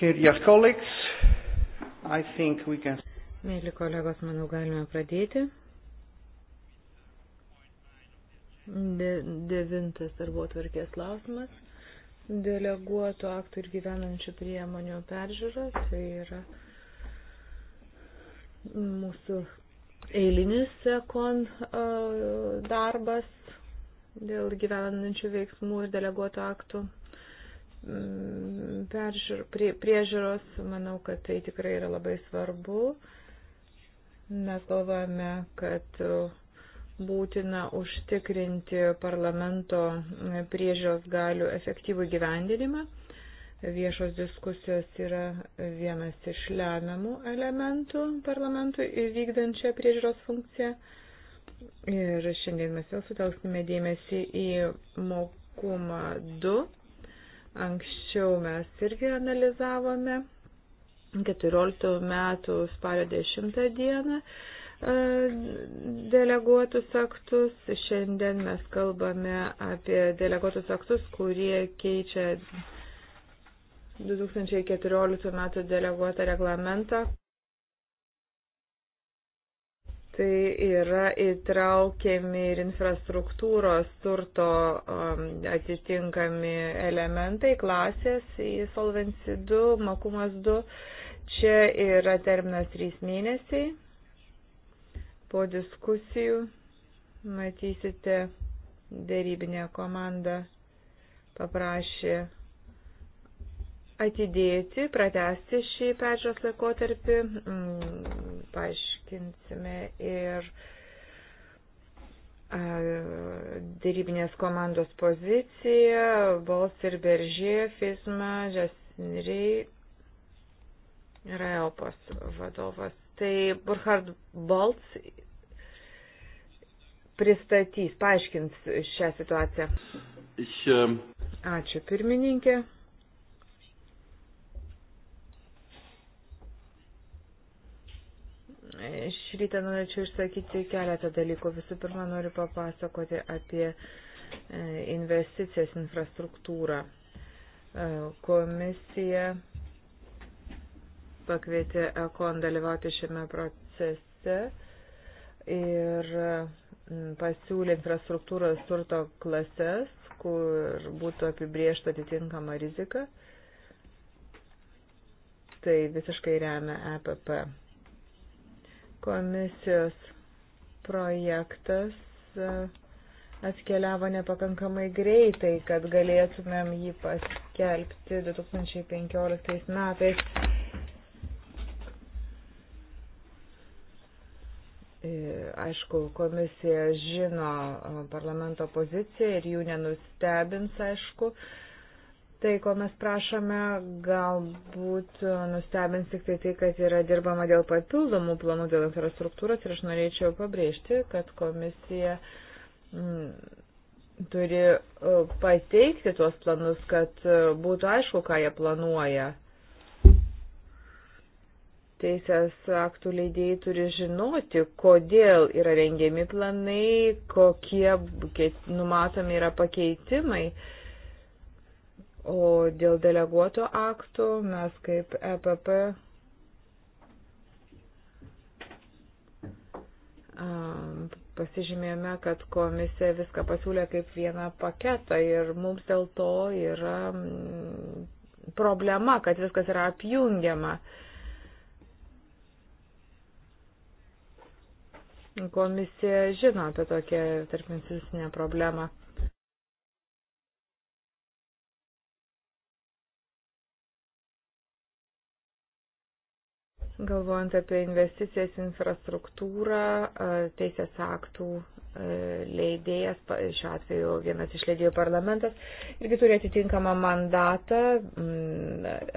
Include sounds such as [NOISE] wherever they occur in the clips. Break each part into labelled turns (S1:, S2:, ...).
S1: Dear colleagues,
S2: I think we can...
S1: Mėly kolegos, manau, galime pradėti. De, devintas darbo tvarkės klausimas. Deleguotų aktų ir gyvenančių priemonių peržiūra. Tai yra mūsų eilinis kon darbas dėl gyvenančių veiksmų ir deleguotų aktų Mm, peržiūr, prie, priežiūros, manau, kad tai tikrai yra labai svarbu. Mes galvojame, kad būtina užtikrinti parlamento priežiūros galių efektyvų gyvendinimą. Viešos diskusijos yra vienas iš lemiamų elementų parlamentui įvykdančią priežiūros funkciją. Ir šiandien mes jau sutelksime dėmesį į mokumą 2 Anksčiau mes irgi analizavome 14 metų spalio 10 dieną e, deleguotus aktus. Šiandien mes kalbame apie deleguotus aktus, kurie keičia 2014 metų deleguotą reglamentą. Tai yra įtraukiami ir infrastruktūros turto um, atitinkami elementai, klasės į Solvency 2, Makumas 2. Čia yra terminas 3 mėnesiai. Po diskusijų matysite dėrybinė komanda paprašė atidėti, pratesti šį peržiūros laikotarpį, mm, paaiškinsime ir dėrybinės komandos poziciją, Bols ir Beržė, Fisma, Jasinrei ir Eopos vadovas. Tai Burhard Bolts pristatys, paaiškins šią situaciją. Ähm, Ačiū pirmininkė. Šį rytą norėčiau išsakyti keletą dalykų. Visų pirma, noriu papasakoti apie e, investicijas infrastruktūrą. E, komisija pakvietė Ekon dalyvauti šiame procese ir pasiūlė infrastruktūros turto klases, kur būtų apibriešta atitinkama rizika. Tai visiškai remia EPP Komisijos projektas e, atkeliavo nepakankamai greitai, kad galėtumėm jį paskelbti 2015 metais. E, aišku, komisija žino e, parlamento poziciją ir jų nenustebins, aišku, Tai, ko mes prašome, galbūt nustebins tik tai tai, kad yra dirbama dėl papildomų planų dėl infrastruktūros ir aš norėčiau pabrėžti, kad komisija mm, turi e, pateikti tuos planus, kad e, būtų aišku, ką jie planuoja. Teisės aktų leidėjai turi žinoti, kodėl yra rengiami planai, kokie numatomi yra pakeitimai. O dėl deleguoto aktų mes kaip EPP pasižymėjome, kad komisija viską pasiūlė kaip vieną paketą ir mums dėl to yra mm, problema, kad viskas yra apjungiama. Komisija žino apie tokią tarp institucinę problemą. galvojant apie investicijas infrastruktūrą, teisės aktų leidėjas, šiuo atveju vienas iš leidėjų parlamentas, irgi turi atitinkamą mandatą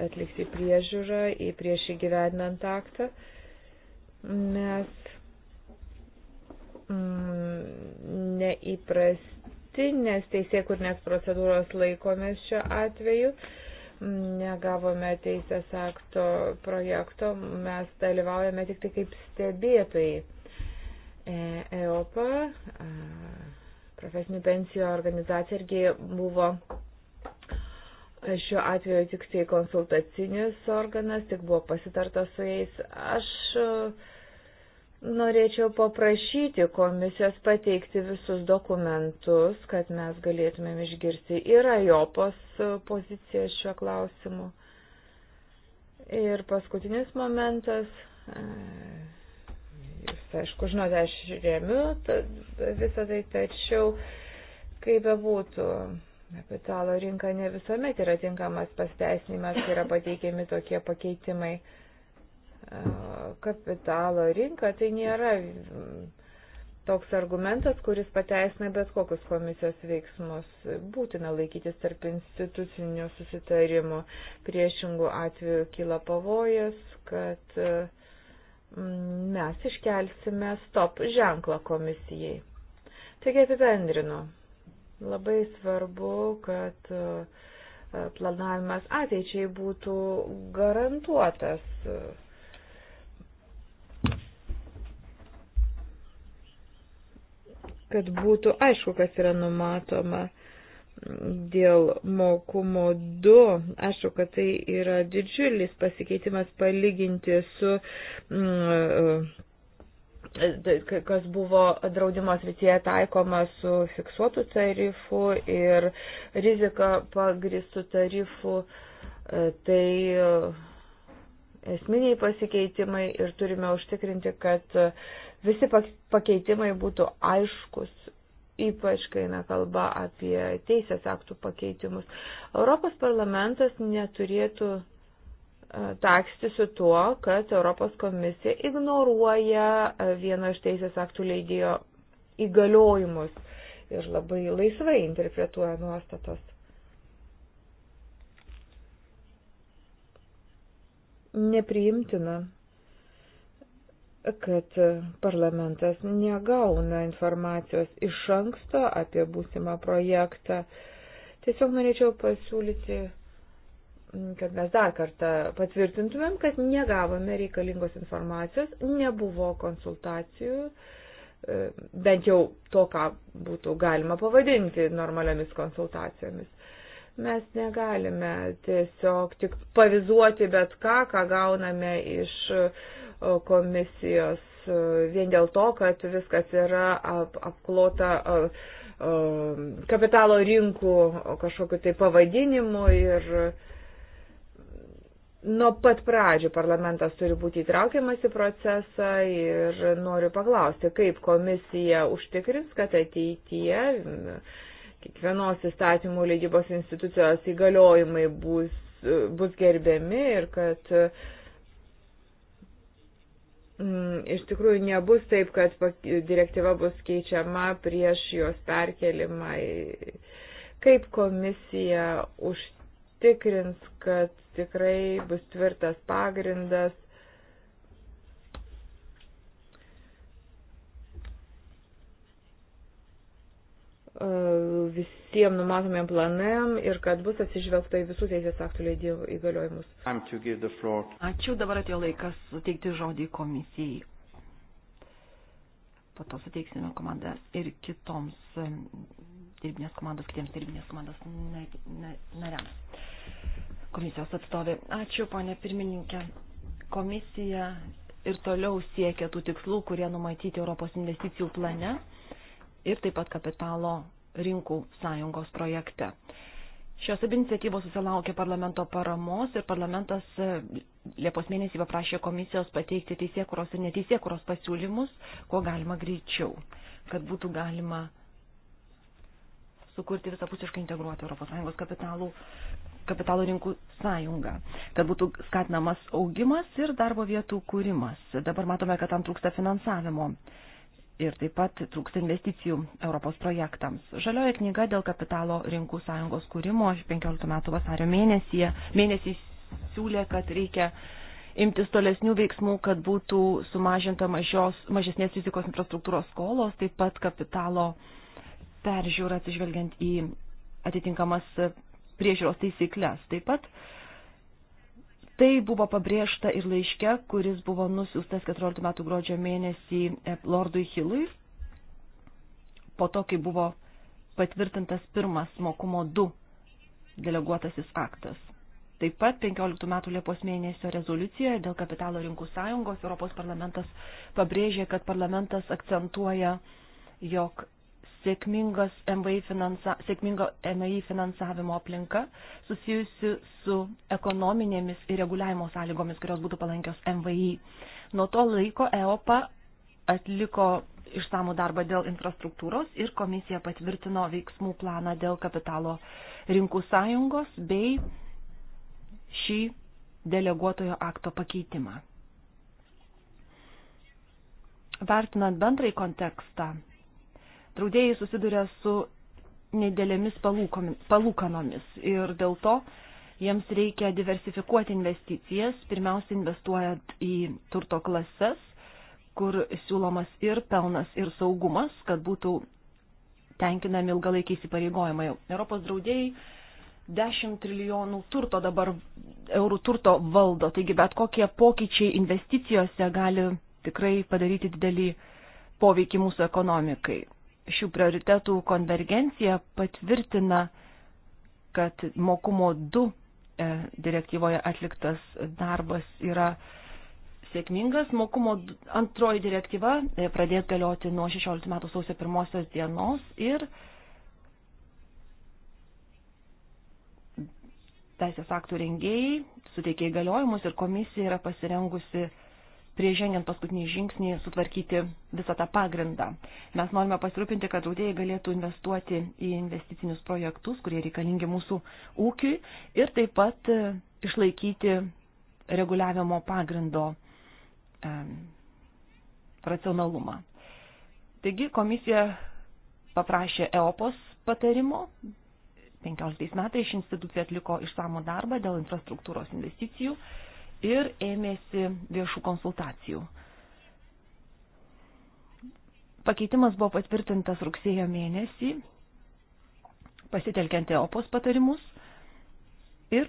S1: atlikti priežiūrą į prieš įgyvendinant aktą. Mes neįprastinės teisėkurnės procedūros laikomės šiuo atveju negavome teisės akto projekto, mes dalyvaujame tik tai kaip stebėtojai. E, EOPA, profesinių pensijų organizacija, irgi buvo šiuo atveju tik tai konsultacinis organas, tik buvo pasitarta su jais. Aš uh, Norėčiau paprašyti komisijos pateikti visus dokumentus, kad mes galėtumėm išgirsti ir Ajopos poziciją šiuo klausimu. Ir paskutinis momentas, e, jūs, aišku, žinote, aš remiu visą tai, tačiau kaip bebūtų, kapitalo rinka ne visuomet yra tinkamas pasteisnimas, kai yra pateikiami tokie pakeitimai kapitalo rinką, tai nėra mm, toks argumentas, kuris pateisina bet kokius komisijos veiksmus. Būtina laikytis tarp institucinių susitarimų. Priešingų atveju kyla pavojas, kad mm, mes iškelsime stop ženklą komisijai. Taigi apibendrinu. Labai svarbu, kad e, planavimas ateičiai būtų garantuotas kad būtų aišku, kas yra numatoma dėl mokumo 2. Aišku, kad tai yra didžiulis pasikeitimas palyginti su. Mm, kas buvo draudimo srityje taikoma su fiksuotų tarifų ir rizika pagristų tarifų, e, tai e, esminiai pasikeitimai ir turime užtikrinti, kad visi pakeitimai būtų aiškus, ypač kai eina kalba apie teisės aktų pakeitimus. Europos parlamentas neturėtų e, taksti su tuo, kad Europos komisija ignoruoja e, vieno iš teisės aktų leidėjo įgaliojimus ir labai laisvai interpretuoja nuostatos. Nepriimtina kad parlamentas negauna informacijos iš anksto apie būsimą projektą. Tiesiog norėčiau pasiūlyti, kad mes dar kartą patvirtintumėm, kad negavome reikalingos informacijos, nebuvo konsultacijų, e, bent jau to, ką būtų galima pavadinti normaliomis konsultacijomis mes negalime tiesiog tik pavizuoti bet ką, ką gauname iš komisijos e, vien dėl to, kad viskas yra ap apklota e, e, kapitalo rinkų kažkokiu tai pavadinimu ir nuo pat pradžių parlamentas turi būti įtraukiamas į procesą ir noriu paklausti, kaip komisija užtikrins, kad ateityje kiekvienos įstatymų leidybos institucijos įgaliojimai bus, bus gerbiami ir kad uh, Mm, iš tikrųjų nebus taip, kad direktyva bus keičiama prieš jos perkelimą. Kaip komisija užtikrins, kad tikrai bus tvirtas pagrindas E, visiems numatomiem planam ir kad bus atsižvelgta į visus teisės aktų leidėjų įgaliojimus.
S3: Ačiū,
S1: dabar atėjo laikas suteikti žodį komisijai. Po to suteiksime komandas ir kitoms e, dirbinės komandos, kitiems dirbinės komandos nariams. Komisijos atstovė. Ačiū, ponė pirmininkė. Komisija ir toliau siekia tų tikslų, kurie numatyti Europos investicijų plane. Mm ir taip pat kapitalo rinkų sąjungos projekte. Šios abi iniciatyvos susilaukė parlamento paramos ir parlamentas e, Liepos mėnesį paprašė komisijos pateikti teisėkuros ir neteisėkuros pasiūlymus, kuo galima greičiau, kad būtų galima sukurti visapusiškai integruoti ES kapitalų, kapitalo rinkų sąjungą, kad būtų skatinamas augimas ir darbo vietų kūrimas. Dabar matome, kad tam trūksta finansavimo ir taip pat trūksta investicijų Europos projektams. Žalioji knyga dėl kapitalo rinkų sąjungos kūrimo 15 metų vasario mėnesį, mėnesį siūlė, kad reikia imtis tolesnių veiksmų, kad būtų sumažinta mažios, mažesnės fizikos infrastruktūros skolos, taip pat kapitalo peržiūra atsižvelgiant į atitinkamas priežiūros taisyklės. Taip pat Tai buvo pabrėžta ir laiške, kuris buvo nusiustas 14 metų gruodžio mėnesį e, Lordui Hillui, po to, kai buvo patvirtintas pirmas mokumo 2 deleguotasis aktas. Taip pat 15 metų Liepos mėnesio rezoliucijoje dėl kapitalo rinkų sąjungos Europos parlamentas pabrėžė, kad parlamentas akcentuoja, jog sėkmingos MVI finansa, sėkmingo MVI finansavimo aplinka susijusi su ekonominėmis ir reguliavimo sąlygomis, kurios būtų palankios MVI. Nuo to laiko EOPA atliko išsamų darbą dėl infrastruktūros ir komisija patvirtino veiksmų planą dėl kapitalo rinkų sąjungos bei šį deleguotojo akto pakeitimą. Vertinant bendrai kontekstą, draudėjai susiduria su nedėlėmis palūkanomis ir dėl to jiems reikia diversifikuoti investicijas, pirmiausia investuojant į turto klases, kur siūlomas ir pelnas, ir saugumas, kad būtų tenkinami ilgalaikiai įsipareigojimai. Europos draudėjai 10 trilijonų turto dabar eurų turto valdo, taigi bet kokie pokyčiai investicijose gali tikrai padaryti didelį poveikį mūsų ekonomikai šių prioritetų konvergencija patvirtina, kad mokumo 2 e, direktyvoje atliktas darbas yra sėkmingas. Mokumo antroji direktyva e, pradės galioti nuo 16 metų sausio pirmosios dienos ir teisės aktų rengėjai suteikė įgaliojimus ir komisija yra pasirengusi prieš žengiant paskutinį žingsnį sutvarkyti visą tą pagrindą. Mes norime pasirūpinti, kad draudėjai galėtų investuoti į investicinius projektus, kurie reikalingi mūsų ūkiui ir taip pat e, išlaikyti reguliavimo pagrindo um, racionalumą. Taigi komisija paprašė EOPOS patarimo. 15 metais ši institucija atliko išsamų darbą dėl infrastruktūros investicijų. Uh, ir ėmėsi viešų konsultacijų. Pakeitimas buvo patvirtintas rugsėjo mėnesį, pasitelkiant EOPOS patarimus ir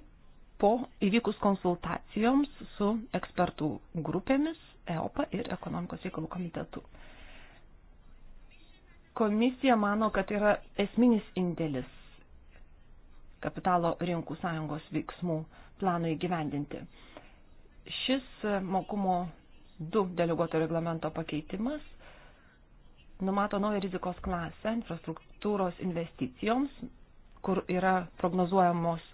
S1: po įvykus konsultacijoms su ekspertų grupėmis EOPA ir ekonomikos reikalų komitetu. Komisija mano, kad yra esminis indėlis kapitalo rinkų sąjungos veiksmų planui gyvendinti. Šis mokumo 2 deleguoto reglamento pakeitimas numato naują rizikos klasę infrastruktūros investicijoms, kur yra prognozuojamos,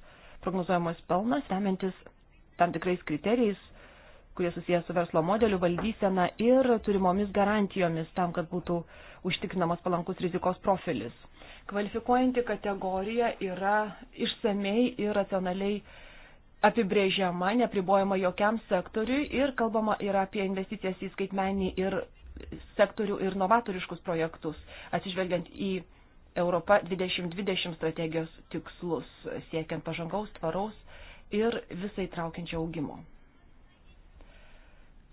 S1: prognozuojamos pelnas, remiantis tam tikrais kriterijais, kurie susijęs su verslo modeliu, valdysena ir turimomis garantijomis tam, kad būtų užtikrinamas palankus rizikos profilis. Kvalifikuojanti kategorija yra išsamei ir racionaliai apibrėžiama, nepribojama jokiam sektoriui ir kalbama yra apie investicijas į skaitmenį ir sektorių ir novatoriškus projektus, atsižvelgiant į Europa 2020 strategijos tikslus, siekiant pažangaus, tvaraus ir visai traukiančio augimo.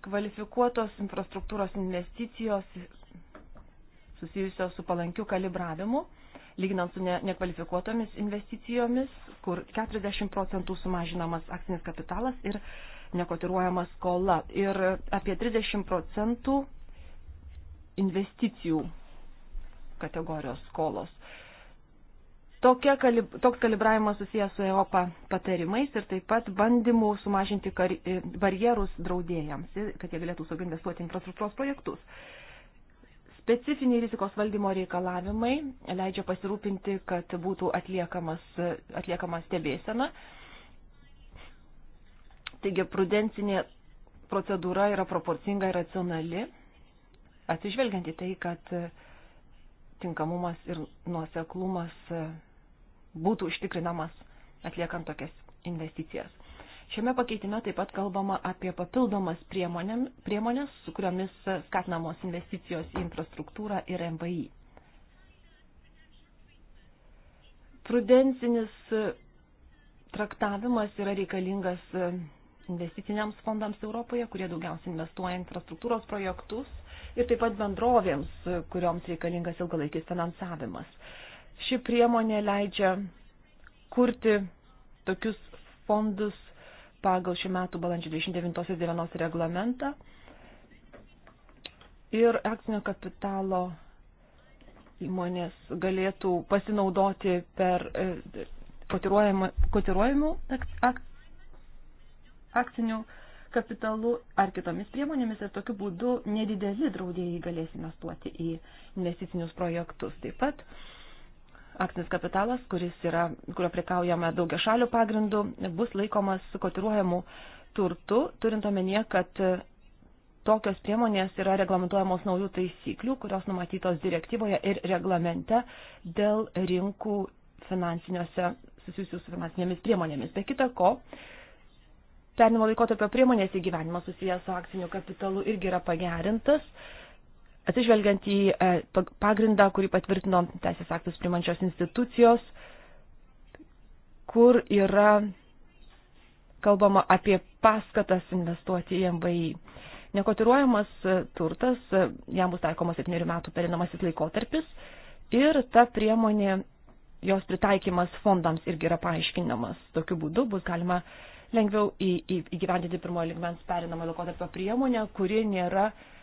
S1: Kvalifikuotos infrastruktūros investicijos susijusios su palankiu kalibravimu lyginant su ne, nekvalifikuotomis investicijomis, kur 40 procentų sumažinamas akcinis kapitalas ir nekotiruojama skola. Ir apie 30 procentų investicijų kategorijos skolos. Tokia, kalib, toks kalibravimas susijęs su EOPA patarimais ir taip pat bandymų sumažinti kar, barjerus draudėjams, kad jie galėtų saugiai investuoti infrastruktūros projektus. Specifiniai rizikos valdymo reikalavimai leidžia pasirūpinti, kad būtų atliekamas, atliekama stebėsena. Taigi prudencinė procedūra yra proporcinga ir racionali, atsižvelgiant į tai, kad tinkamumas ir nuoseklumas būtų užtikrinamas atliekant tokias investicijas. Šiame pakeitime taip pat kalbama apie papildomas priemonės, su kuriomis skatinamos investicijos į infrastruktūrą ir MVI. Prudencinis traktavimas yra reikalingas investiciniams fondams Europoje, kurie daugiausiai investuoja infrastruktūros projektus ir taip pat bendrovėms, kurioms reikalingas ilgalaikis finansavimas. Ši priemonė leidžia kurti tokius fondus pagal šių metų balandžio 29 dienos reglamentą ir akcinio kapitalo įmonės galėtų pasinaudoti per e, kotiruojamų ak, akcinių kapitalu ar kitomis priemonėmis ir tokiu būdu nedideli draudėjai galės investuoti į investicinius projektus. Taip pat uh, akcinis kapitalas, kuris yra, kurio prikaujama daugia šalių pagrindų, bus laikomas kotiruojamų turtų, turint omenyje, kad tokios priemonės yra reglamentuojamos naujų taisyklių, kurios numatytos direktyvoje ir reglamente dėl rinkų finansiniuose susijusių su finansinėmis priemonėmis. Be kita ko, pernimo laikotarpio priemonės įgyvenimas susijęs su akciniu kapitalu irgi yra pagerintas atsižvelgiant į e, pagrindą, kurį patvirtino teisės aktus primančios institucijos, kur yra kalbama apie paskatas investuoti į MVI. Nekotiruojamas e, turtas, e, jam bus taikomas 7 metų perinamasis laikotarpis ir ta priemonė, jos pritaikymas fondams irgi yra paaiškinamas. Tokiu būdu bus galima lengviau įgyvendinti pirmojo ligmens perinamą laikotarpio priemonę, kuri nėra uh,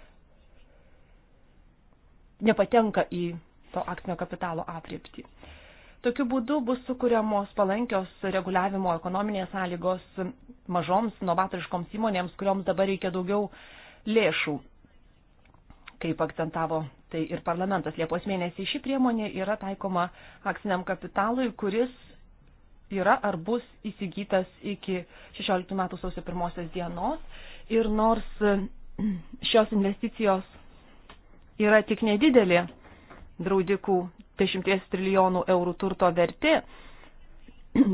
S1: nepatenka į to akcinio kapitalo apriepti. Tokiu būdu bus sukūriamos palankios reguliavimo ekonominės sąlygos mažoms novatoriškoms įmonėms, kurioms dabar reikia daugiau lėšų, kaip akcentavo tai ir parlamentas Liepos mėnesį. Ši priemonė yra taikoma akciniam kapitalui, kuris yra ar bus įsigytas iki 16 metų sausio pirmosios dienos. Ir nors šios investicijos yra tik nedidelė draudikų 10 trilijonų eurų turto vertė,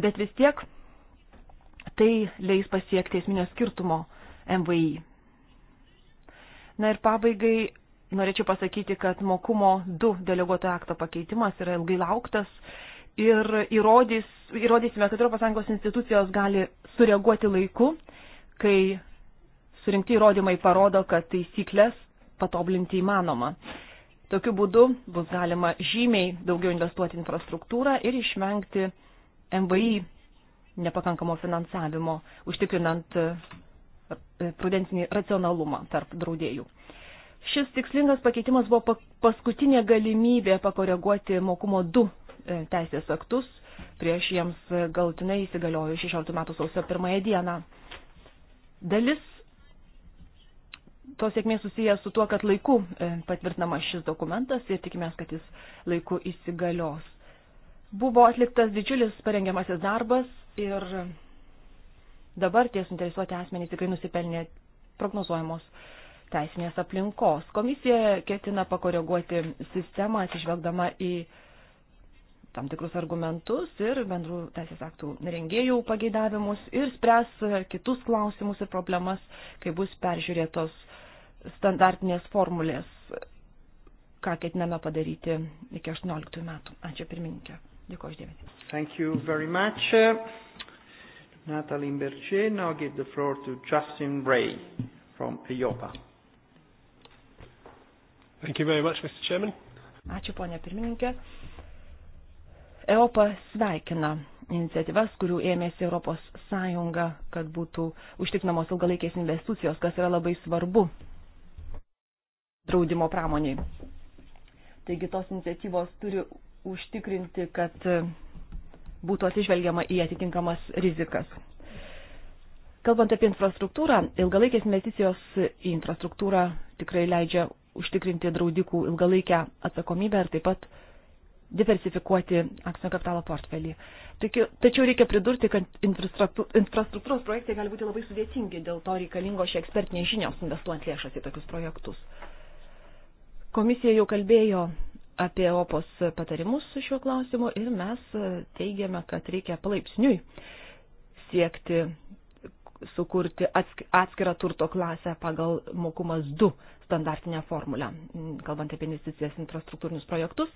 S1: bet vis tiek tai leis pasiekti esminio skirtumo MVI. Na ir pabaigai norėčiau pasakyti, kad mokumo 2 deleguoto akto pakeitimas yra ilgai lauktas ir įrodys, įrodysime, kad ES institucijos gali sureaguoti laiku, kai surinkti įrodymai parodo, kad taisyklės patoblinti įmanoma. Tokiu būdu bus galima žymiai daugiau investuoti infrastruktūrą ir išvengti MVI nepakankamo finansavimo, užtikrinant e, prudentinį racionalumą tarp draudėjų. Šis tikslingas pakeitimas buvo paskutinė galimybė pakoreguoti mokumo 2 e, teisės aktus, prieš jiems e, galtinai įsigaliojo 16 metų sausio 1 dieną. Dalis tos sėkmės susijęs su tuo, kad laiku e, patvirtinamas šis dokumentas ir tikimės, kad jis laiku įsigalios. Buvo atliktas didžiulis parengiamasis darbas ir dabar tie suinteresuoti asmenys tikrai nusipelnė prognozuojamos teisinės aplinkos. Komisija ketina pakoreguoti sistemą atsižvelgdama į tam tikrus argumentus ir bendrų teisės aktų rengėjų pageidavimus ir spręs kitus klausimus ir problemas, kai bus peržiūrėtos standartinės formulės, ką ketiname padaryti iki 18 metų. Ačiū pirmininkė. Dėkuoju uždėmesi.
S3: Thank you very much. Natalie Berger, now give the floor to Justin Ray from EIOPA.
S1: Thank you very much, Mr. Chairman. Ačiū, ponė pirmininkė. EOPA sveikina iniciatyvas, kurių ėmėsi ES, kad būtų užtikrinamos ilgalaikės investicijos, kas yra labai svarbu draudimo pramoniai. Taigi tos iniciatyvos turi užtikrinti, kad būtų atsižvelgiama į atitinkamas rizikas. Kalbant apie infrastruktūrą, ilgalaikės investicijos į infrastruktūrą tikrai leidžia užtikrinti draudikų ilgalaikę atsakomybę ir taip pat diversifikuoti akcinio kapitalo portfelį. Tačiau, tačiau reikia pridurti, kad infrastruktūros projektai gali būti labai sudėtingi, dėl to reikalingos šie ekspertiniai žinios investuojant lėšas į tokius projektus. Komisija jau kalbėjo apie opos patarimus su šiuo klausimu ir mes teigiame, kad reikia palaipsniui siekti sukurti atskirą turto klasę pagal mokumas 2 standartinę formulę, kalbant apie investicijas infrastruktūrinius projektus.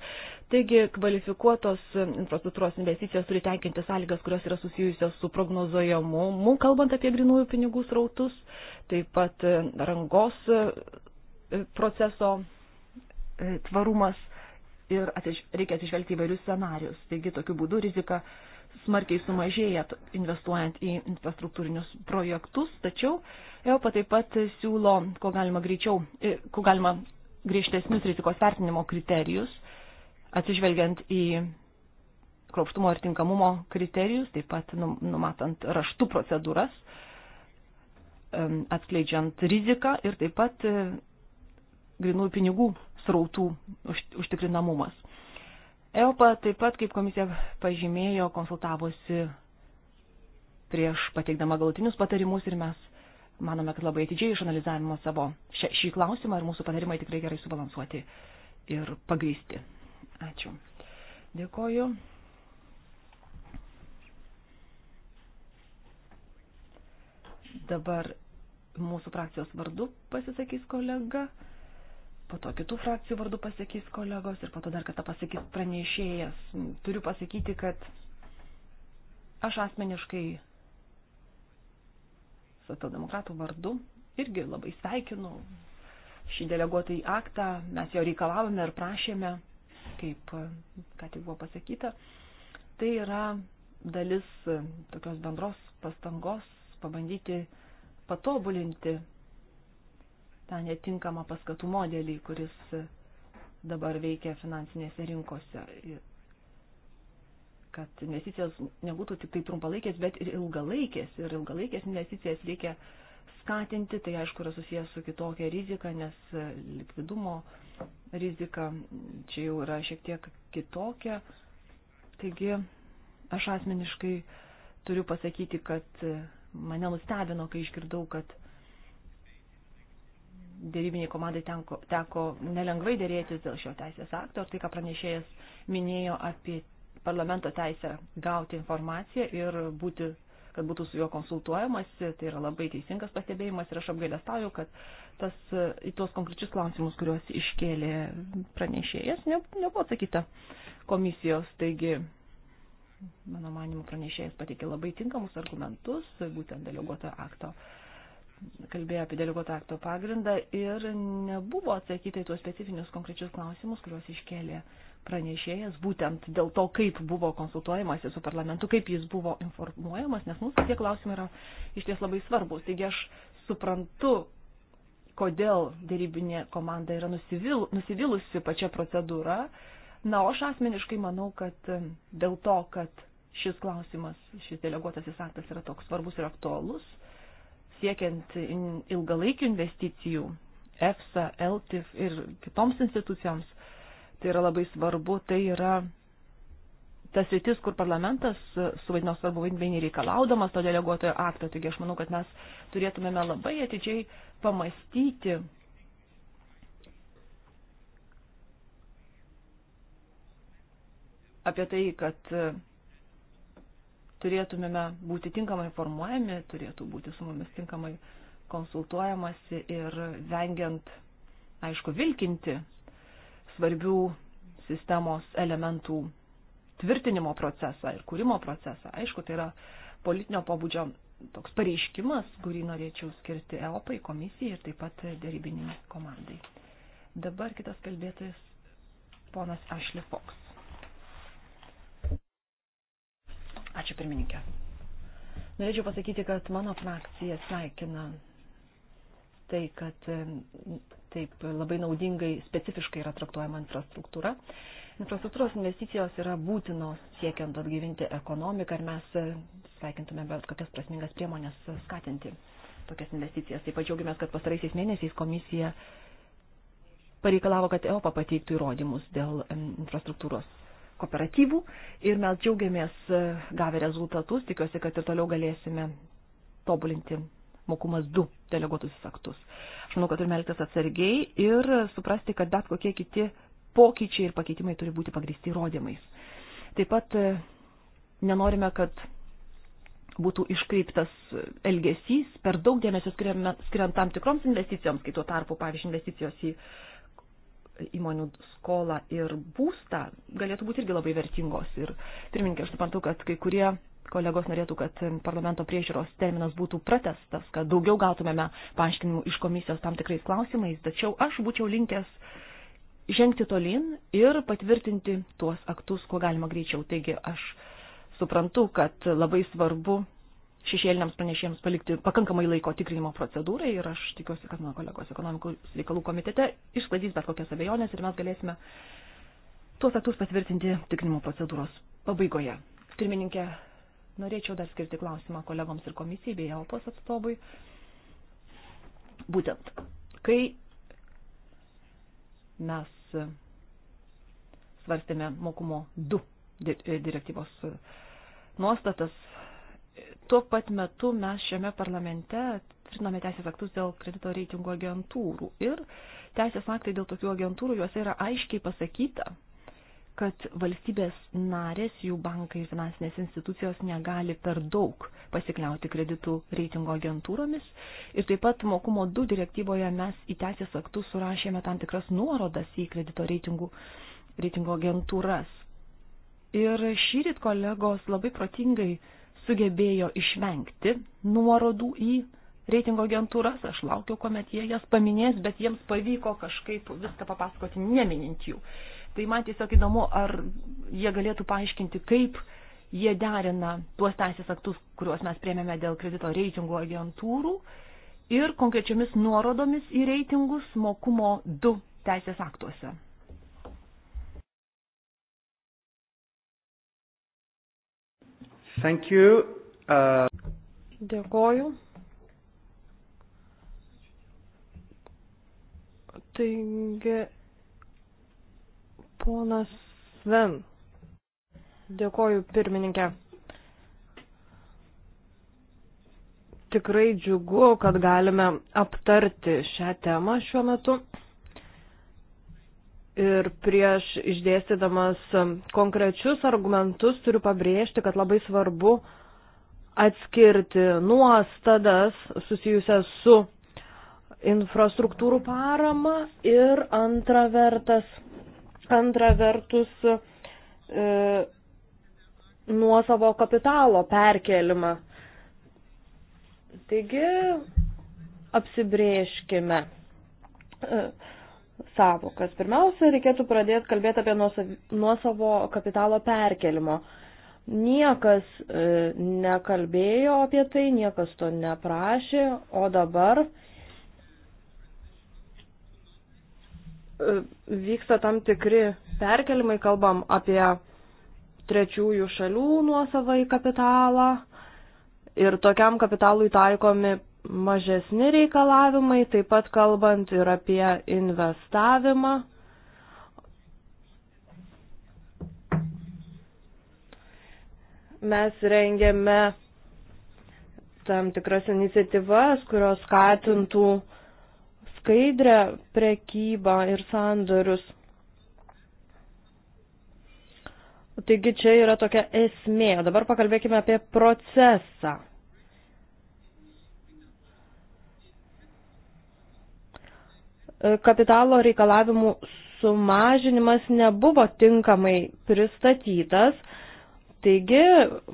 S1: Taigi kvalifikuotos infrastruktūros investicijos turi tenkinti sąlygas, kurios yra susijusios su prognozojamumu, kalbant apie grinųjų pinigų srautus, taip pat rangos proceso E, tvarumas ir atsiž reikia atsižvelgti įvairius scenarius. Taigi tokiu būdu rizika smarkiai sumažėja investuojant į infrastruktūrinius projektus, tačiau EOPA taip pat siūlo, ko galima greičiau, e, ko galima griežtesnius rizikos vertinimo kriterijus, atsižvelgiant į kropštumo ir tinkamumo kriterijus, taip pat numatant raštų procedūras, atskleidžiant riziką ir taip pat e, grinųjų pinigų srautų užtikrinamumas. EOPA taip pat, kaip komisija pažymėjo, konsultavosi prieš pateikdama galutinius patarimus ir mes manome, kad labai atidžiai išanalizavimo savo šį, šį klausimą ir mūsų patarimai tikrai gerai subalansuoti ir pagrysti. Ačiū. Dėkoju. Dabar mūsų frakcijos vardu pasisakys kolega po to kitų frakcijų vardu pasakys kolegos ir po to dar kartą pasakys pranešėjas. Turiu pasakyti, kad aš asmeniškai socialdemokratų vardu irgi labai sveikinu šį deleguotą į aktą. Mes jo reikalavome ir prašėme, kaip ką tik buvo pasakyta. Tai yra dalis tokios bendros pastangos pabandyti patobulinti tą netinkamą paskatų modelį, kuris dabar veikia finansinėse rinkose. Kad investicijos nebūtų tik tai trumpalaikės, bet ir ilgalaikės. Ir ilgalaikės investicijas reikia skatinti, tai aišku yra susijęs su kitokia rizika, nes likvidumo rizika čia jau yra šiek tiek kitokia. Taigi aš asmeniškai turiu pasakyti, kad mane nustebino, kai išgirdau, kad dėrybiniai komandai tenko, teko nelengvai dėrėtis dėl šio teisės akto, tai ką pranešėjas minėjo apie parlamento teisę gauti informaciją ir būti kad būtų su juo konsultuojamasi, tai yra labai teisingas pastebėjimas ir aš apgailestauju, kad tas, į tuos konkrečius klausimus, kuriuos iškėlė pranešėjas, ne, nebuvo atsakyta komisijos, taigi mano manimu pranešėjas pateikė labai tinkamus argumentus, būtent deleguoto akto uh, kalbėjo apie deleguoto akto pagrindą ir nebuvo atsakyta į tuos specifinius konkrečius klausimus, kuriuos iškėlė pranešėjas, būtent dėl to, kaip buvo konsultuojamasi su parlamentu, kaip jis buvo informuojamas, nes mums tie klausimai yra iš ties labai svarbus. Taigi aš suprantu, kodėl dėrybinė komanda yra nusivil, nusivilusi pačia procedūra. Na, o aš asmeniškai manau, kad e, dėl to, kad šis klausimas, šis deleguotasis aktas yra toks svarbus ir aktualus, siekiant ilgalaikių investicijų EFSA, LTIF ir kitoms institucijoms. Tai yra labai svarbu, tai yra tas rytis, kur parlamentas suvaidino svarbu vaidmenį reikalaudamas to deleguotojo akto. Taigi aš manau, kad mes turėtumėme labai atidžiai pamastyti. apie tai, kad turėtumėme būti tinkamai informuojami, turėtų būti su mumis tinkamai konsultuojamasi ir vengiant, aišku, vilkinti svarbių sistemos elementų tvirtinimo procesą ir kūrimo procesą. Aišku, tai yra politinio pobūdžio toks pareiškimas, kurį norėčiau skirti EOPai, komisijai ir taip pat dėrybiniai komandai. Dabar kitas kalbėtojas, ponas Ashley Fox. Ačiū pirmininkė. Norėčiau pasakyti, kad mano frakcija sveikina tai, kad taip labai naudingai specifiškai yra traktuojama infrastruktūra. Infrastruktūros investicijos yra būtinos siekiant atgyvinti ekonomiką ir mes e, sveikintume bet kokias prasmingas priemonės skatinti tokias investicijas. Taip pat džiaugiamės, kad pastaraisiais mėnesiais komisija pareikalavo, kad EOPA pateiktų įrodymus dėl infrastruktūros kooperatyvų ir mes džiaugiamės e, gavę rezultatus, tikiuosi, kad ir toliau galėsime tobulinti mokumas 2 deleguotusius aktus. Aš manau, kad turime elgtis atsargiai ir suprasti, kad bet kokie kiti pokyčiai ir pakeitimai turi būti pagristi įrodymais. Taip pat e, nenorime, kad būtų iškreiptas elgesys, per daug dėmesio skiriam, skiriam tam tikroms investicijoms, kai tuo tarpu, pavyzdžiui, investicijos į uh, įmonių skolą ir būstą galėtų būti irgi labai vertingos. Ir pirmininkė, aš suprantu, kad kai kurie kolegos norėtų, kad parlamento priežiūros terminas būtų pratestas, kad daugiau gautumėme paaiškinimų iš komisijos tam tikrais klausimais, tačiau aš būčiau linkęs žengti tolin ir patvirtinti tuos aktus, kuo galima greičiau. Taigi aš suprantu, kad labai svarbu šešėliniams pranešėjams palikti pakankamai laiko tikrinimo procedūrai ir aš tikiuosi, kad mano kolegos ekonomikos reikalų komitete išsklaidys bet kokias abejonės ir mes galėsime tuos aktus patvirtinti tikrinimo procedūros pabaigoje. Pirmininkė, norėčiau dar skirti klausimą kolegoms ir komisijai bei Alpos atstovui. Būtent, kai mes svarstėme mokumo 2 e, direktyvos nuostatas, tuo pat metu mes šiame parlamente tvirtiname teisės aktus dėl kredito reitingų agentūrų. Ir teisės aktai dėl tokių agentūrų, juose yra aiškiai pasakyta, kad valstybės narės, jų bankai ir finansinės institucijos negali per daug pasikliauti kreditų reitingo agentūromis. Ir taip pat mokumo 2 direktyvoje mes į teisės aktus surašėme tam tikras nuorodas į kredito reitingų, reitingo agentūras. Ir šyrit kolegos labai protingai sugebėjo išvengti nuorodų į reitingo agentūras, aš laukiu, kuomet jie jas paminės, bet jiems pavyko kažkaip viską papasakoti, neminint jų. Tai man tiesiog įdomu, ar jie galėtų paaiškinti, kaip jie derina tuos teisės aktus, kuriuos mes priemėme dėl kredito reitingo agentūrų ir konkrečiomis nuorodomis į reitingus mokumo 2 teisės aktuose. Thank you. Uh... Dėkoju. Taigi, ponas Sven. Dėkoju, pirmininkė. Tikrai džiugu, kad galime aptarti šią temą šiuo metu. Ir prieš išdėstydamas konkrečius argumentus turiu pabrėžti, kad labai svarbu atskirti nuostadas susijusias su infrastruktūrų parama ir antra, vertas, antra vertus e, nuo savo kapitalo perkelimą. Taigi apsibrėžkime. E, savokas. Pirmiausia, reikėtų pradėti kalbėti apie nuosavo kapitalo perkelimo. Niekas e, nekalbėjo apie tai, niekas to neprašė, o dabar e, vyksta tam tikri perkelimai, kalbam apie trečiųjų šalių nuosavai kapitalą ir tokiam kapitalui taikomi mažesni reikalavimai, taip pat kalbant ir apie investavimą. Mes rengėme tam tikras iniciatyvas, kurios skatintų skaidrę prekybą ir sandorius. Taigi čia yra tokia esmė. Dabar pakalbėkime apie procesą. E, kapitalo reikalavimų sumažinimas nebuvo tinkamai pristatytas. Taigi,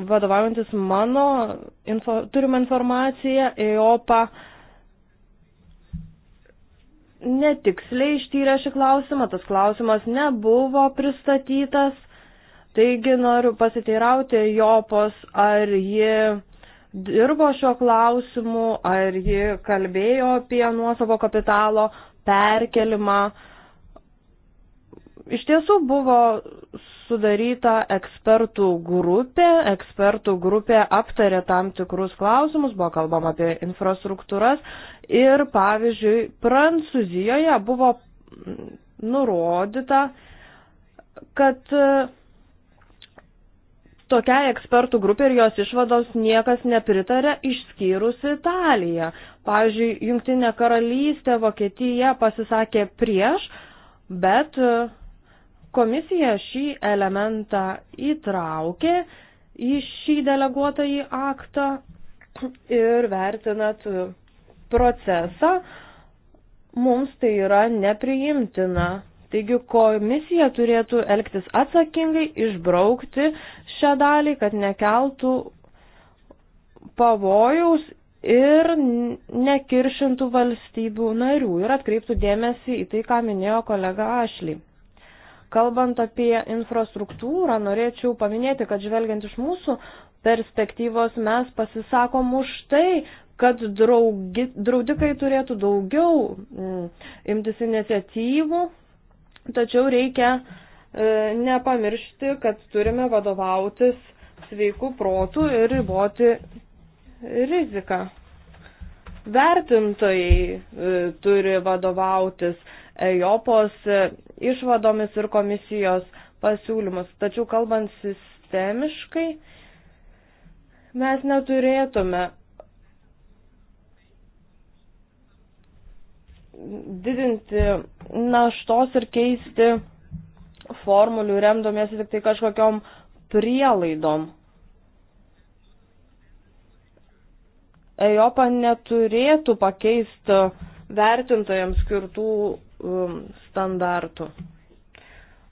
S1: vadovaujantis mano info, turimą informaciją, EOPA netiksliai ištyrė šį klausimą, tas klausimas nebuvo pristatytas. Taigi noriu pasiteirauti Jopos, ar ji dirbo šio klausimu, ar ji kalbėjo apie nuosavo kapitalo perkelimą. Iš tiesų buvo sudaryta ekspertų grupė, ekspertų grupė aptarė tam tikrus klausimus, buvo kalbama apie infrastruktūras ir pavyzdžiui, Prancūzijoje buvo nurodyta, kad tokiai ekspertų grupė ir jos išvados niekas nepritarė išskyrus Italiją. Pavyzdžiui, Junktinė karalystė, Vokietija pasisakė prieš, bet e, komisija šį elementą įtraukė į šį deleguotąjį aktą ir vertinat procesą, mums tai yra nepriimtina. Taigi komisija turėtų elgtis atsakingai, išbraukti šią dalį, kad nekeltų pavojaus ir nekiršintų valstybių narių ir atkreiptų dėmesį į tai, ką minėjo kolega Ašly. Kalbant apie infrastruktūrą, norėčiau paminėti, kad žvelgiant iš mūsų perspektyvos mes pasisakom už tai, kad draugi, draudikai turėtų daugiau mm, imtis iniciatyvų, tačiau reikia uh, E, nepamiršti, kad turime vadovautis sveikų protų ir riboti riziką. Vertintojai e, turi vadovautis Ejopos e, išvadomis ir komisijos pasiūlymus. Tačiau kalbant sistemiškai, mes neturėtume didinti naštos ir keisti formulių remdomėsi tik tai kažkokiom prielaidom. Ejopa neturėtų pakeisti vertintojams skirtų um, standartų.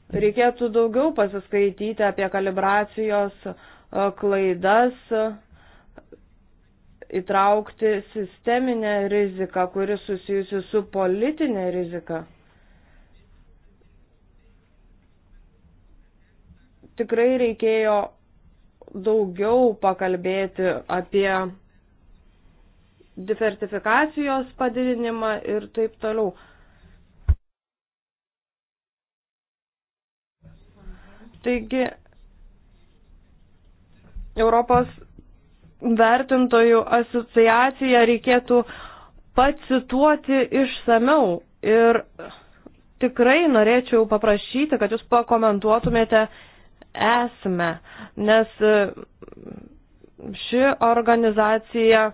S1: Reikėtų daugiau pasiskaityti apie kalibracijos uh, klaidas, įtraukti sisteminę riziką, kuri susijusi su politinė rizika. tikrai reikėjo daugiau pakalbėti apie diversifikacijos padidinimą ir taip toliau. Taigi, Europos vertintojų asociaciją reikėtų pacituoti išsameu ir tikrai norėčiau paprašyti, kad jūs pakomentuotumėte esame, nes e, ši organizacija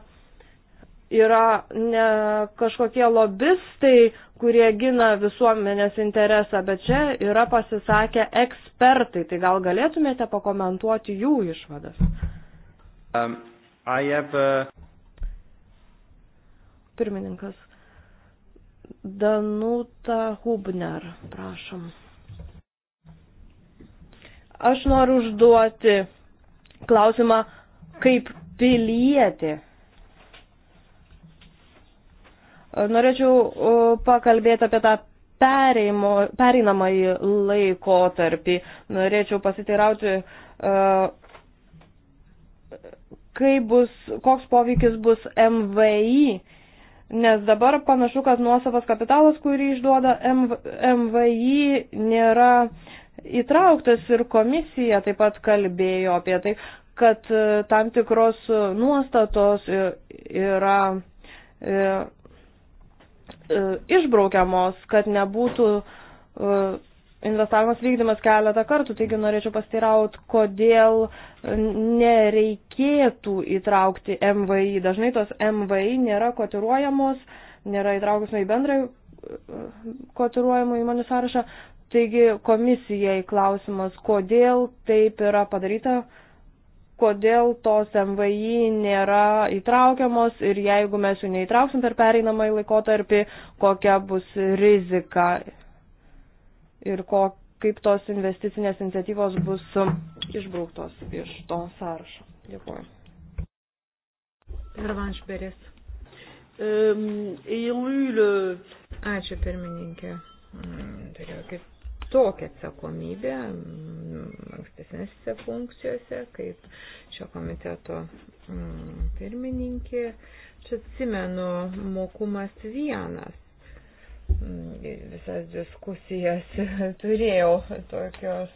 S1: yra ne kažkokie lobistai, kurie gina visuomenės interesą, bet čia yra pasisakę ekspertai. Tai gal galėtumėte pakomentuoti jų išvadas?
S3: Um, have, uh...
S1: Pirmininkas. Danuta Hubner, prašom. Aš noriu užduoti klausimą kaip pilietė. Norėčiau pakalbėti apie tą pereimo, pereinamąjį laikotarpį. Norėčiau pasiteirauti, kaip bus, koks poveikis bus MVI, nes dabar panašu, kad nuosavas kapitalas, kurį išduoda MVI, nėra įtrauktas ir komisija taip pat kalbėjo apie tai, kad e, tam tikros nuostatos yra e, e, išbraukiamos, kad nebūtų investavimas vykdymas keletą kartų, taigi norėčiau pasteiraut, kodėl nereikėtų įtraukti MVI. Dažnai tos MVI nėra kotiruojamos, nėra įtraukusios į bendrą kotiruojamų įmonių sąrašą, Taigi komisijai klausimas, kodėl taip yra padaryta, kodėl tos MVI nėra įtraukiamos ir jeigu mes jų neįtrauksim per pereinamą į laikotarpį, kokia bus rizika ir ko, kaip tos investicinės iniciatyvos bus išbrauktos iš to sąrašo. Dėkuoju. Pervanš Beres. Um, Ačiū pirmininkė. Mm, turėjau kaip tokią atsakomybę mm, ankstesnėse funkcijose, kaip šio komiteto mm, pirmininkė. Čia atsimenu mokumas vienas. Mm, visas diskusijas [LAUGHS] turėjau tokios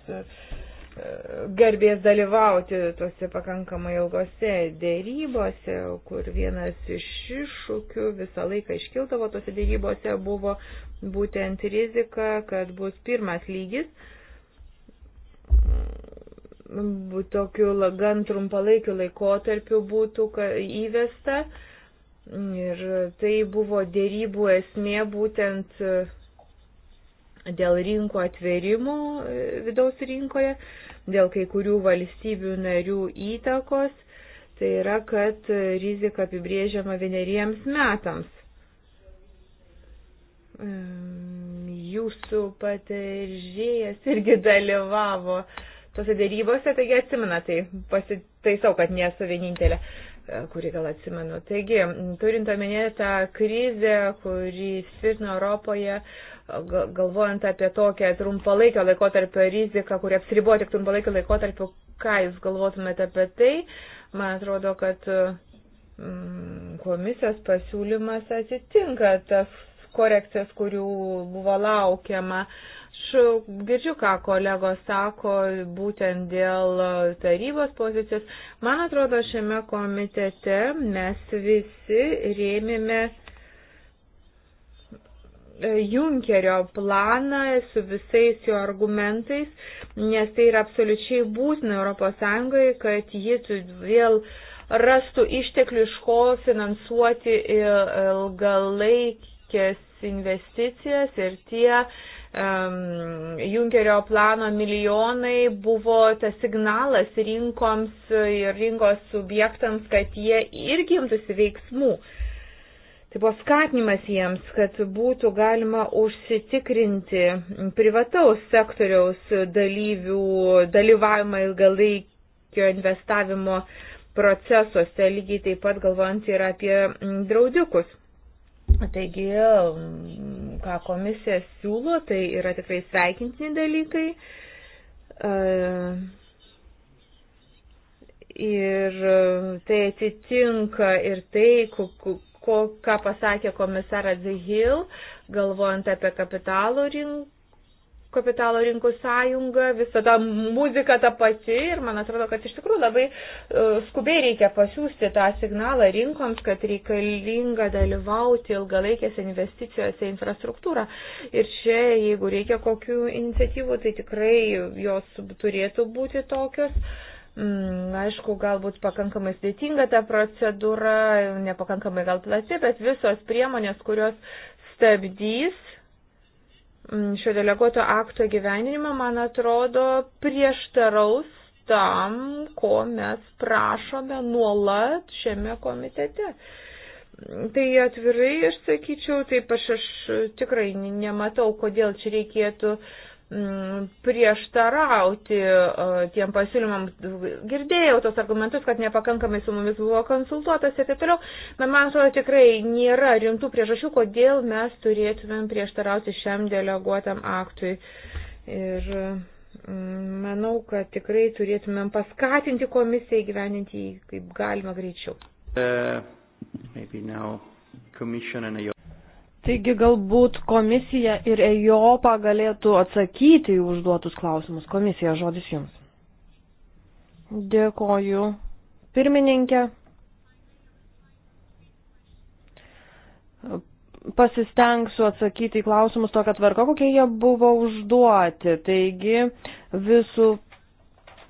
S1: garbės dalyvauti tuose pakankamai ilgose dėrybose, kur vienas iš iššūkių visą laiką iškildavo tuose dėrybose buvo būtent rizika, kad bus pirmas lygis tokiu gan trumpalaikiu laikotarpiu būtų įvesta. Ir tai buvo dėrybų esmė būtent dėl rinkų atverimo e, vidaus rinkoje, dėl kai kurių valstybių narių įtakos, tai yra, kad rizika apibrėžiama vieneriems metams. Jūsų patarėjas irgi dalyvavo tose dėrybose, taigi atsimena, tai pasitaisau, kad nesu vienintelė e, kurį gal atsimenu. Taigi, turint omenyje tą krizę, kurį svirtino Europoje, galvojant apie tokią trumpalaikio laikotarpio riziką, kuri apsiribuo tik trumpalaikio laikotarpio, ką jūs galvotumėte apie tai, man atrodo, kad mm, komisijos pasiūlymas atitinka tas korekcijas, kurių buvo laukiama. Aš girdžiu, ką kolegos sako būtent dėl tarybos pozicijos. Man atrodo, šiame komitete mes visi rėmėmės E, Junkerio planą su visais jo argumentais, nes tai yra absoliučiai būtina ES, kad ji vėl rastų išteklių iš ko finansuoti ilgalaikės investicijas ir tie um, Junkerio plano milijonai buvo tas signalas rinkoms ir rinkos subjektams, kad jie irgi imtųsi veiksmų. Uh, Tai buvo skatinimas jiems, kad būtų galima užsitikrinti privataus sektoriaus dalyvių dalyvavimą ilgalaikio investavimo procesuose, lygiai taip pat galvojant ir apie draudikus. Taigi, ką komisija siūlo, tai yra tikrai sveikintini dalykai. E, ir tai atitinka ir tai, ko, ką pasakė komisaras Hill, galvojant apie kapitalo rinką kapitalo rinkų sąjunga, visa ta muzika ta pati ir man atrodo, kad iš tikrųjų labai e, skubiai reikia pasiūsti tą signalą rinkoms, kad reikalinga dalyvauti ilgalaikėse investicijose infrastruktūrą. Ir čia, jeigu reikia kokių iniciatyvų, tai tikrai jos turėtų būti tokios. Uh, Mm, aišku, galbūt pakankamai sudėtinga ta procedūra, nepakankamai gal plati, bet visos priemonės, kurios stabdys mm, šio deleguoto akto gyveninimą, man atrodo, prieštaraus tam, ko mes prašome nuolat šiame komitete. Tai atvirai aš sakyčiau, taip aš, aš tikrai nematau, kodėl čia reikėtų uh, Mm, prieštarauti e, tiem pasiūlymams. Girdėjau tos argumentus, kad nepakankamai su mumis buvo konsultuotas ir taip toliau, bet man atrodo tikrai nėra rimtų priežasčių, kodėl mes turėtumėm prieštarauti šiam deleguotam aktui. Ir mm, manau, kad tikrai turėtumėm paskatinti komisiją įgyveninti jį kaip galima greičiau.
S3: Uh, maybe now commission and
S1: Taigi galbūt komisija ir EJOPA galėtų atsakyti į užduotus klausimus. Komisija, žodis jums. Dėkoju. Pirmininkė. Pasistengsiu atsakyti į klausimus tokią tvarką, kokie jie buvo užduoti. Taigi visų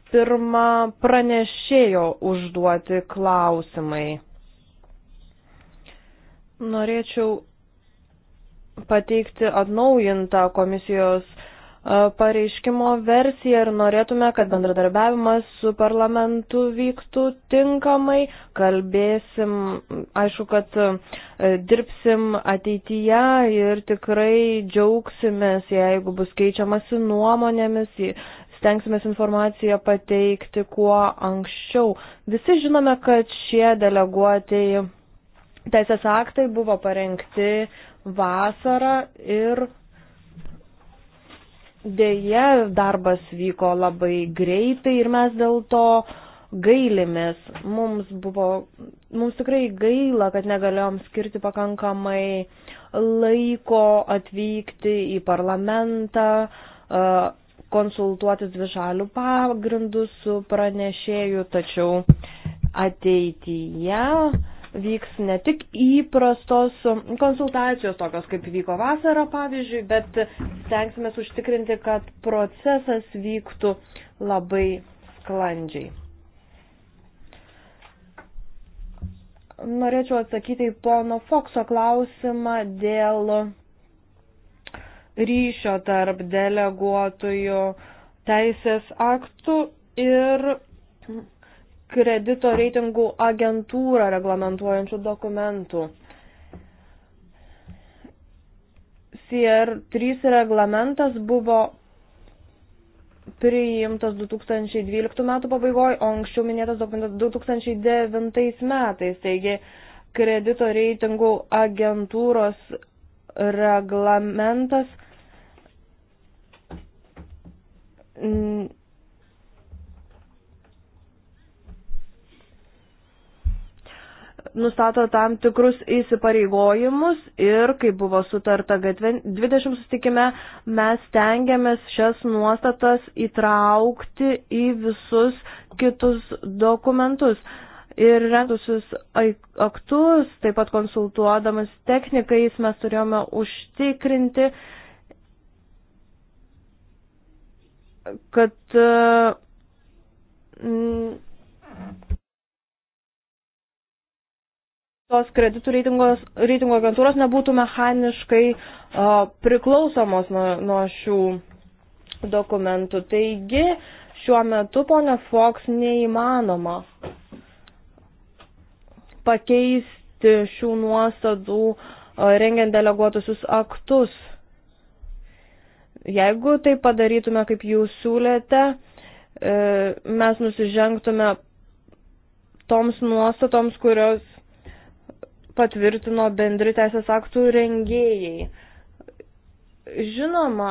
S1: pirma pranešėjo užduoti klausimai. Norėčiau pateikti atnaujintą komisijos e, pareiškimo versiją ir norėtume, kad bendradarbiavimas su parlamentu vyktų tinkamai. Kalbėsim, aišku, kad e, dirbsim ateityje ir tikrai džiaugsimės, jeigu bus keičiamasi nuomonėmis, stengsimės informaciją pateikti kuo anksčiau. Visi žinome, kad šie deleguotieji teisės aktai buvo parengti vasarą ir dėje darbas vyko labai greitai ir mes dėl to gailimės. Mums buvo, mums tikrai gaila, kad negalėjom skirti pakankamai laiko atvykti į parlamentą, konsultuotis dvišalių pagrindų su pranešėju, tačiau ateityje vyks ne tik įprastos konsultacijos, tokios kaip vyko vasarą, pavyzdžiui, bet stengsime užtikrinti, kad procesas vyktų labai sklandžiai. Norėčiau atsakyti į pono Fokso klausimą dėl ryšio tarp deleguotojų teisės aktų ir kredito reitingų agentūrą reglamentuojančių dokumentų. CR3 reglamentas buvo priimtas 2012 metų pabaigoje, o anksčiau minėtas dokumentas 2009 metais. Taigi, kredito reitingų agentūros reglamentas nustato tam tikrus įsipareigojimus ir, kaip buvo sutarta G20 sustikime, mes tengiamės šias nuostatas įtraukti į visus kitus dokumentus. Ir rentusius aktus, taip pat konsultuodamas technikais, mes turėjome užtikrinti, kad e, tos kreditų reitingos, reitingo agentūros nebūtų mechaniškai a, priklausomos nuo, nuo šių dokumentų. Taigi, šiuo metu, ponė Fox, neįmanoma pakeisti šių nuostatų, a, rengiant deleguotusius aktus. Jeigu tai padarytume, kaip jūs siūlėte, e, mes nusižengtume toms nuostatoms, kurios patvirtino bendri teisės aktų rengėjai. Žinoma,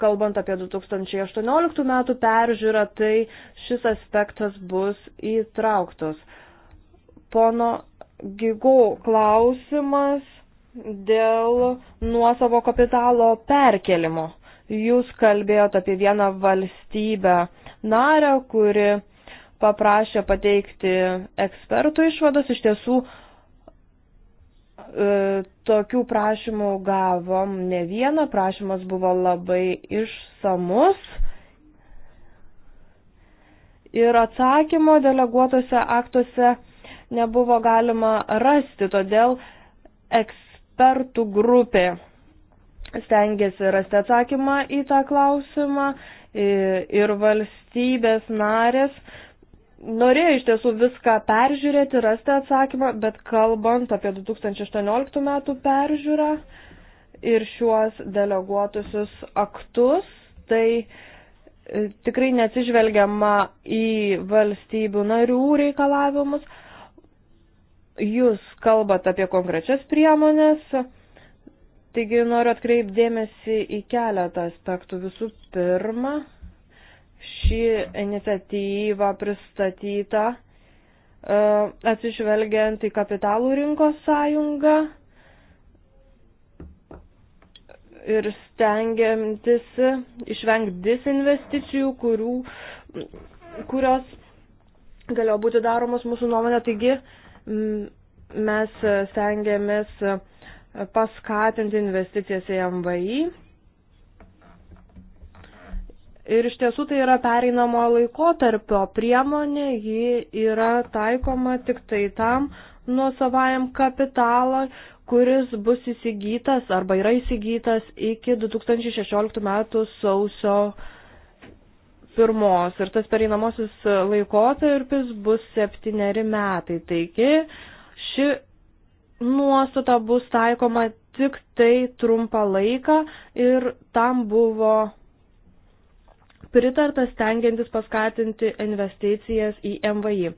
S1: kalbant apie 2018 metų peržiūrą, tai šis aspektas bus įtrauktas. Pono Gigo klausimas dėl nuosavo kapitalo perkelimo. Jūs kalbėjote apie vieną valstybę narę, kuri paprašė pateikti ekspertų išvadas. Iš tiesų, E, tokių prašymų gavom ne vieną, prašymas buvo labai išsamus. Ir atsakymo deleguotose aktuose nebuvo galima rasti, todėl ekspertų grupė stengiasi rasti atsakymą į tą klausimą ir valstybės narės norėjo iš tiesų viską peržiūrėti, rasti atsakymą, bet kalbant apie 2018 metų peržiūrą ir šiuos deleguotusius aktus, tai e, tikrai neatsižvelgiama į valstybių narių reikalavimus. Jūs kalbat apie konkrečias priemonės, taigi noriu atkreipdėmėsi į keletą aspektų. Visų pirma, ši iniciatyva pristatyta e, atsižvelgiant į kapitalų rinkos sąjungą ir stengiantis išvengti disinvesticijų, kurių, kurios galėjo būti daromos mūsų nuomonė. Taigi mes stengiamės paskatinti investicijas į MVI Ir iš tiesų tai yra pereinamo laikotarpio priemonė, ji yra taikoma tik tai tam nuosavajam kapitalą, kuris bus įsigytas arba yra įsigytas iki 2016 metų sausio pirmos. Ir tas pereinamasis laikotarpis bus septyneri metai. Taigi ši nuostata bus taikoma tik tai trumpą laiką ir tam buvo pritartas tengiantis paskatinti investicijas į MVI,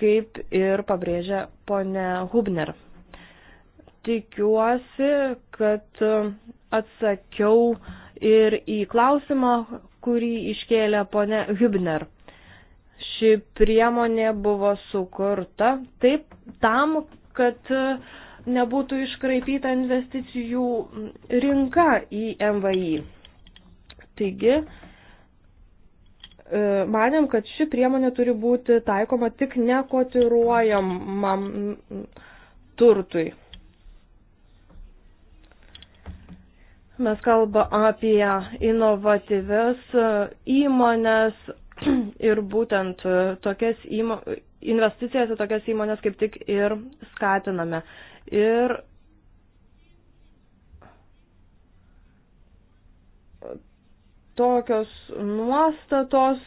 S1: kaip ir pabrėžia ponė Hubner. Tikiuosi, kad atsakiau ir į klausimą, kurį iškėlė ponė Hubner ši priemonė buvo sukurta taip tam, kad nebūtų iškraipyta investicijų rinka į MVI. Taigi, E, manėm, kad ši priemonė turi būti taikoma tik nekotiruojamam turtui. Mes kalba apie inovatyves įmonės ir būtent tokias įmo, investicijas į tokias įmonės kaip tik ir skatiname. Ir tokios nuostatos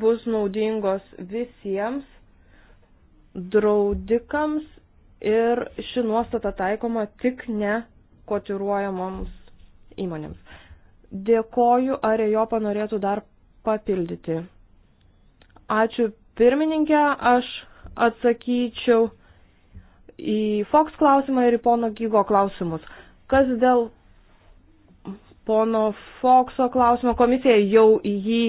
S1: bus naudingos visiems draudikams ir ši nuostata taikoma tik ne kotiruojamoms įmonėms. Dėkoju, ar jo panorėtų dar papildyti. Ačiū pirmininkė, aš atsakyčiau į Fox klausimą ir į pono Gygo klausimus. Kas dėl pono Fokso klausimo komisija jau į jį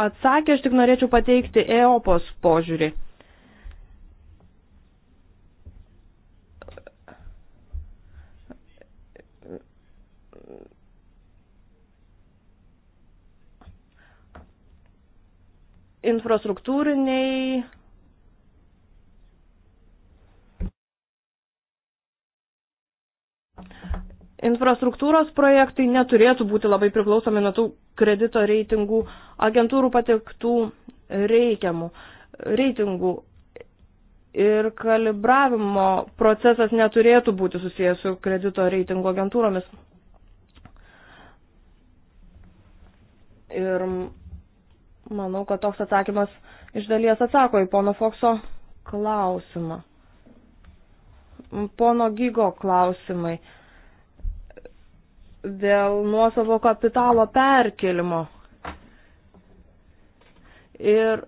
S1: atsakė, aš tik norėčiau pateikti EOPOS požiūrį. Infrastruktūriniai infrastruktūros projektai neturėtų būti labai priklausomi nuo tų kredito reitingų agentūrų patektų reikiamų reitingų. Ir kalibravimo procesas neturėtų būti susijęs su kredito reitingo agentūromis. Ir manau, kad toks atsakymas iš dalies atsako į pono Fokso klausimą. Pono Gygo klausimai dėl nuosavo kapitalo perkelimo. Ir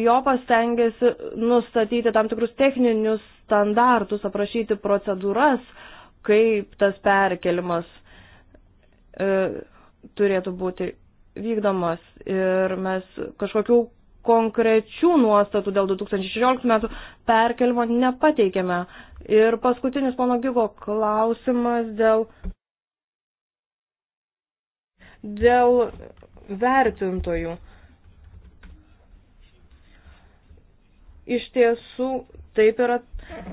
S1: jo pastengiasi nustatyti tam tikrus techninius standartus, aprašyti procedūras, kaip tas perkelimas e, turėtų būti vykdomas. Ir mes kažkokių konkrečių nuostatų dėl 2016 metų perkelimo nepateikėme. Ir paskutinis pono Gygo klausimas dėl, dėl vertintojų. Iš tiesų, taip yra,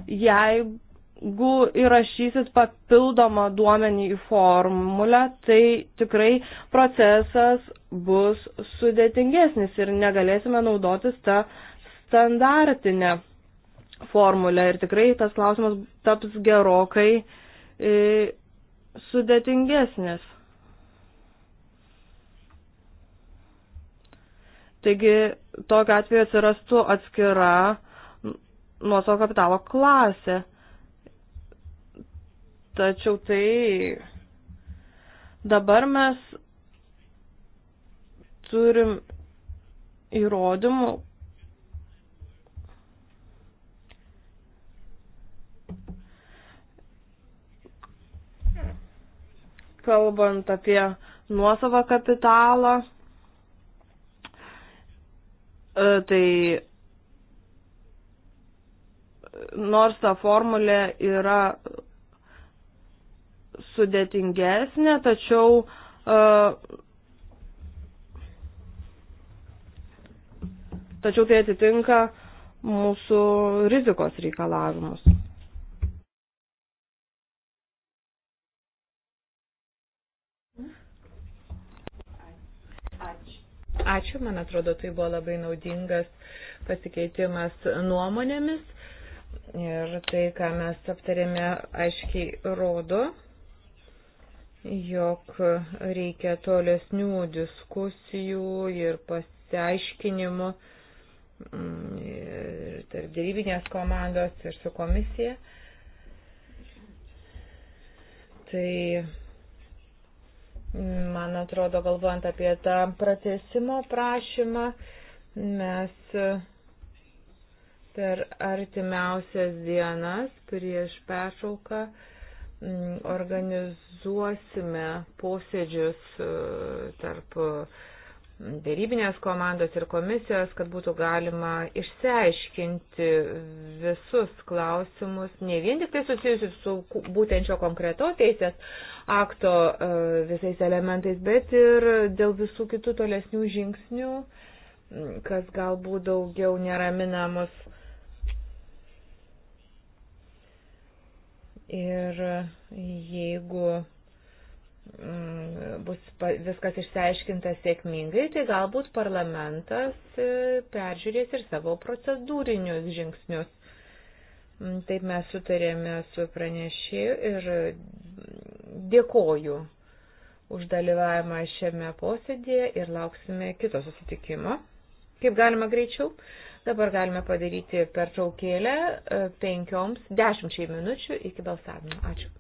S1: jeigu jeigu įrašysit papildomą duomenį į formulę, tai tikrai procesas bus sudėtingesnis ir negalėsime naudotis tą standartinę formulę. Ir tikrai tas klausimas taps gerokai e, sudėtingesnis. Taigi, tokiu atveju atsirastų atskira nuosavo kapitalo klasė. Tačiau tai dabar mes turim įrodymų, kalbant apie nuosavą kapitalą, e, tai nors ta formulė yra sudėtingesnė, tačiau e, tačiau tai atitinka mūsų rizikos reikalavimus. Ačiū, man atrodo, tai buvo labai naudingas pasikeitimas nuomonėmis ir tai, ką mes aptarėme, aiškiai rodo, jog reikia tolesnių diskusijų ir pasiaiškinimų mm, ir tarp dėrybinės komandos ir su komisija. Tai man atrodo, galvojant apie tą pratesimo prašymą, mes per artimiausias dienas prieš pešauką uh, Mm, organizuosime posėdžius e, tarp e, dėrybinės komandos ir komisijos, kad būtų galima išsiaiškinti visus klausimus, ne vien tik tai susijusius su būtent šio konkretaus teisės akto e, visais elementais, bet ir dėl visų kitų tolesnių žingsnių, kas galbūt daugiau neraminamus. mus Ir jeigu mm, bus viskas išsiaiškinta sėkmingai, tai galbūt parlamentas e, peržiūrės ir savo procedūrinius žingsnius. Mm, taip mes sutarėme su pranešėju ir mm, dėkoju už dalyvavimą šiame posėdėje ir lauksime kito susitikimo. Kaip galima greičiau? Dabar galime padaryti pertraukėlę e, penkioms, dešimčiai minučių iki balsavimo. Ačiū.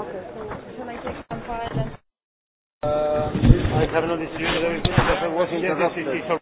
S2: Okay, so should I take some part and... Uh, I have no decision. Everything that I was in the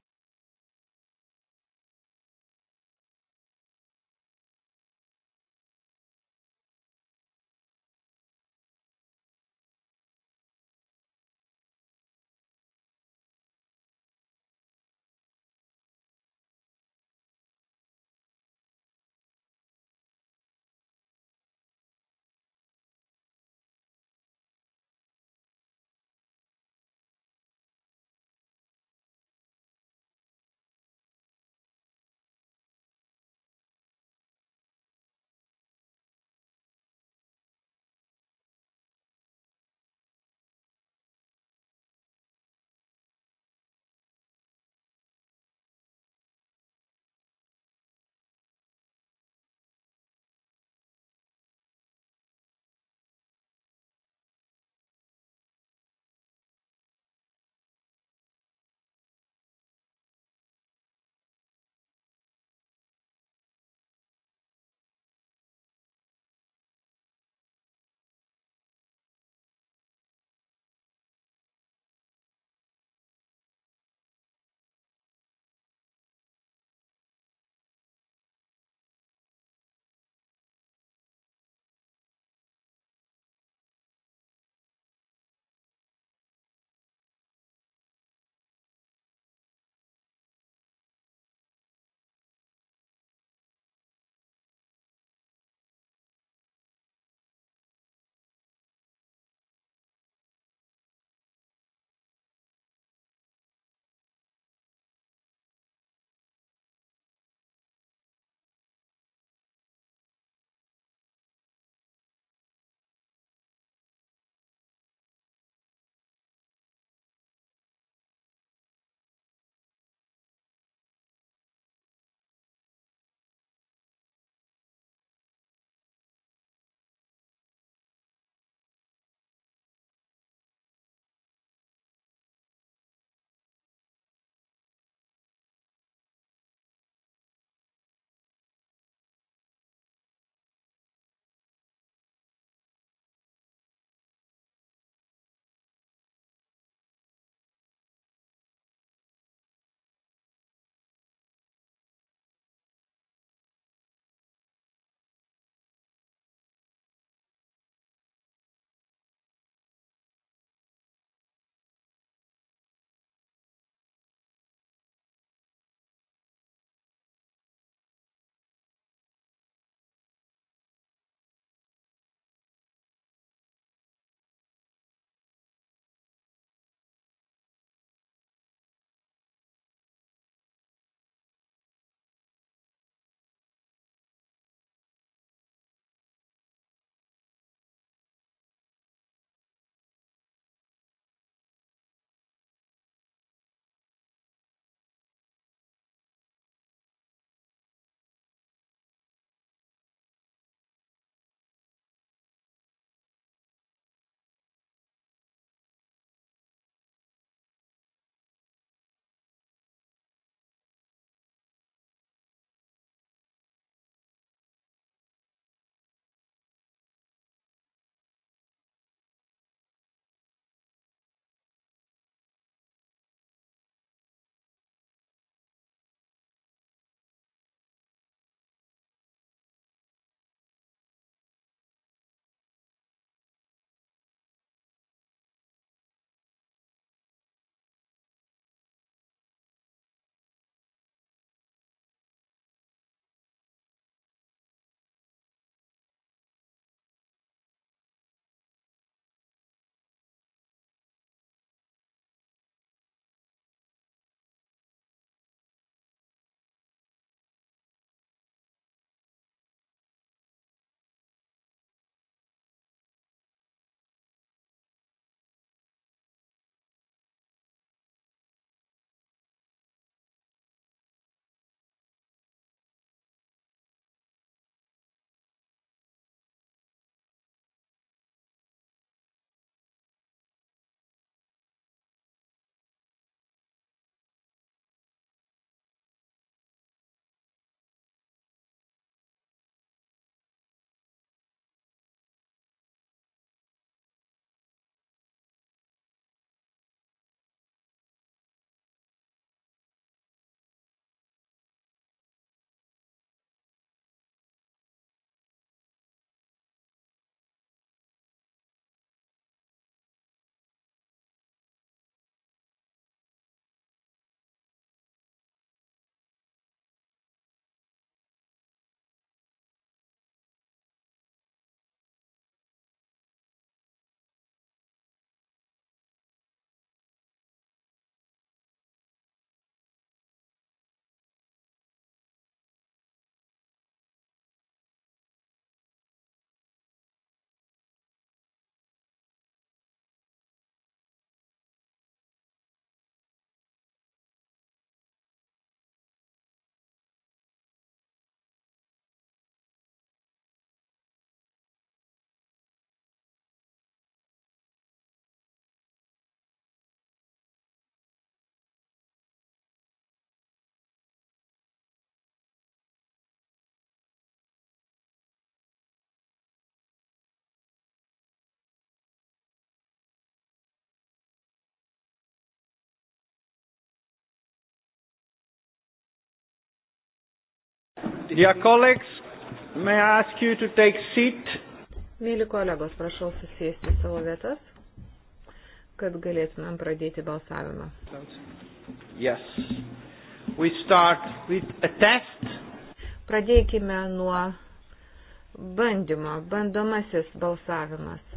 S1: Dear colleagues, may I ask you to take seat? Mėly kolegos, prašau susėsti savo vietas, kad galėtumėm pradėti balsavimą.
S3: Yes. We start with a test.
S1: Pradėkime nuo bandymo, bandomasis balsavimas.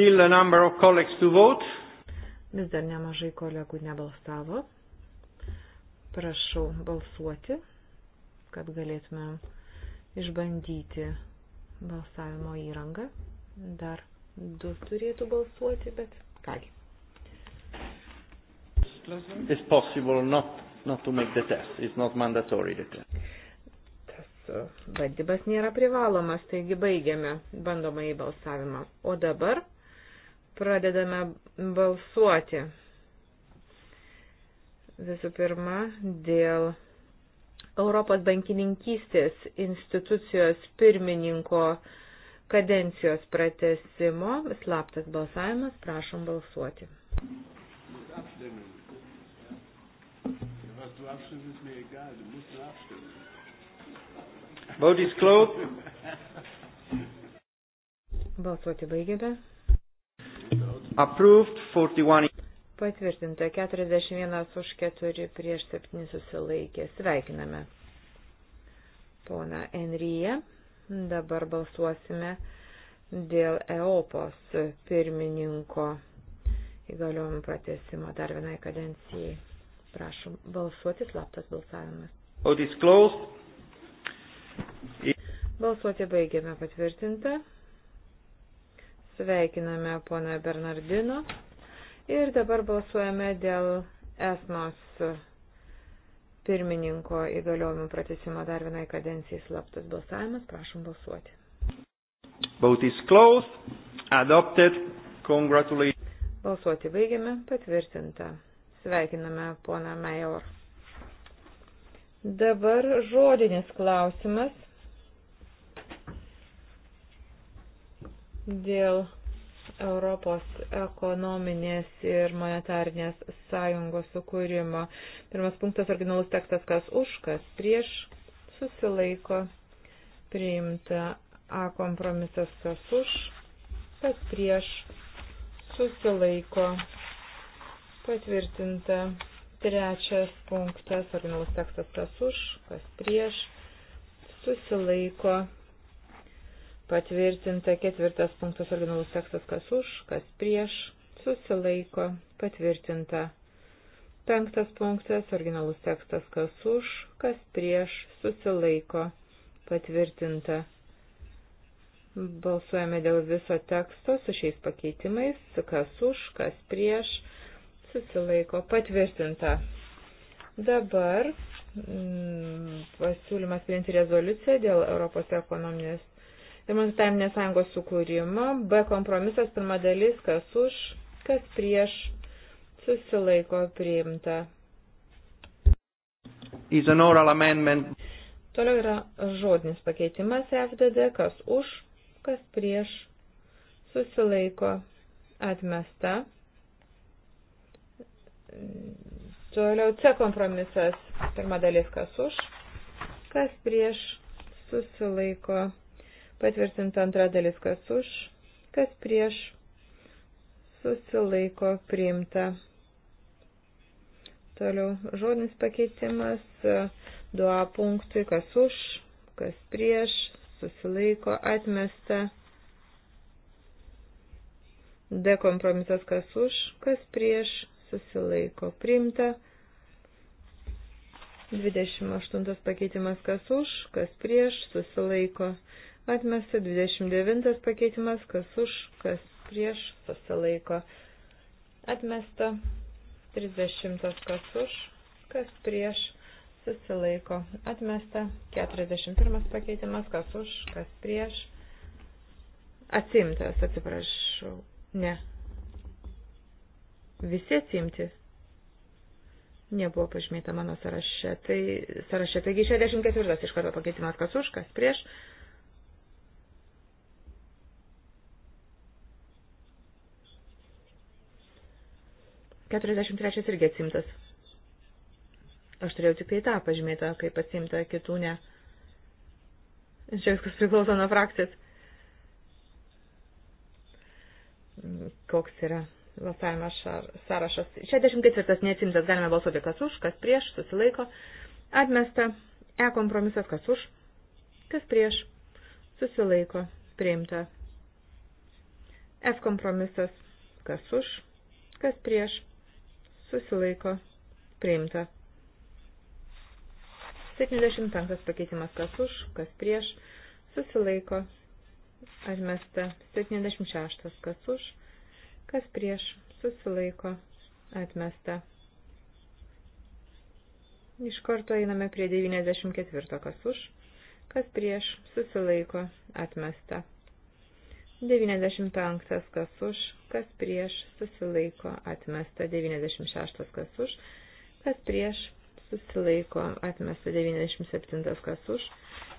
S3: Still a number of colleagues to vote.
S1: Vis dar nemažai kolegų nebalsavo. Prašau balsuoti, kad galėtume išbandyti balsavimo įrangą. Dar du turėtų balsuoti, bet kągi.
S3: It's possible not, not to make the test. It's not mandatory the test.
S1: Tas uh, bandymas nėra privalomas, taigi baigiame bandomąjį balsavimą. O dabar Pradedame balsuoti. Visų pirma, dėl Europos bankininkystės institucijos pirmininko kadencijos pratesimo. Slaptas balsavimas, prašom balsuoti.
S2: Vote is closed.
S1: Balsuoti baigėme.
S2: Approved
S3: 41.
S1: Patvirtinta 41 už 4 prieš 7 susilaikė. Sveikiname. Pona Enryje, dabar balsuosime dėl EOPOS pirmininko įgaliojimų pratesimo dar vienai kadencijai. Prašom balsuoti slaptas balsavimas. Balsuoti baigiame patvirtinta. Sveikiname poną Bernardino. Ir dabar balsuojame dėl esmos pirmininko įgaliojimų pratesimo dar vienai kadencijai slaptas balsavimas. Prašom balsuoti.
S3: Vote is closed. Adopted. Congratulations.
S1: Balsuoti baigiame. Patvirtinta. Sveikiname poną Major. Dabar žodinis klausimas. Dėl Europos ekonominės ir monetarnės sąjungos sukūrimo. Pirmas punktas originalus tekstas, kas už, kas prieš, susilaiko, priimta A kompromisas, kas už, kas prieš, susilaiko, patvirtinta. Trečias punktas, originalus tekstas, kas už, kas prieš, susilaiko, Patvirtinta ketvirtas punktas originalus tekstas, kas už, kas prieš, susilaiko, patvirtinta. Penktas punktas originalus tekstas, kas už, kas prieš, susilaiko, patvirtinta. Balsuojame dėl viso teksto su šiais pakeitimais, kas už, kas prieš, susilaiko, patvirtinta. Dabar mm, pasiūlymas priimti rezoliuciją dėl Europos ekonominės monetarinės sąjungos sukūrimą. B kompromisas pirma dalis, kas už, kas prieš, susilaiko priimta. Toliau yra žodinis pakeitimas FDD, kas už, kas prieš, susilaiko atmesta. Toliau C kompromisas, pirma dalis, kas už, kas prieš, susilaiko atmesta Patvirtinta antra dalis, kas už, kas prieš, susilaiko priimta. Toliau žodinis pakeitimas, duo punktui, kas už, kas prieš, susilaiko atmesta. D kompromisas, kas už, kas prieš, susilaiko priimta. 28 pakeitimas, kas už, kas prieš, susilaiko priimta atmesta, 29 pakeitimas, kas už, kas prieš, susilaiko atmesta, 30 kas už, kas prieš, susilaiko atmesta, 41 pakeitimas, kas už, kas prieš, atsimtas, atsiprašau, ne. Visi atsimti nebuvo pažymėta mano sąraše. Tai sąraše, taigi 64 iš karto pakeitimas, kas už, kas prieš, 43 irgi atsimtas. Aš turėjau tik tai tą pažymėtą, kaip atsimta, kitų ne. Čia viskas priklauso nuo frakcijos. Koks yra balsavimo sąrašas. 64 neatsimtas, galime balsuoti kas už, kas prieš, susilaiko. Atmesta E kompromisas kas už, kas prieš, susilaiko, priimta. F kompromisas kas už, kas prieš, susilaiko priimta. 75 pakeitimas kas už, kas prieš, susilaiko atmesta. 76 kas už, kas prieš, susilaiko atmesta. Iš karto einame prie 94 kas už, kas prieš, susilaiko atmesta. 95 kas už, kas prieš, susilaiko, atmesta 96 kas už, kas prieš, susilaiko, atmesta 97 kas už,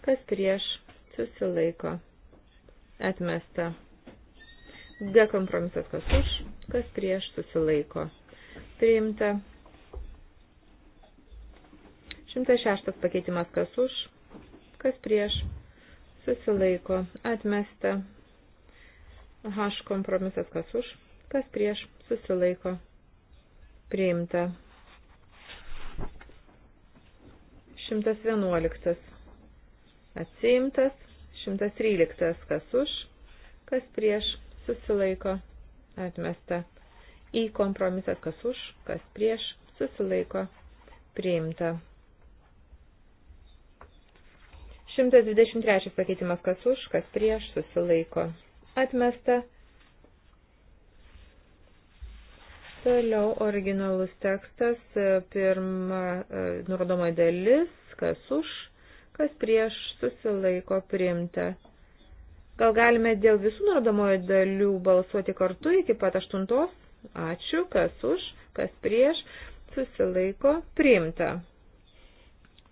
S1: kas prieš, susilaiko, atmesta. D kompromisas kas už, kas prieš, susilaiko. Priimta. 106 pakeitimas kas už, kas prieš, susilaiko, atmesta. H kompromisas kas už, kas prieš, susilaiko, priimta. 111 atsiimtas, 113 kas už, kas prieš, susilaiko, atmesta. Į kompromisas kas už, kas prieš, susilaiko, priimta. 123 pakeitimas kas už, kas prieš, susilaiko, atmesta. Toliau originalus tekstas, e, pirma e, nurodoma dalis, kas už, kas prieš susilaiko priimta. Gal galime dėl visų nurodomojo dalių balsuoti kartu iki pat aštuntos? Ačiū, kas už, kas prieš susilaiko priimta.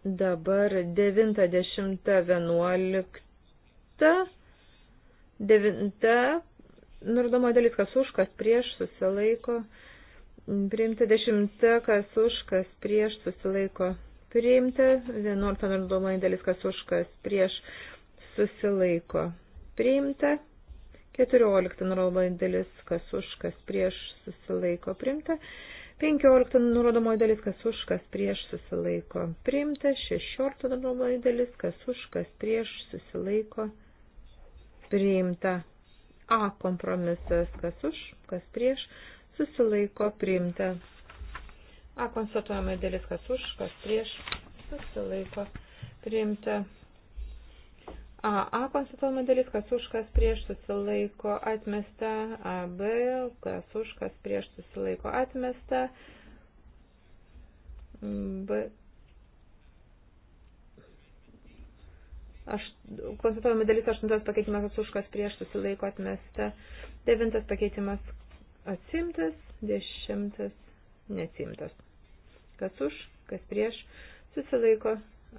S1: Dabar 9, 10, 11. Devinta nurodomo dalis, kas už, kas prieš susilaiko. Priimta dešimta, kas už, kas prieš susilaiko. Priimta vienuolta nurodomo dalis, kas už, kas prieš susilaiko. Priimta keturiolikta nurodomo dalis, kas už, kas prieš susilaiko. Priimta penkiolikta nurodomo dalis, kas už, kas prieš susilaiko. Priimta šešiolta nurodomo dalis, kas už, kas prieš susilaiko. Priimta, priimta. A kompromisas, kas už, kas prieš, susilaiko priimta. A konstatuojama dalis, kas už, kas prieš, susilaiko priimta. A, A konstatuojama dalis, kas už, kas prieš, susilaiko atmesta. A, B, kas už, kas prieš, susilaiko atmesta. Mm, B, Aš, konstatuojama dalis 8 pakeitimas atsuškas prieš susilaiko atmesta, 9 pakeitimas atsimtas, 10 neatsimtas. Kas už, kas prieš susilaiko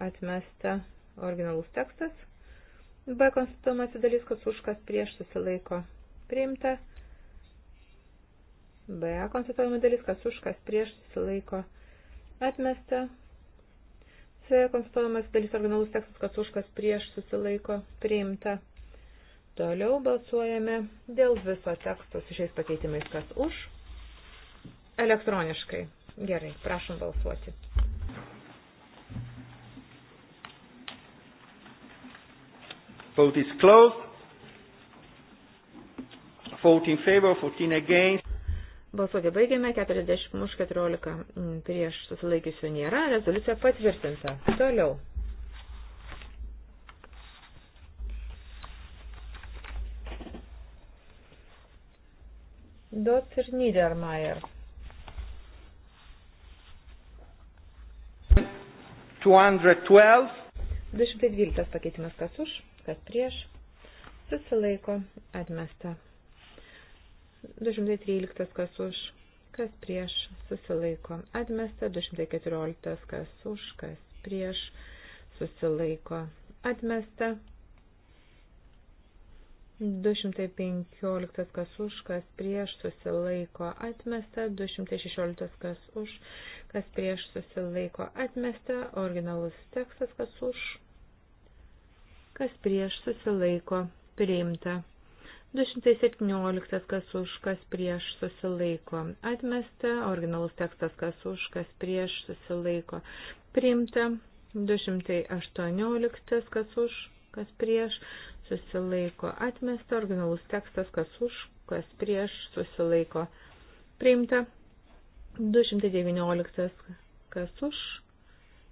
S1: atmesta originalus tekstas. B konstatuojamas dalis, kas už, kas prieš susilaiko priimta. B konstatuojama dalis, kas už, kas prieš susilaiko atmesta konstatuojamas dalis originalus tekstas, kas už kas prieš susilaiko priimta. Toliau balsuojame dėl viso teksto su šiais pakeitimais, kas už. Elektroniškai. Gerai, prašom balsuoti.
S3: Vote is closed. 14 favor, 14 against.
S1: Balsuoti baigėme 40 už 14 mm, prieš susilaikiusių nėra. Rezoliucija patvirtinta. Toliau. Dot ir Niedermayer. Dvidešimt dvyliktas pakeitimas kas už, kas prieš, susilaiko, atmesta. 213 kas už, kas prieš susilaiko. Atmesta 214 kas už, kas prieš susilaiko. Atmesta 215 kas už, kas prieš susilaiko. Atmesta 216 kas už, kas prieš susilaiko. Atmesta originalus tekstas kas už, kas prieš susilaiko. Priimta. 217 kas už, kas prieš susilaiko. Atmesta, originalus tekstas kas už, kas prieš susilaiko. Priimta, 218 kas už, kas prieš susilaiko. Atmesta, originalus tekstas kas už, kas prieš susilaiko. Priimta, 219 kas už,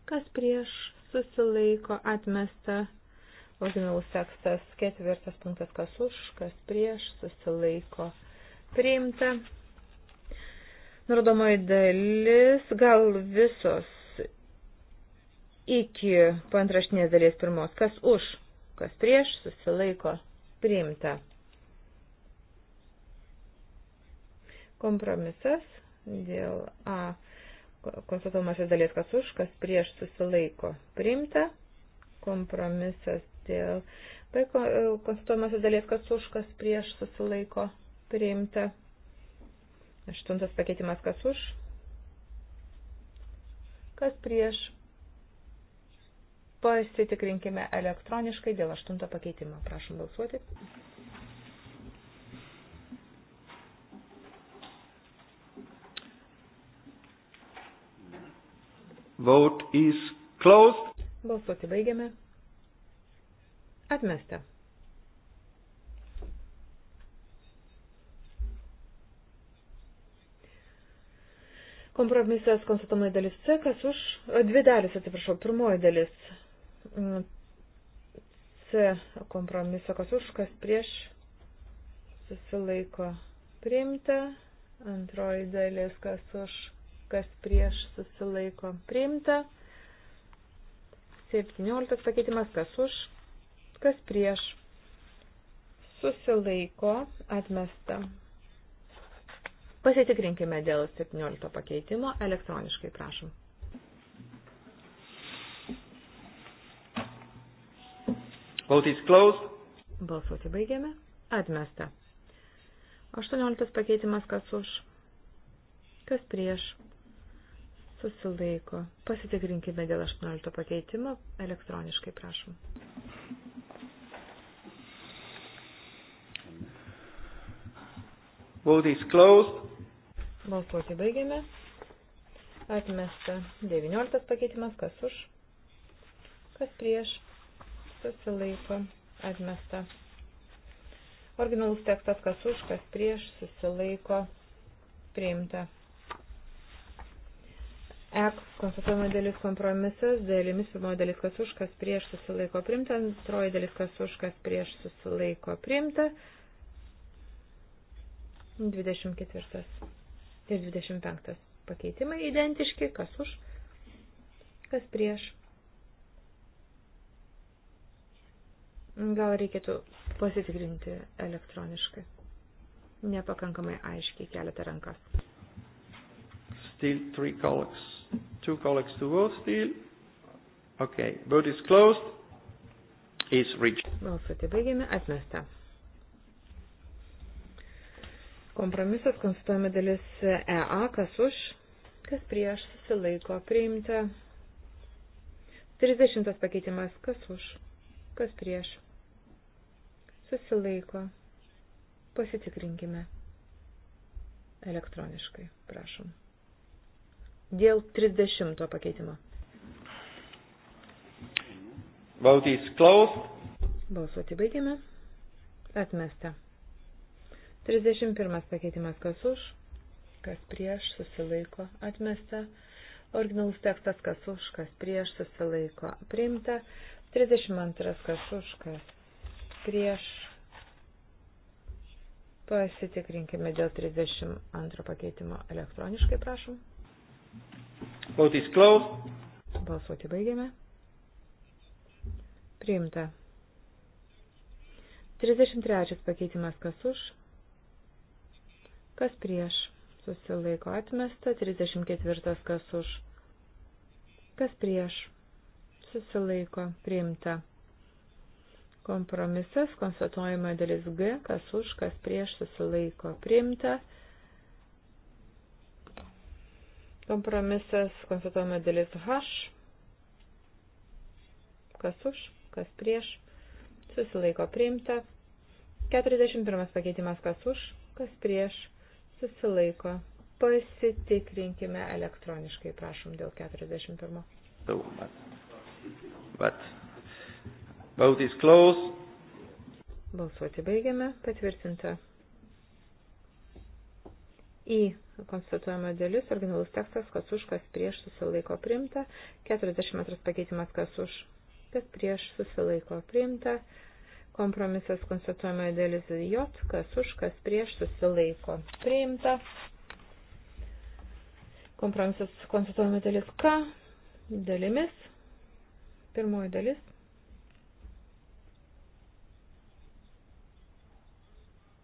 S1: kas prieš susilaiko. Atmesta, originalus tekstas, ketvirtas punktas, kas už, kas prieš, susilaiko priimta. Nurodomoji dalis, gal visos iki pantrašinės dalies pirmos, kas už, kas prieš, susilaiko priimta. Kompromisas dėl A konstatuomasios dalies, kas už, kas prieš susilaiko priimta, kompromisas dėl B e, konstatuojamosios dalies, kas už, kas prieš susilaiko priimta. Aštuntas pakeitimas, kas už, kas prieš. Pasitikrinkime elektroniškai dėl aštunto pakeitimo. Prašom balsuoti.
S3: Vote is closed.
S1: Balsuoti baigiame. Atmesta. Kompromisas konstatuojamoji dalis C, kas už e, dvi dalis, atsiprašau, pirmoji dalis e, C kompromiso, kas už, kas prieš susilaiko priimta, antroji dalis, kas už, kas prieš susilaiko priimta, 17 pakeitimas, kas už, kas prieš, susilaiko, atmesta. Pasitikrinkime dėl 17 pakeitimo elektroniškai, prašom.
S3: Vote is closed.
S1: Balsuoti baigiame. Atmesta. 18 pakeitimas kas už, kas prieš, susilaiko. Pasitikrinkime dėl 18 pakeitimo elektroniškai, prašom.
S3: Vote is closed.
S1: Balsuoti baigėme. Atmesta 19 pakeitimas, kas už, kas prieš, susilaiko, atmesta. Originalus tekstas, kas už, kas prieš, susilaiko, priimta. E konstatuojama dalis kompromisas, dalimis pirmoji dalis kas už, kas prieš susilaiko primta, antroji dalis kas už, kas prieš susilaiko primta, 24 ir 25 pakeitimai identiški, kas už, kas prieš. Gal reikėtų pasitikrinti elektroniškai. Nepakankamai aiškiai keletą rankas.
S3: Still three colleagues, two colleagues to vote still. Okay, vote is closed. Is reached.
S1: Balsuoti baigėme, atmesta. Kompromisas konstatuojama dalis EA, kas už, kas prieš, susilaiko, priimta. 30 pakeitimas, kas už, kas prieš, susilaiko, pasitikrinkime elektroniškai, prašom. Dėl 30 pakeitimo. Vote is closed. Balsuoti baigėme. Atmesta. 31 pakeitimas kas už, kas prieš, susilaiko, atmesta. Originalus tekstas kas už, kas prieš, susilaiko, priimta. 32 kas už, kas prieš. Pasitikrinkime dėl 32 pakeitimo elektroniškai, prašom. Vote is closed. Balsuoti baigėme. Priimta. 33 pakeitimas kas už, Kas prieš? Susilaiko atmesta. 34. Kas už? Kas prieš? Susilaiko priimta. Kompromisas, konstatuojama dalis G, kas už, kas prieš, susilaiko priimta. Kompromisas, konstatuojama dalis H, kas už, kas prieš, susilaiko priimta. 41 pakeitimas, kas už, kas prieš, susilaiko. Pasitikrinkime elektroniškai, prašom, dėl 41.
S2: So, but,
S3: but vote is closed.
S1: Balsuoti baigiame, patvirtinta. Į konstatuojama dalis, originalus tekstas, kas už, kas prieš, susilaiko primta. 42 pakeitimas, kas už, kas prieš, susilaiko primta. Kompromisas konstatuojama dalis J, kas už, kas prieš susilaiko. Priimta. Kompromisas konstatuojama dalis K, dalimis. Pirmoji dalis.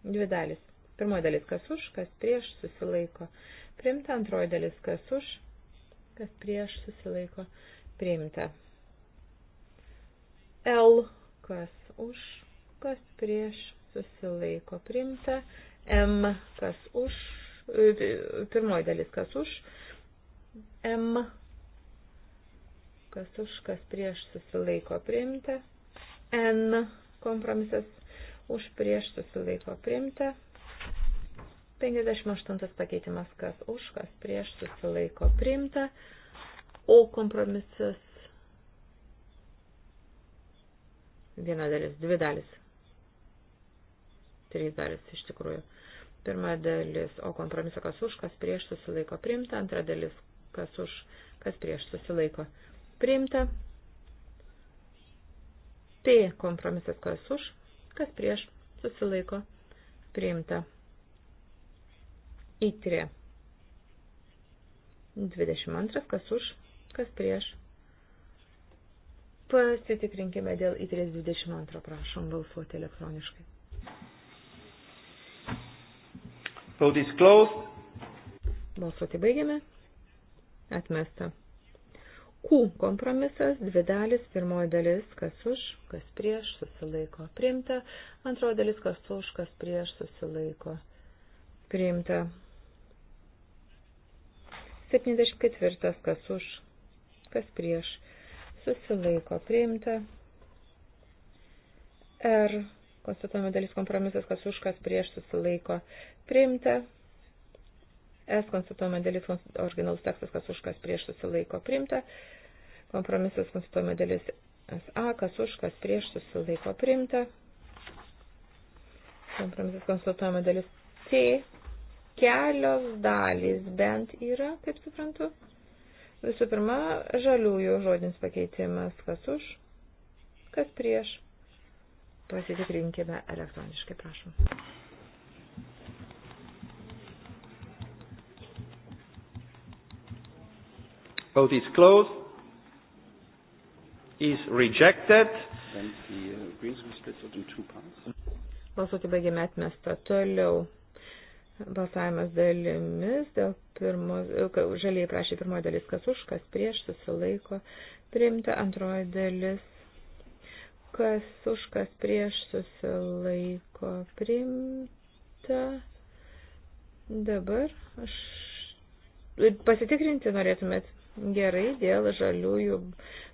S1: Dvi dalis. Pirmoji dalis kas už, kas prieš susilaiko. Priimta antroji dalis kas už, kas prieš susilaiko. Priimta. L, kas už, kas prieš susilaiko primta, M kas už, e, pirmoji dalis kas už, M kas už, kas prieš susilaiko primta, N kompromisas už prieš susilaiko primta, 58 pakeitimas kas už, kas prieš susilaiko primta, O kompromisas viena dalis, dvi dalis trys dalis iš tikrųjų. Pirma dalis, o kompromiso kas už, kas prieš susilaiko priimta, antra dalis, kas už, kas prieš susilaiko priimta. P kompromisas kas už, kas prieš susilaiko priimta. Įtrė. 22 kas už, kas prieš Pasitikrinkime dėl I322, prašom balsuoti elektroniškai.
S3: Vote is closed.
S1: Balsuoti baigiame. Atmesta. Q kompromisas, dvi dalis, pirmoji dalis, kas už, kas prieš, susilaiko. Priimta. Antroji dalis, kas už, kas prieš, susilaiko. Priimta. 74. Kas už, kas prieš, susilaiko. Priimta. R Konstatuojama dalis kompromisas, kas už, kas prieš susilaiko priimta. S konstatuojama dalis originalus tekstas, kas už, kas prieš susilaiko priimta. Kompromisas konstatuojama dalis SA, kas už, kas prieš susilaiko priimta. Kompromisas konstatuojama dalis C. Kelios dalys bent yra, kaip suprantu. Visų pirma, žaliųjų žodinis pakeitimas, kas už, kas prieš Pasitikrinkime elektroniškai,
S2: prašom.
S3: Vote is closed. Is rejected. And the uh, äh, Greens were split in two parts.
S1: Balsuoti baigėme atmestą. Toliau balsavimas dalimis. Dėl pirmo, žaliai prašė pirmoji dalis, kas už, kas prieš, susilaiko. Priimta antroji dalis kas už kas prieš susilaiko priimta. Dabar aš pasitikrinti norėtumėt gerai dėl žaliųjų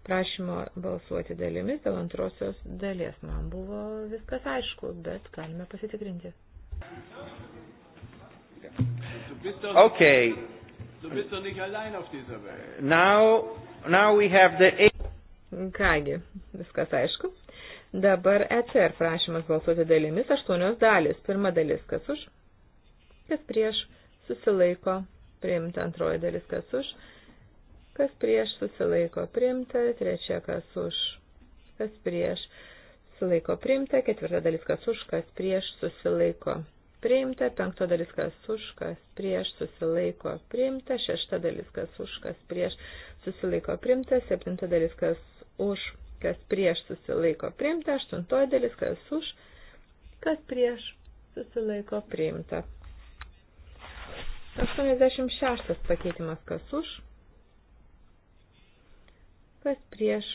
S1: prašymo balsuoti dalimis, dėl antrosios dalies. Man buvo viskas aišku, bet galime pasitikrinti. Okay. Now, now we have the... Kągi, viskas aišku. Dabar ECR prašymas balsuoti dalimis, aštuonios dalis. Pirma dalis, kas už, kas prieš, susilaiko, priimta antroji dalis, kas už, kas prieš, susilaiko, priimta, trečia, kas už, kas prieš, susilaiko, priimta, ketvirta dalis, kas už, kas prieš, susilaiko, priimta, penkta dalis kas už, kas prieš, susilaiko, priimta, šešta dalis kas už, kas prieš, susilaiko, priimta, septinta dalis kas už, kas prieš susilaiko priimta, aštuntoji dalis, kas už, kas prieš susilaiko priimta. 86 pakeitimas, kas už, kas prieš.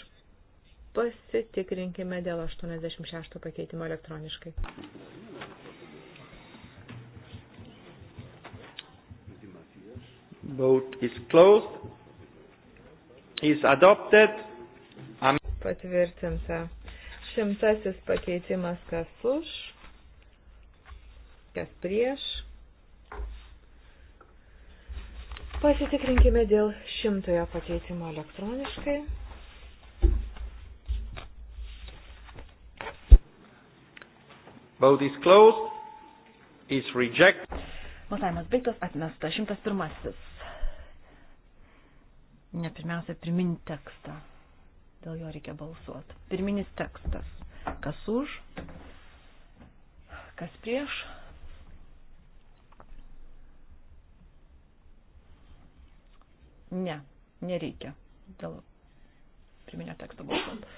S1: Pasitikrinkime dėl 86 pakeitimo elektroniškai.
S3: Vote is closed. Is adopted
S1: patvirtinta. Šimtasis pakeitimas kas už, kas prieš. Pasitikrinkime dėl šimtojo pakeitimo elektroniškai.
S3: Vote is closed. Is reject.
S1: Balsavimas baigtas, atmesta. 101. Ne pirmiausia, primint tekstą. Dėl jo reikia balsuoti. Pirminis tekstas. Kas už, kas prieš. Ne, nereikia dėl pirminio teksto balsuoti.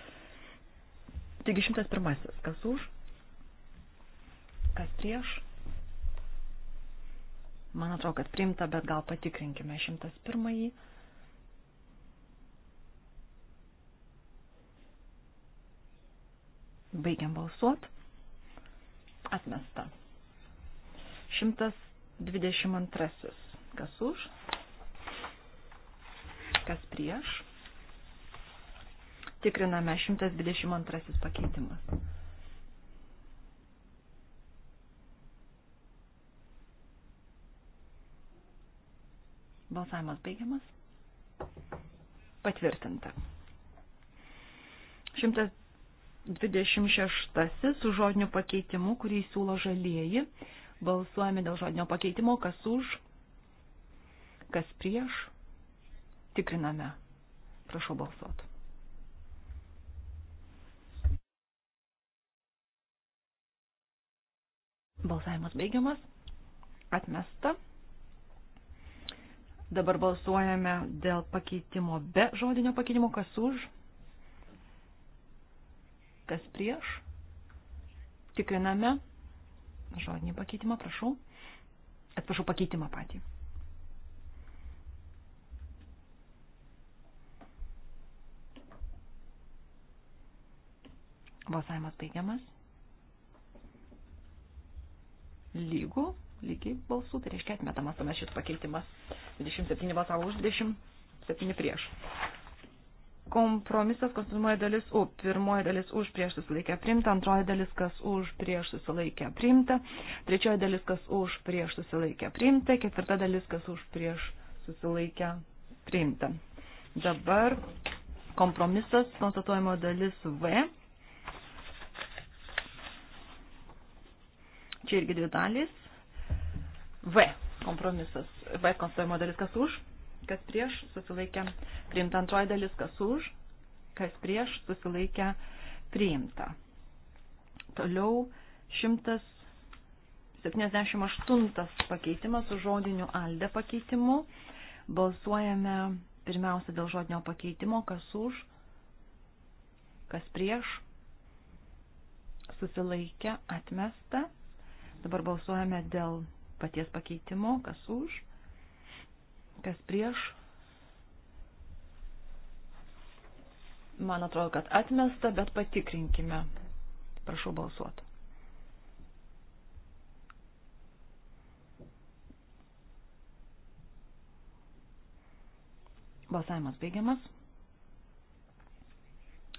S1: Taigi šimtas pirmasis. Kas už, kas prieš. Man atrodo, kad priimta, bet gal patikrinkime šimtas pirmąjį. Baigiam balsuot. Atmesta. 122. Kas už? Kas prieš? Tikriname 122 pakeitimas. Balsavimas baigiamas. Patvirtinta. 100. 26 su žodiniu pakeitimu, kurį siūlo žalieji. Balsuojame dėl žodinio pakeitimo, kas už, kas prieš. Tikriname. Prašau balsuot. Balsavimas baigiamas. Atmesta. Dabar balsuojame dėl pakeitimo be žodinio pakeitimo, kas už, kas prieš. Tikriname žodinį pakeitimą, prašau. Atsiprašau, pakeitimą patį. Balsavimas baigiamas. Lygų, lygiai balsų, tai reiškia atmetamas panašis pakeitimas. 27 balsavo už, 27 prieš. Kompromisas konstituojamoji dalis U. Pirmoji dalis už prieš susilaikę priimta, antroji dalis kas už prieš susilaikę priimta, trečioji dalis kas už prieš susilaikę priimta, ketvirta dalis kas už prieš susilaikę priimta. Dabar kompromisas konstatuojamo dalis V. Čia irgi dvi dalys. V kompromisas. V konstatuojamo dalis kas už kas prieš, susilaikė priimta. Antroji dalis, kas už, kas prieš, susilaikė priimta. Toliau 178 pakeitimas su žodiniu alde pakeitimu. Balsuojame pirmiausia dėl žodinio pakeitimo, kas už, kas prieš, susilaikė, atmesta. Dabar balsuojame dėl paties pakeitimo, kas už, kas prieš. Man atrodo, kad atmesta, bet patikrinkime. Prašau balsuoti. Balsavimas baigiamas.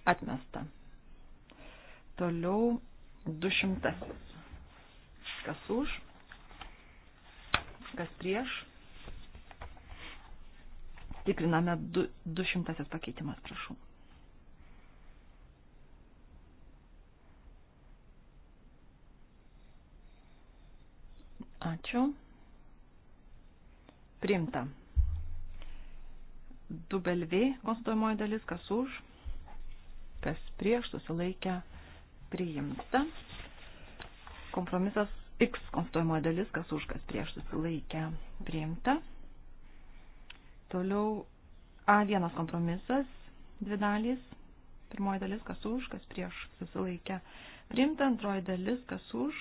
S1: Atmesta. Toliau 200. Kas už, kas prieš Tikriname 200 pakeitimas, prašau. Ačiū. Priimta. Dubelvė konstatuojamoji dalis, kas už, kas prieš, susilaikę, priimta. Kompromisas X konstatuojamoji dalis, kas už, kas prieš, susilaikę, priimta. Toliau A1 kompromisas, dvi dalys. Pirmoji dalis, kas už, kas prieš susilaikę. Priimta antroji dalis, kas už,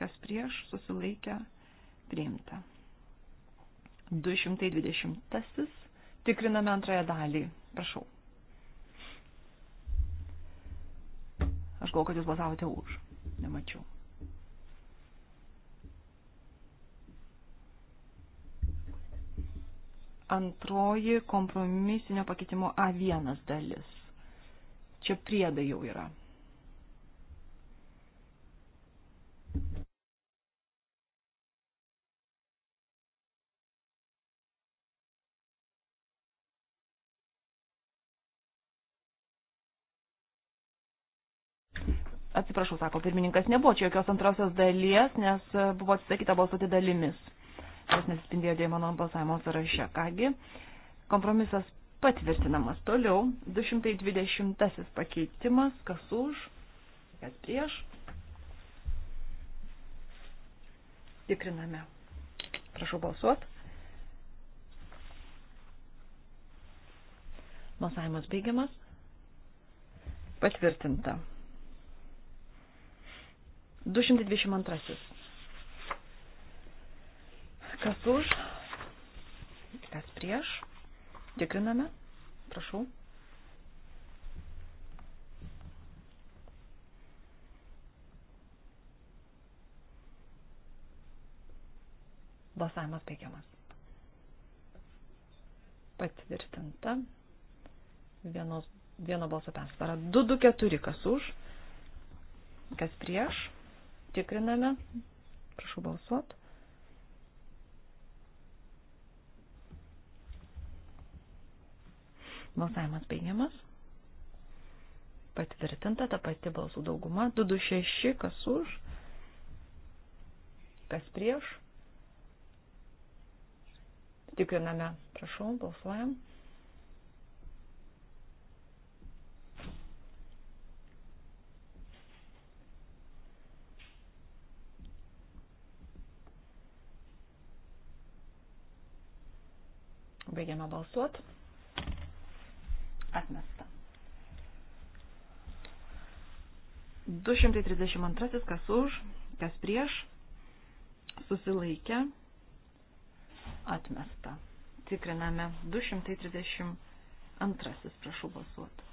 S1: kas prieš susilaikę. Priimta. 220. Tasis. Tikriname antrąją dalį. Prašau. Aš galvoju, kad jūs balsavote už. Nemačiau. antroji kompromisinio pakeitimo A1 dalis. Čia priedai jau yra. Atsiprašau, sako pirmininkas, nebuvo čia jokios antrosios dalies, nes buvo atsisakyta balsuoti dalimis jos nesispindėjo mano balsavimo sąraše. Kągi, kompromisas patvirtinamas. Toliau 220 pakeitimas, kas už, kas prieš. Tikriname. Prašau balsuot. Balsavimas baigiamas. Patvirtinta. 222. Kas už? Kas prieš? Tikriname. Prašau. Balsavimas baigiamas. Patvirtinta. Vienos, vieno balso persvara. 2-2-4 kas už, kas prieš. Tikriname. Prašau balsuot. Balsavimas baigiamas. Patvirtinta ta pati balsų dauguma. 226, kas už, kas prieš. Tikriname, prašau, balsuojam. Baigiame balsuoti. Atmesta. 232 kas už, kas prieš, susilaikė, atmesta. Tikriname 232, prašau balsuoti.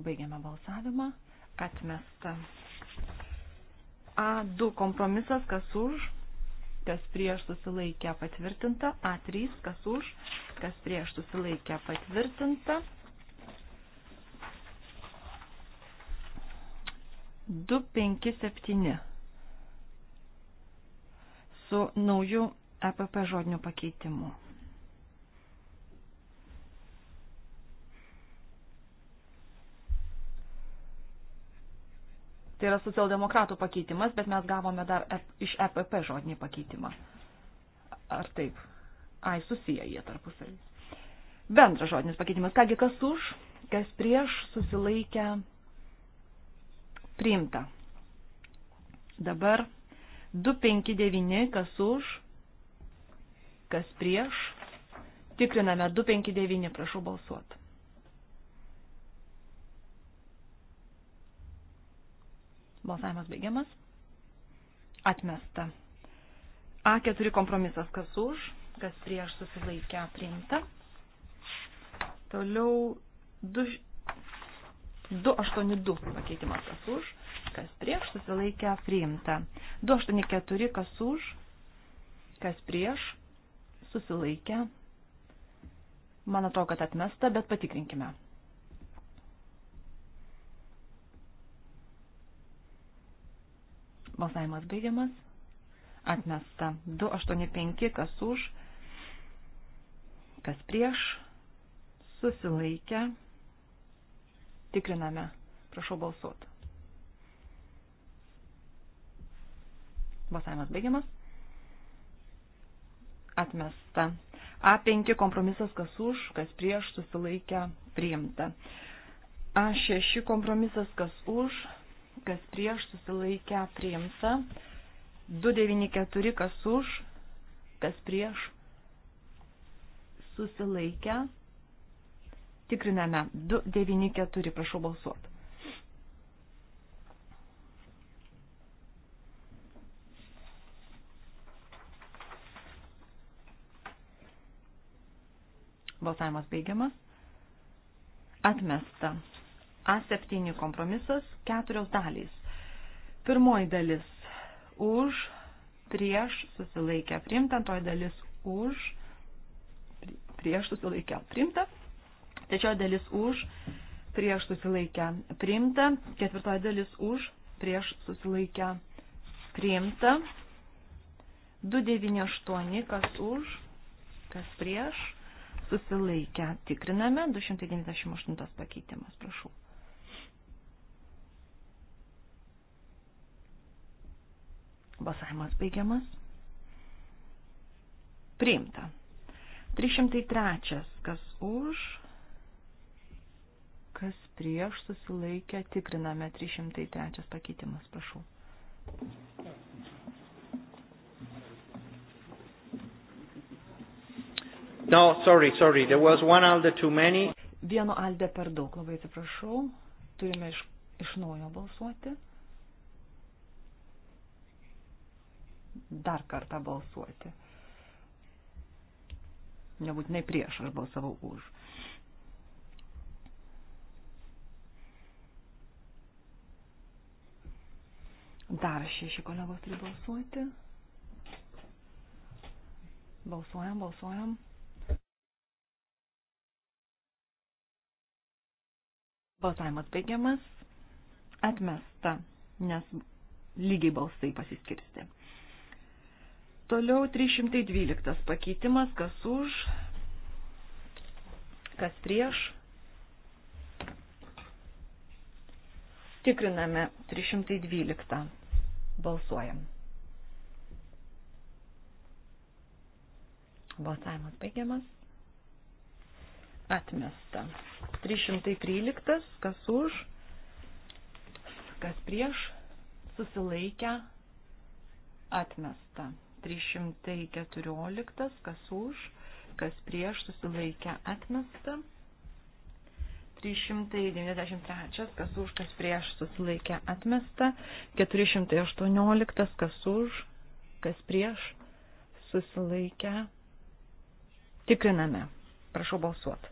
S1: Baigiame balsavimą. Atmesta. A2 kompromisas, kas už, kas prieš susilaikę patvirtinta, A3, kas už, kas prieš susilaikę patvirtinta. 257 su nauju EPP žodiniu pakeitimu. Tai yra socialdemokratų pakeitimas, bet mes gavome dar iš EPP žodinį pakeitimą. Ar taip? Ai, susiję jie tarpusavį. Bendras žodinis pakeitimas. Kągi, kas už, kas prieš, susilaikę, priimta. Dabar 259, kas už, kas prieš. Tikriname 259, prašau balsuoti. Balsavimas baigiamas. Atmesta. A4 kompromisas kas už, kas prieš susilaikę priimta. Toliau 282 pakeitimas kas už, kas prieš susilaikę priimta. 284 kas už, kas prieš susilaikę. Man atrodo, kad atmesta, bet patikrinkime. Balsavimas baigiamas. Atmesta. 285, kas už, kas prieš, susilaikę. Tikriname. Prašau balsuoti. Balsavimas baigiamas. Atmesta. A5 kompromisas kas už, kas prieš susilaikę priimta. A6 kompromisas kas už, kas prieš susilaikę priimta, 294 kas už, kas prieš susilaikę. Tikriname 294, prašau balsuoti. Balsavimas baigiamas. Atmesta. A7 kompromisas keturios dalys. Pirmoji dalis už, prieš susilaikę primta, antroji dalis už, prieš susilaikę primta, trečioji dalis už, prieš susilaikę primta, ketvirtoji dalis už, prieš susilaikę primta, 298 kas už, kas prieš susilaikę. Tikriname 298 pakeitimas, prašau. Balsavimas baigiamas. Priimta. 303. Kas už, kas prieš susilaikę, tikriname 303 pakeitimas, prašau. No,
S3: sorry, sorry, there was one alde too many.
S1: Vieno alde per daug, labai atsiprašau. Turime iš, iš naujo balsuoti. dar kartą balsuoti. Nebūtinai prieš aš balsavau už. Dar šeši kolegos turi balsuoti. Balsuojam, balsuojam. Balsavimas baigiamas. Atmesta, nes lygiai balsai pasiskirsti. Toliau 312 pakeitimas, kas už, kas prieš. Tikriname 312. Balsuojam. Balsavimas baigiamas. Atmesta. 313. Kas už, kas prieš, susilaikę, atmesta. 314, kas už, kas prieš susilaikę atmesta. 393, kas už, kas prieš susilaikę atmesta. 418, kas už, kas prieš susilaikę. Tikriname. Prašau balsuoti.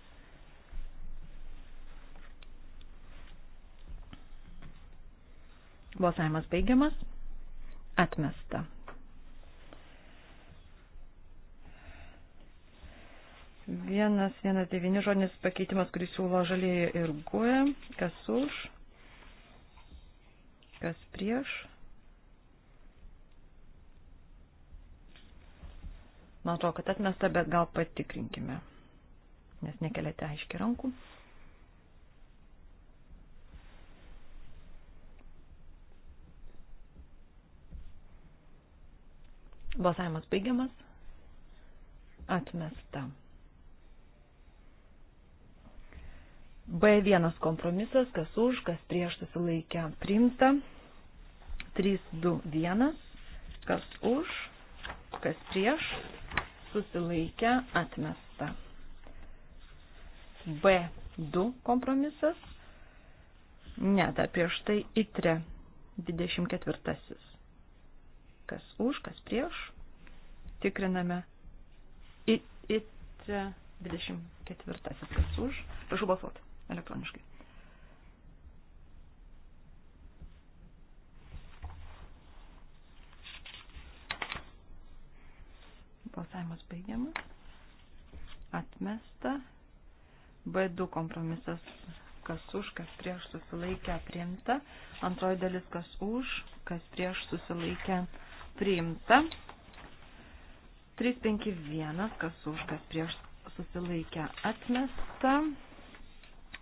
S1: Balsavimas baigiamas. Atmesta. Vienas, vienas devyni žodinis pakeitimas, kurį siūlo žalieji ir guoja. Kas už? Kas prieš? Man atrodo, kad atmesta, bet gal patikrinkime, nes nekeliate aiškiai rankų. Balsavimas baigiamas. Atmesta. B1 kompromisas, kas už, kas prieš susilaikę priimta. 321, kas už, kas prieš susilaikę atmesta. B2 kompromisas, ne, dar prieš tai ITRE 24. Kas už, kas prieš, tikriname ITRE 24. Kas už, prašau balsuoti elektroniškai. Balsavimas baigiamas. Atmesta. B2 kompromisas kas už, kas prieš susilaikę priimta. Antroji dalis kas už, kas prieš susilaikę priimta. 351 kas už, kas prieš susilaikę atmesta.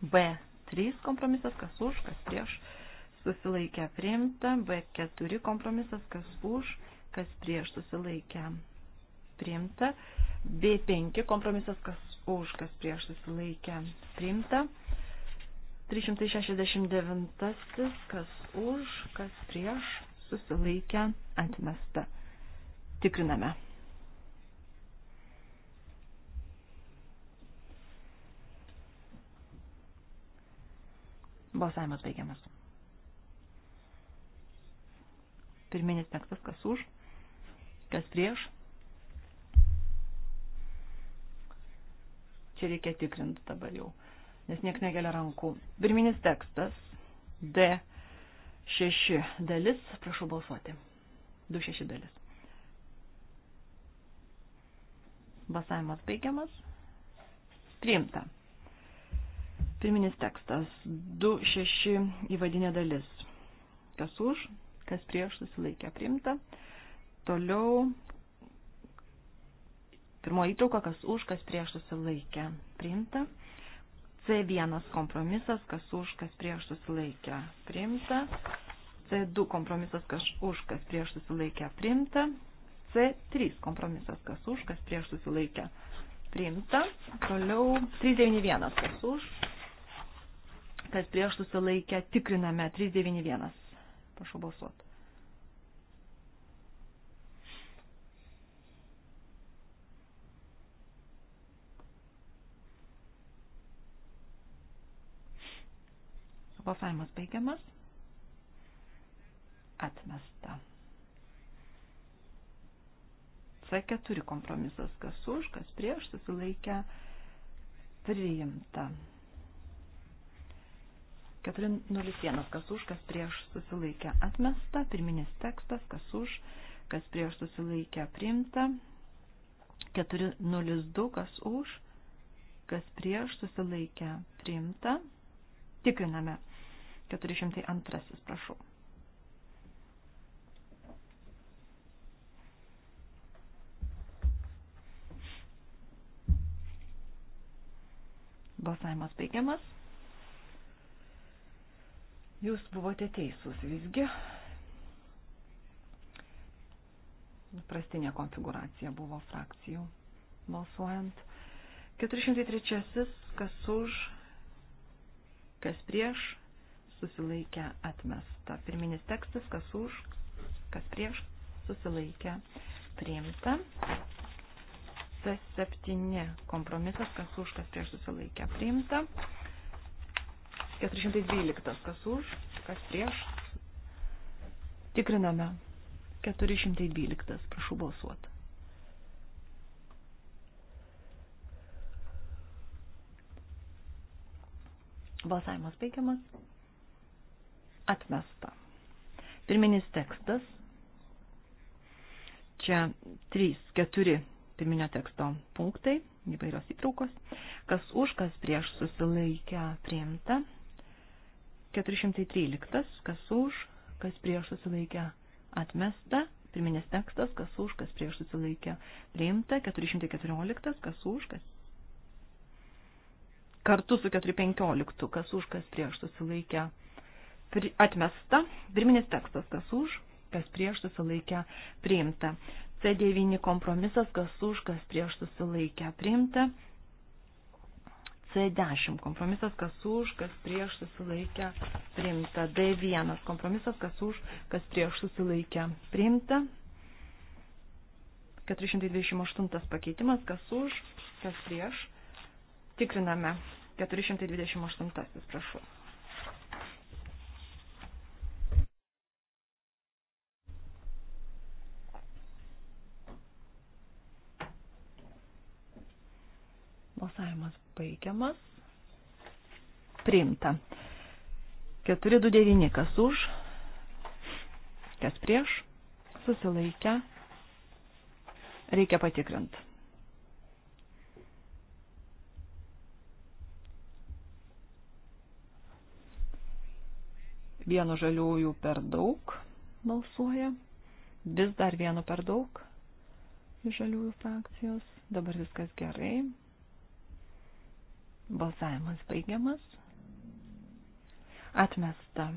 S1: B3 kompromisas, kas už, kas prieš, susilaikę priimta, B4 kompromisas, kas už, kas prieš, susilaikę priimta, B5 kompromisas, kas už, kas prieš, susilaikę priimta. 369, kas už, kas prieš, susilaikę atmesta. Tikriname. Balsavimas baigiamas. Pirminis tekstas, kas už, kas prieš. Čia reikia tikrinti dabar jau, nes niek negelia rankų. Pirminis tekstas D6 dalis, prašau balsuoti. 26 dalis. Balsavimas baigiamas. Priimta. Pirminis tekstas. 2.6 įvadinė dalis. Kas už, kas prieš susilaikė primta. Toliau. Pirmoji įtrauka, kas už, kas prieš susilaikė primta. C1 kompromisas, kas už, kas prieš susilaikė primta. C2 kompromisas, kas už, kas prieš susilaikę priimta. C3 kompromisas, kas už, kas prieš susilaikę priimta. Toliau 391, kas už, kas prieš susilaikę, tikriname 391. Prašau balsuoti. Balsavimas baigiamas. Atmesta. C4 kompromisas, kas už, kas prieš, susilaikę, priimta. 401, kas už, kas prieš susilaikę atmesta, pirminis tekstas, kas už, kas prieš susilaikę priimta, 402, kas už, kas prieš susilaikę priimta, tikriname, 402, prašau. Balsavimas baigiamas. Jūs buvote teisūs visgi. Prastinė konfiguracija buvo frakcijų balsuojant. 403. Kas už, kas prieš, susilaikę atmesta. Pirminis tekstas, kas už, kas prieš, susilaikę priimta. C7 kompromisas, kas už, kas prieš susilaikę priimta. 412. Kas už, kas prieš. Tikriname. 412. Prašau balsuoti. Balsavimas baigiamas. Atmesta. Pirminis tekstas. Čia 3, 4 pirminio teksto punktai, įvairios įtraukos. Kas už, kas prieš susilaikę priimta. 413, kas už, kas prieš susilaikė atmesta, pirminis tekstas, kas už, kas prieš susilaikė priimta, 414, kas už, kas kartu su 415, kas už, kas prieš susilaikė atmesta, pirminis tekstas, kas už, kas prieš susilaikė priimta, C9 kompromisas, kas už, kas prieš susilaikė priimta, C10 kompromisas, kas už, kas prieš susilaikę priimta. D1 kompromisas, kas už, kas prieš susilaikę priimta. 428 pakeitimas, kas už, kas prieš. Tikriname. 428, prašau. Balsavimas baigiamas. Priimta. 429 kas už, kas prieš, susilaikę, reikia patikrinti. Vienu žaliųjų per daug balsuoja, vis dar vienu per daug iš žaliųjų frakcijos, dabar viskas gerai. Balsavimas baigiamas. Atmesta.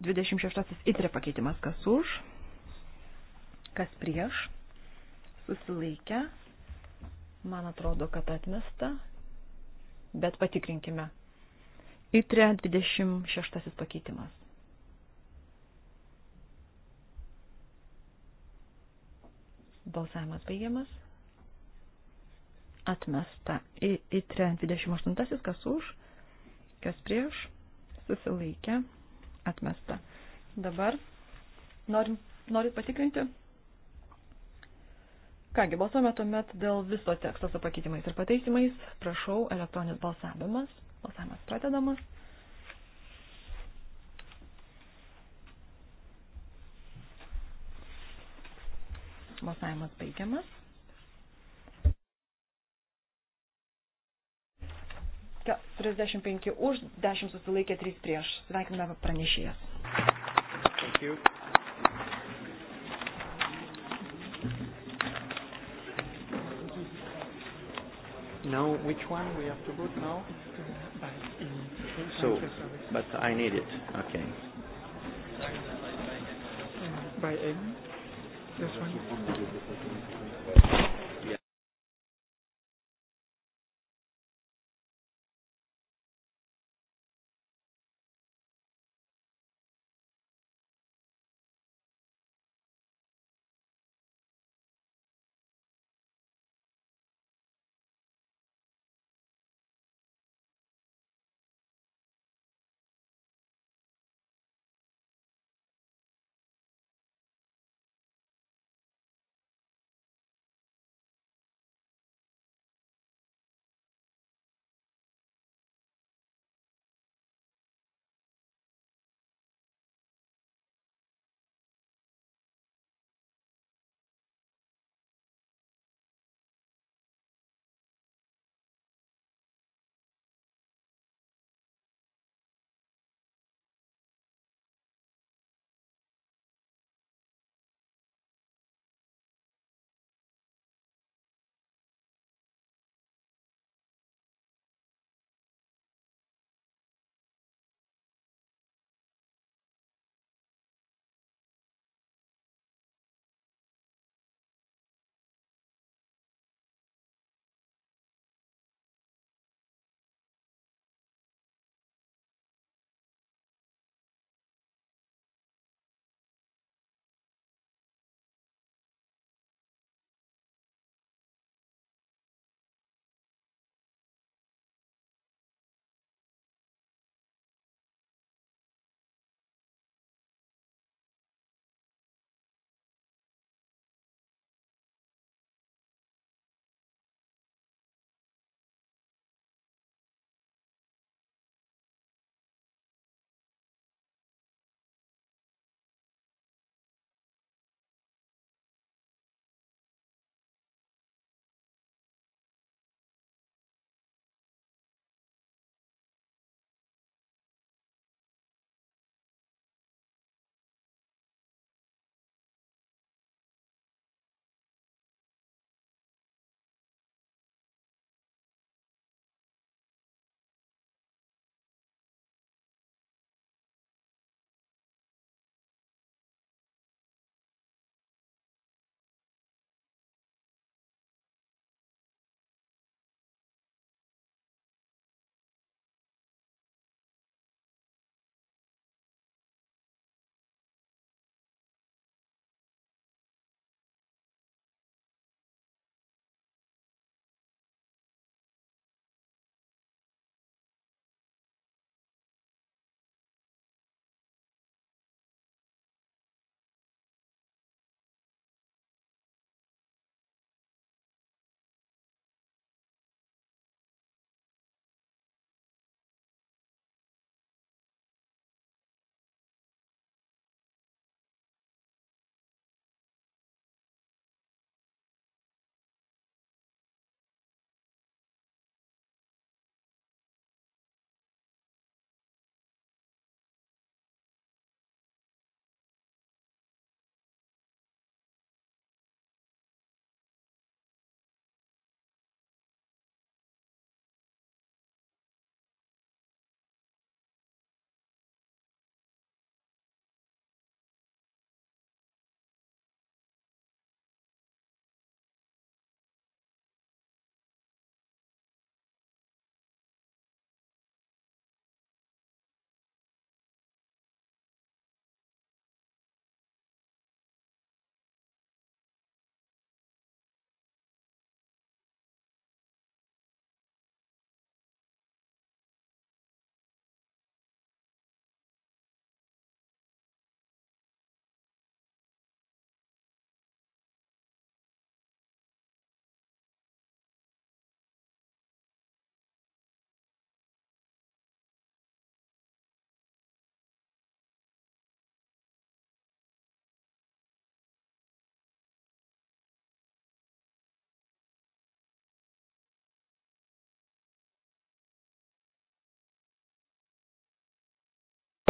S1: 26 itrė pakeitimas kas už, kas prieš, susilaikę, man atrodo, kad atmesta, bet patikrinkime. Itrė 26 pakeitimas. Balsavimas baigiamas atmesta. Į, į 28, kas už, kas prieš, susilaikė, atmesta. Dabar norim, norit patikrinti? Kągi, balsuojame tuomet dėl viso teksto su pakeitimais ir pataisimais. Prašau, elektroninis balsavimas. Balsavimas pradedamas. Balsavimas baigiamas. 35 už, 10 susilaikė, 3 prieš. Sveikiname pranešėjas.
S2: Now, which one we have to vote now? So, but I need it. Okay. By M? This one?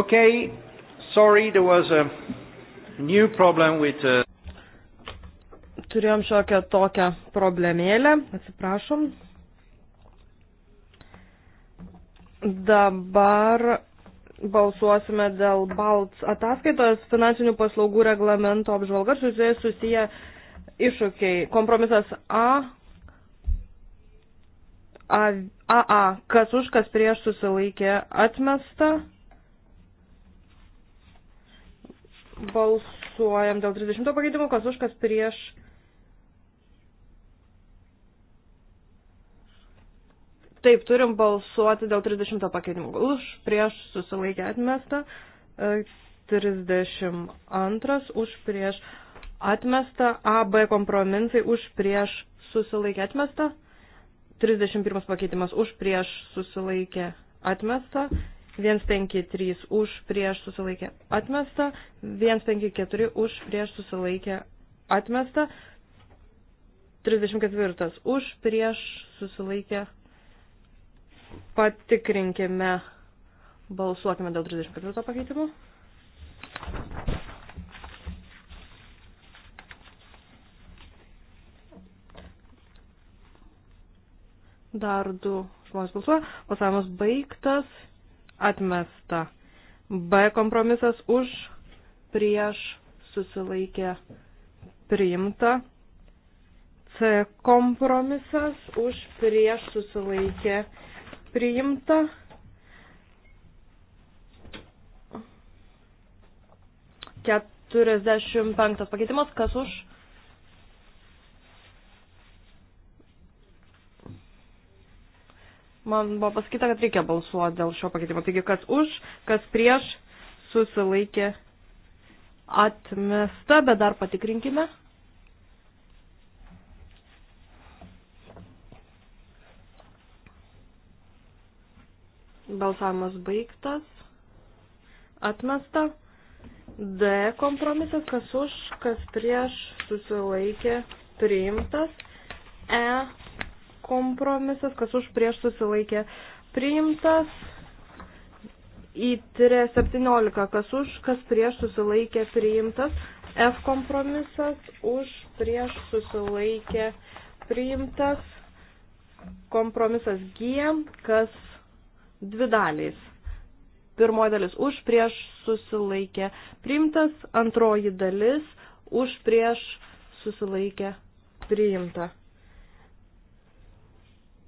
S3: Okay, sorry, there was a new problem with. Uh...
S1: Turėjom šiokią tokią problemėlę, atsiprašom. Dabar balsuosime dėl BALTS ataskaitos finansinių paslaugų reglamento apžvalga, su jais susiję iššūkiai. Kompromisas A, A, AA, kas už, kas prieš susilaikė atmesta. Balsuojam dėl 30 pakeitimo, kas už, kas prieš. Taip, turim balsuoti dėl 30 pakeitimų. Už, prieš, susilaikė atmesta. 32, e, už, prieš, atmesta. AB kompromisai, už, prieš, susilaikė atmesta. 31 pakeitimas, už, prieš, susilaikė atmesta. 153 už prieš susilaikė atmesta, 154 už prieš susilaikė atmesta, 34 už prieš susilaikė patikrinkime, balsuokime dėl 34 pakeitimų. Dar du žmonės balsuoja, balsavimas baigtas atmesta. B kompromisas už, prieš, susilaikė, priimta. C kompromisas už, prieš, susilaikė, priimta. Keturiasdešimt penktas pakeitimas, kas už? Man buvo pasakyta, kad reikia balsuoti dėl šio pakeitimo. Taigi, kas už, kas prieš, susilaikė atmesta, bet dar patikrinkime. Balsavimas baigtas. Atmesta. D kompromisas, kas už, kas prieš, susilaikė, priimtas. E kompromisas, kas už prieš susilaikė priimtas. Į 17, kas už, kas prieš susilaikė priimtas. F kompromisas už prieš susilaikė priimtas. Kompromisas G, kas dvi dalys. Pirmoji dalis už prieš susilaikė priimtas, antroji dalis už prieš susilaikė priimta.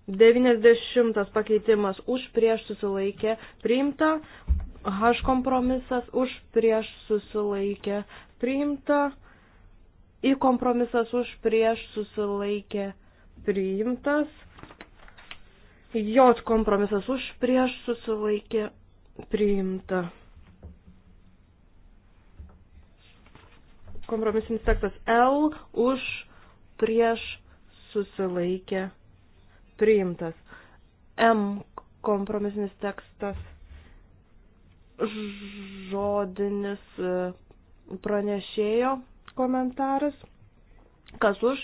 S1: 90 pakeitimas už prieš susilaikė priimta, H kompromisas už prieš susilaikė priimta, I kompromisas už prieš susilaikė priimtas, J kompromisas už prieš susilaikė priimta. Kompromisinis tekstas L už prieš susilaikė priimta priimtas. M kompromisinis tekstas, žodinis e, pranešėjo komentaras, kas už,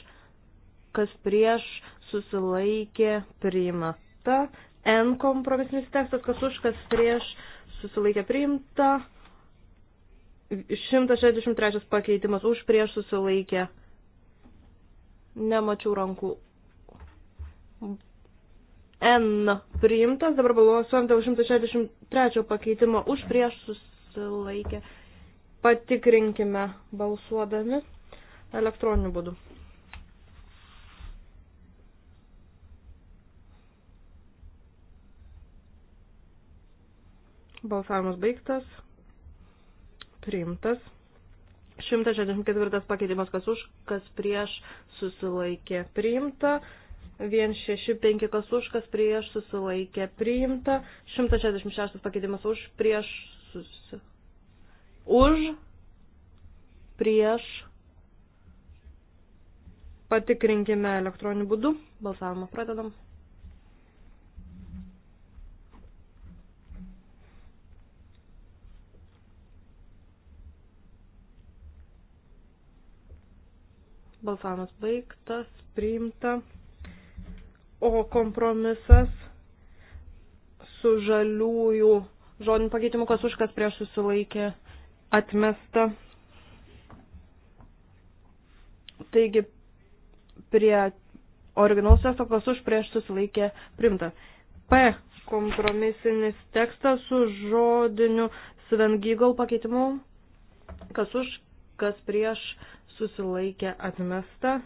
S1: kas prieš susilaikė priimta. N kompromisinis tekstas, kas už, kas prieš susilaikė priimta. 163 pakeitimas už prieš susilaikė. Nemačiau rankų N priimtas, dabar balsuojam dėl 163 pakeitimo už prieš susilaikę. Patikrinkime balsuodami elektroniniu būdu. Balsavimas baigtas. Priimtas. 164 pakeitimas kas už, kas prieš susilaikė. Priimta. 165 kas už, kas prieš susilaikė priimta, 166 pakeitimas už, prieš susi... už, prieš, patikrinkime elektroniniu būdu, balsavimą pradedam. Balsavimas baigtas, priimta. O kompromisas su žaliųjų žodinių pakeitimų, kas už kas prieš susilaikė atmesta. Taigi prie originalaus teksto, kas už prieš susilaikė primta. P kompromisinis tekstas su žodiniu Svengygal pakeitimu, kas už kas prieš susilaikė atmesta.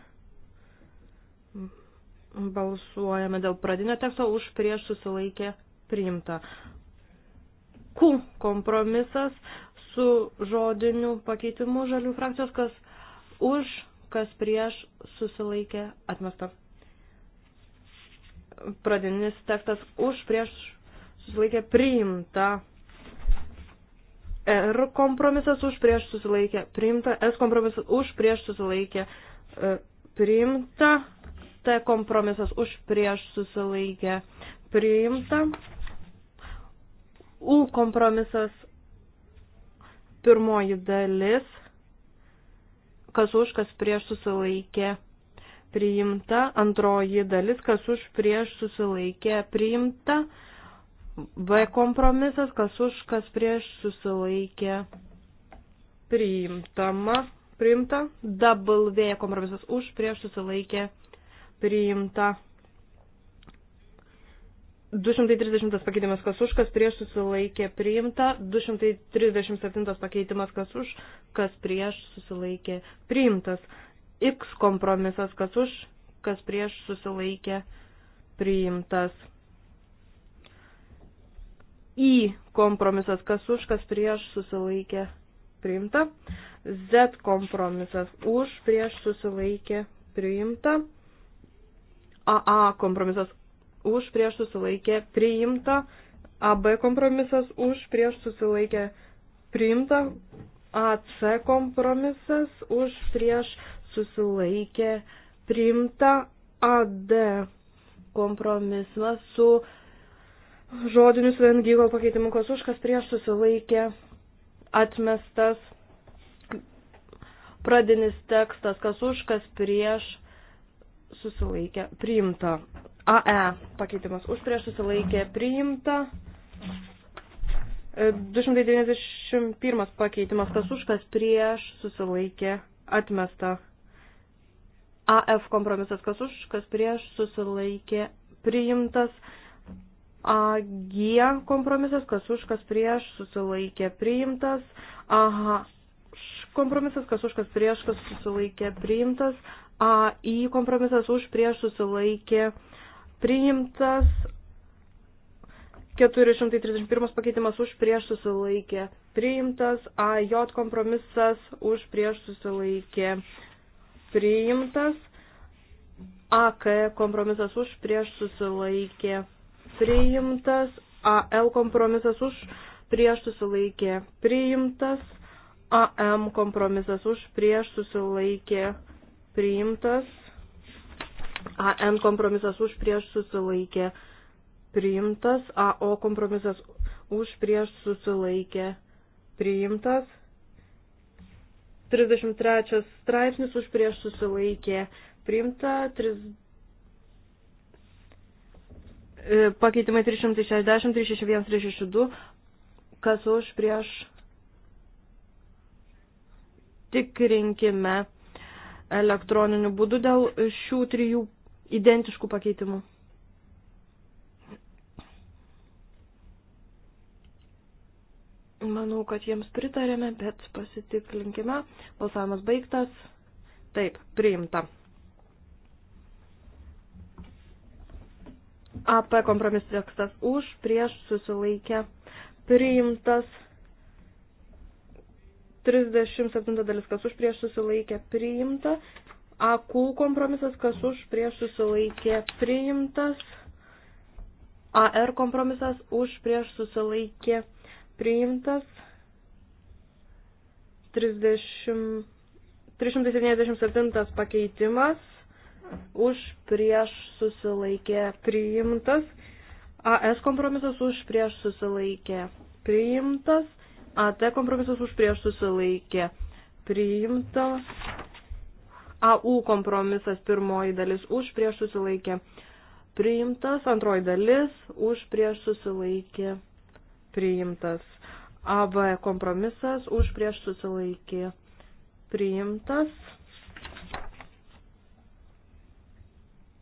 S1: Balsuojame dėl pradinio teksto už prieš susilaikė priimta. Q kompromisas su žodiniu pakeitimu žalių frakcijos, kas už, kas prieš susilaikė atmesta. Pradinis tekstas už, prieš susilaikė priimta. R kompromisas už, prieš susilaikė priimta. S kompromisas už, prieš susilaikė e, priimta. T kompromisas už prieš susilaikę priimta. U kompromisas pirmoji dalis, kas už, kas prieš susilaikė priimta, antroji dalis, kas už, prieš susilaikė priimta, V kompromisas, kas už, kas prieš susilaikė priimtama, priimta, W kompromisas už, prieš susilaikė priimta priimta. 230 pakeitimas kas už, kas prieš susilaikė priimta, 237 pakeitimas kas už, kas prieš susilaikė priimtas, X kompromisas kas už, kas prieš susilaikė priimtas, Y kompromisas kas už, kas prieš susilaikė priimta, Z kompromisas už, prieš susilaikė priimta. AA kompromisas už prieš susilaikė priimta, AB kompromisas už prieš susilaikė priimta, AC kompromisas už prieš susilaikė priimta, AD kompromisas su žodiniu svengygo pakeitimu, kas už kas prieš susilaikė atmestas pradinis tekstas, kas už kas prieš susilaikė priimta. AE pakeitimas už prieš susilaikė priimta. 291 e, pakeitimas kas už kas prieš susilaikė atmesta. AF kompromisas kas už kas prieš susilaikė priimtas. AG kompromisas kas už kas prieš susilaikė priimtas. AH kompromisas kas už kas prieš kas susilaikė priimtas. A į kompromisas už prieš susilaikė priimtas 431 pakeitimas už prieš susilaikė priimtas, AJ kompromisas už prieš susilaikė priimtas, AK kompromisas už prieš susilaikė priimtas, AL kompromisas už prieš susilaikė priimtas, AM kompromisas už prieš susilaikė priimtas priimtas. AN kompromisas už prieš susilaikė priimtas. AO kompromisas už prieš susilaikė priimtas. 33 straipsnis už prieš susilaikė priimta. 3... E, pakeitimai 360, 361, 362. Kas už prieš tikrinkime elektroniniu būdu dėl šių trijų identiškų pakeitimų. Manau, kad jiems pritarėme, bet pasitiklinkime. Balsavimas baigtas. Taip, priimta. AP kompromisų tekstas už, prieš susilaikę priimtas. 37 dalis, kas už prieš susilaikė priimta. AQ kompromisas, kas už prieš susilaikė priimtas. AR kompromisas už prieš susilaikė priimtas. 30, 377 pakeitimas už prieš susilaikė priimtas. AS kompromisas už prieš susilaikė priimtas. AT kompromisas už prieš susilaikė priimta. AU kompromisas pirmoji dalis už prieš susilaikė priimtas. Antroji dalis už prieš susilaikė priimtas. AB kompromisas už prieš susilaikė priimtas.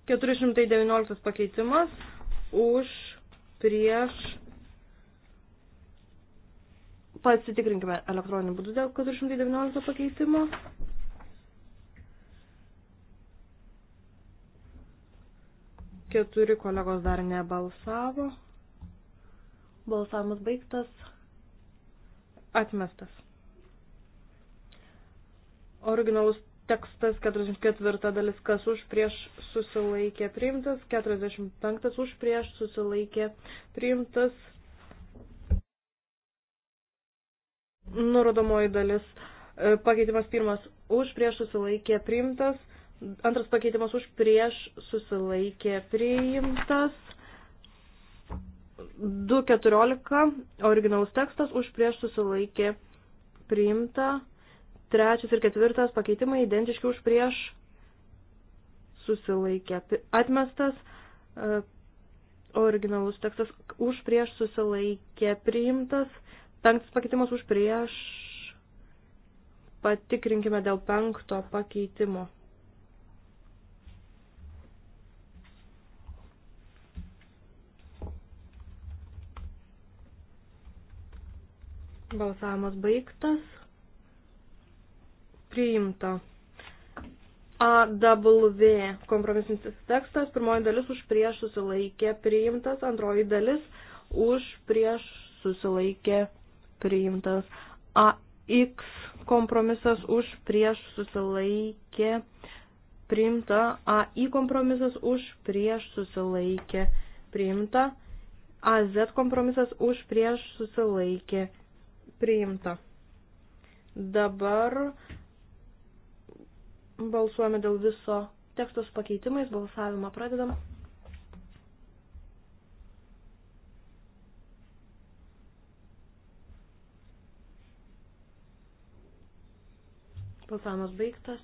S1: 419 pakeitimas už prieš Pasitikrinkime elektroniniu būdu dėl 419 pakeitimo. Keturi kolegos dar nebalsavo. Balsavimas baigtas. Atmestas. Originalus tekstas 44 dalis, kas už prieš susilaikė priimtas, 45 už prieš susilaikė priimtas, nurodomoji dalis. E, pakeitimas pirmas už, prieš susilaikė priimtas. Antras pakeitimas už, prieš susilaikė priimtas. 2.14 originalus tekstas už, prieš susilaikė priimta. Trečias ir ketvirtas pakeitimai identiški už, prieš susilaikė atmestas. E, originalus tekstas už, prieš susilaikė priimtas. Penktas pakeitimas už prieš. Patikrinkime dėl penkto pakeitimo. Balsavimas baigtas. Priimta. AW kompromisinis tekstas, pirmoji dalis už prieš susilaikė priimtas, antroji dalis už prieš susilaikė priimtas. AX kompromisas už prieš susilaikė priimta. AI kompromisas už prieš susilaikė priimta. AZ kompromisas už prieš susilaikė priimta. Dabar balsuojame dėl viso tekstos pakeitimais. Balsavimą pradedam. Balsavimas baigtas.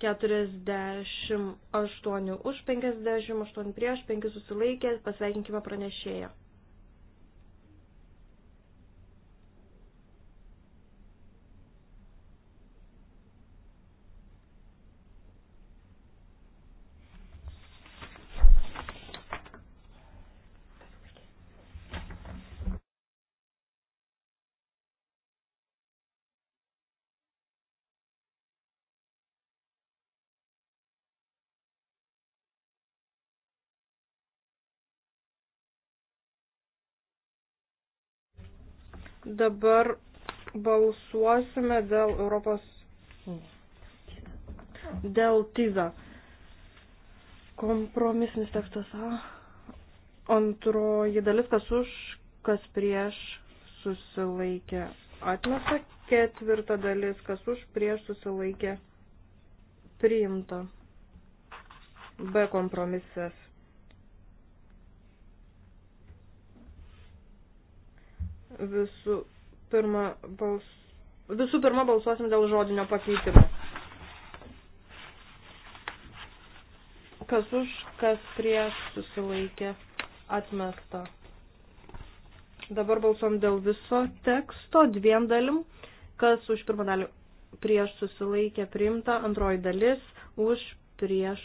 S1: 48 už, 58 prieš, 5 susilaikė, pasveikinkime pranešėją. Dabar balsuosime dėl Europos. Dėl TIZA. Kompromisinis tekstas A. Antroji dalis, kas už, kas prieš susilaikė. Atmesta ketvirta dalis, kas už, prieš susilaikė. Priimta. B kompromisas Visų pirma, bals... Visų pirma balsuosim dėl žodinio pakeitimo. Kas už, kas prieš susilaikė atmesta. Dabar balsuom dėl viso teksto dviem dalim. Kas už pirmą dalį prieš susilaikė priimta, antroji dalis už prieš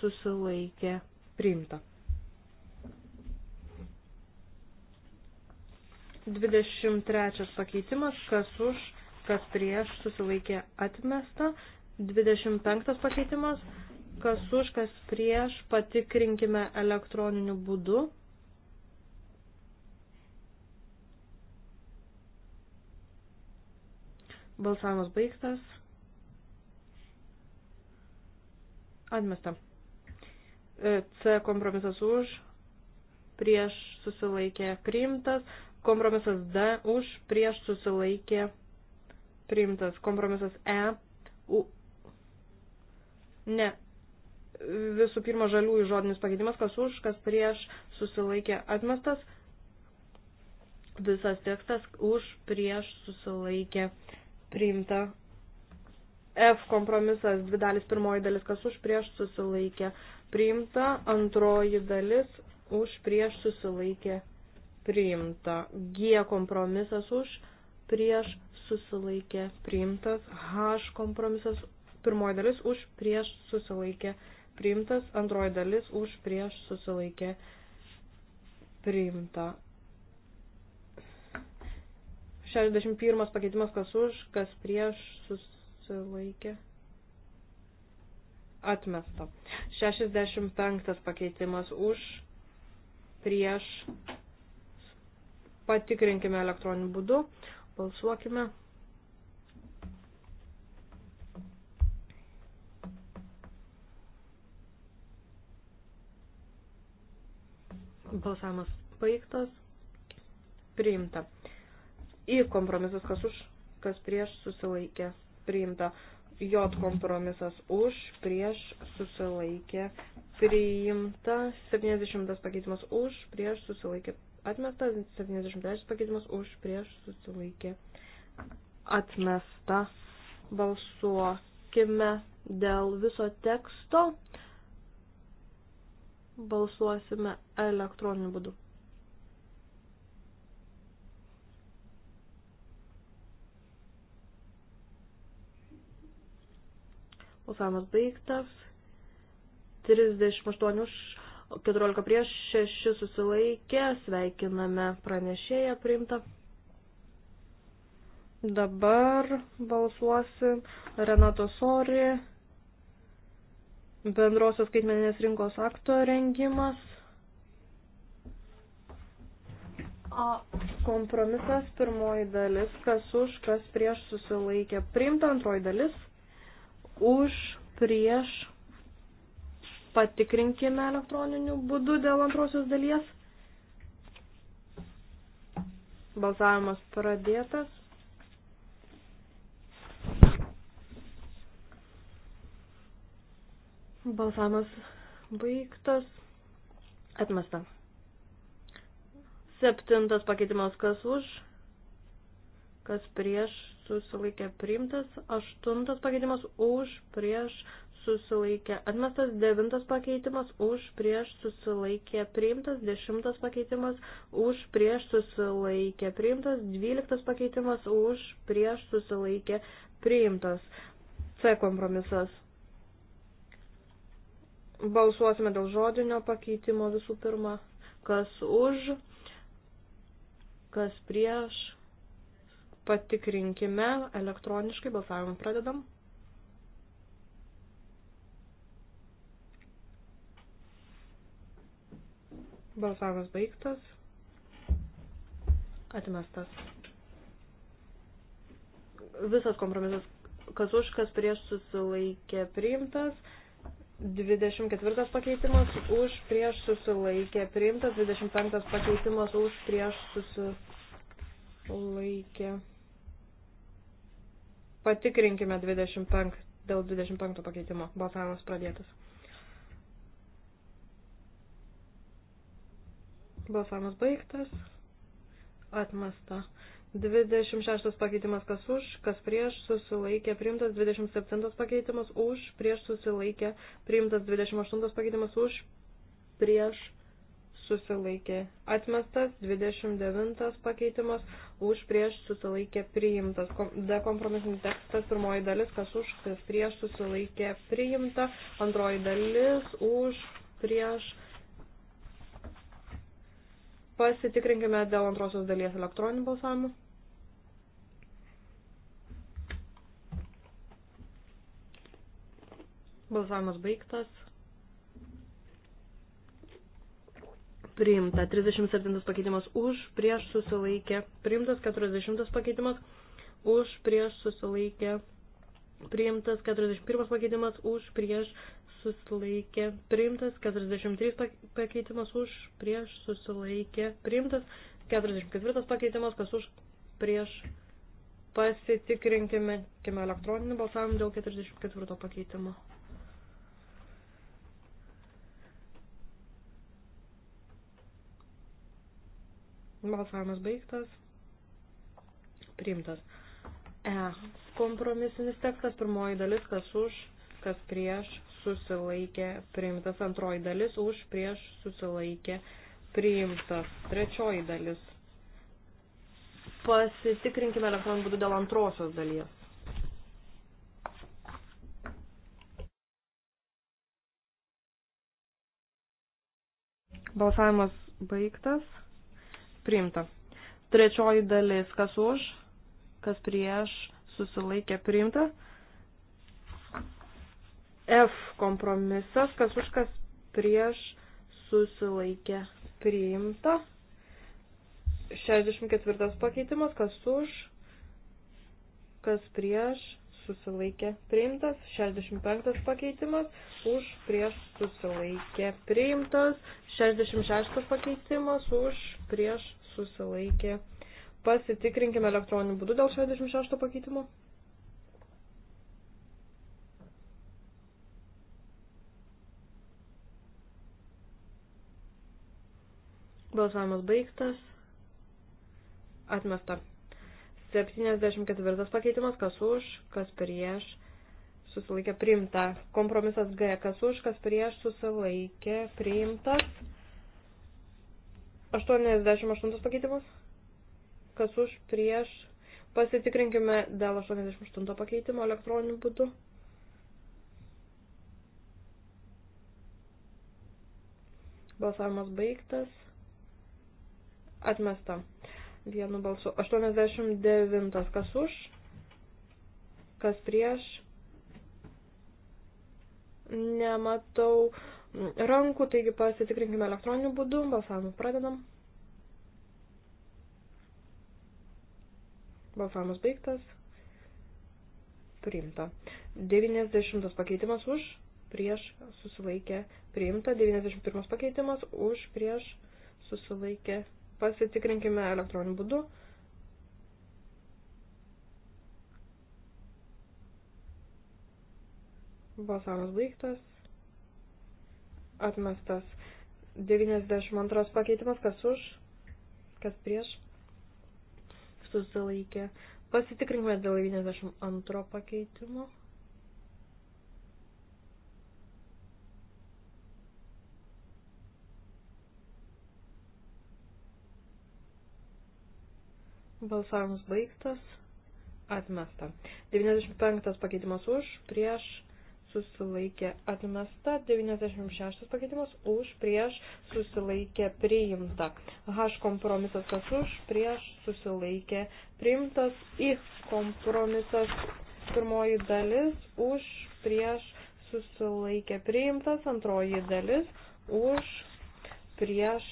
S1: susilaikė priimta. 23 pakeitimas, kas už, kas prieš, susilaikė atmesta. 25 pakeitimas, kas už, kas prieš, patikrinkime elektroniniu būdu. Balsavimas baigtas. Atmesta. C kompromisas už, prieš susilaikė priimtas. Kompromisas D už prieš susilaikė priimtas. Kompromisas E. U. Ne. Visų pirma, žaliųjų žodinis pakeitimas, kas už, kas prieš susilaikė atmestas. Visas tekstas už prieš susilaikė priimta. F kompromisas, dvi dalis, pirmoji dalis, kas už prieš susilaikė priimta, antroji dalis už prieš susilaikė priimta priimta. G kompromisas už, prieš susilaikė priimtas. H kompromisas pirmoji dalis už, prieš susilaikė priimtas. Antroji dalis už, prieš susilaikė priimta. 61 pakeitimas kas už, kas prieš susilaikė. Atmesta. 65 pakeitimas už, prieš Patikrinkime elektroniniu būdu. Balsuokime. Balsavimas baigtas. Priimta. Į kompromisas, kas už, kas prieš, susilaikė. Priimta. J kompromisas už, prieš susilaikė priimta, 70 pakeitimas už, prieš susilaikė atmesta, 73 pakeitimas už, prieš susilaikė atmesta. Balsuokime dėl viso teksto. Balsuosime elektroniniu būdu. Balsavimas baigtas. 38 už, 14 prieš, 6 susilaikė. Sveikiname pranešėją priimtą. Dabar balsuosim Renato Sori, bendrosios skaitmeninės rinkos akto rengimas. A. Kompromisas pirmoji dalis, kas už, kas prieš susilaikė. Priimta antroji dalis už, prieš, patikrinkime elektroniniu būdu dėl antrosios dalies. Balsavimas pradėtas. Balsavimas baigtas. Atmesta. Septintas pakeitimas kas už, kas prieš, susilaikė priimtas, aštuntas pakeitimas už, prieš susilaikė atmestas, devintas pakeitimas už, prieš susilaikė priimtas, dešimtas pakeitimas už, prieš susilaikė priimtas, dvyliktas pakeitimas už, prieš susilaikė priimtas. C kompromisas. Balsuosime dėl žodinio pakeitimo visų pirma. Kas už, kas prieš, patikrinkime elektroniškai, balsavimą pradedam. Balsavimas baigtas. Atmestas. Visas kompromisas, kas už, kas prieš susilaikė priimtas. 24 pakeitimas už prieš susilaikė priimtas. 25 pakeitimas už prieš susilaikė priimtas Patikrinkime 25, dėl 25 pakeitimo. Balsavimas pradėtas. Balsavimas baigtas. Atmesta. 26 pakeitimas kas už, kas prieš susilaikė priimtas, 27 pakeitimas už, prieš susilaikė priimtas, 28 pakeitimas už, prieš susilaikė atmestas, 29 pakeitimas už prieš susilaikė priimtas. Dekompromisinis tekstas pirmoji dalis, kas už, kas prieš susilaikė priimta, antroji dalis už prieš. Pasitikrinkime dėl antrosios dalies elektroninių balsavimų. Balsavimas baigtas. priimta. 37 pakeitimas už, prieš susilaikė priimtas. 40 pakeitimas už, prieš susilaikė priimtas. 41 pakeitimas už, prieš susilaikė priimtas. 43 pakeitimas už, prieš susilaikė priimtas. 44 pakeitimas kas už, prieš pasitikrinkime elektroninį balsavimą dėl 44 pakeitimo. Balsavimas baigtas. Priimtas. E. Kompromisinis tekstas, pirmoji dalis, kas už, kas prieš, susilaikė, priimtas. Antroji dalis, už, prieš, susilaikė, priimtas. Trečioji dalis. Pasitikrinkime elektroniniu būdu dėl antrosios dalies. Balsavimas baigtas priimta. Trečioji dalis, kas už, kas prieš, susilaikė priimta. F kompromisas, kas už, kas prieš, susilaikė priimta. 64 pakeitimas, kas už, kas prieš, susilaikė priimtas, 65 pakeitimas, už prieš susilaikė priimtas, 66 pakeitimas, už prieš susilaikė. Pasitikrinkime elektroniniu būdu dėl 66 pakeitimo. Balsavimas baigtas. Atmesta. 74 pakeitimas, kas už, kas prieš, susilaikė priimta. Kompromisas G, kas už, kas prieš, susilaikė priimtas. 88 pakeitimas, kas už, prieš. Pasitikrinkime dėl 88 pakeitimo elektroniniu būdu. Balsavimas baigtas. Atmesta vienu balsu. 89. Kas už? Kas prieš? Nematau rankų, taigi pasitikrinkime elektroniniu būdu. Balsavimą pradedam. Balsavimas baigtas. Priimta. 90 pakeitimas už, prieš, susilaikė, priimta. 91 pakeitimas už, prieš, susilaikė, Pasitikrinkime elektroniniu būdu. Balsavimas baigtas. Atmestas. 92 pakeitimas, kas už, kas prieš. Susilaikė. Pasitikrinkime dėl 92 pakeitimo. Balsavimas baigtas. Atmesta. 95 pakeitimas už, prieš, susilaikė atmesta. 96 pakeitimas už, prieš, susilaikė priimta. H kompromisas kas už, prieš, susilaikė priimtas. I kompromisas pirmoji dalis už, prieš, susilaikė priimtas. Antroji dalis už, prieš,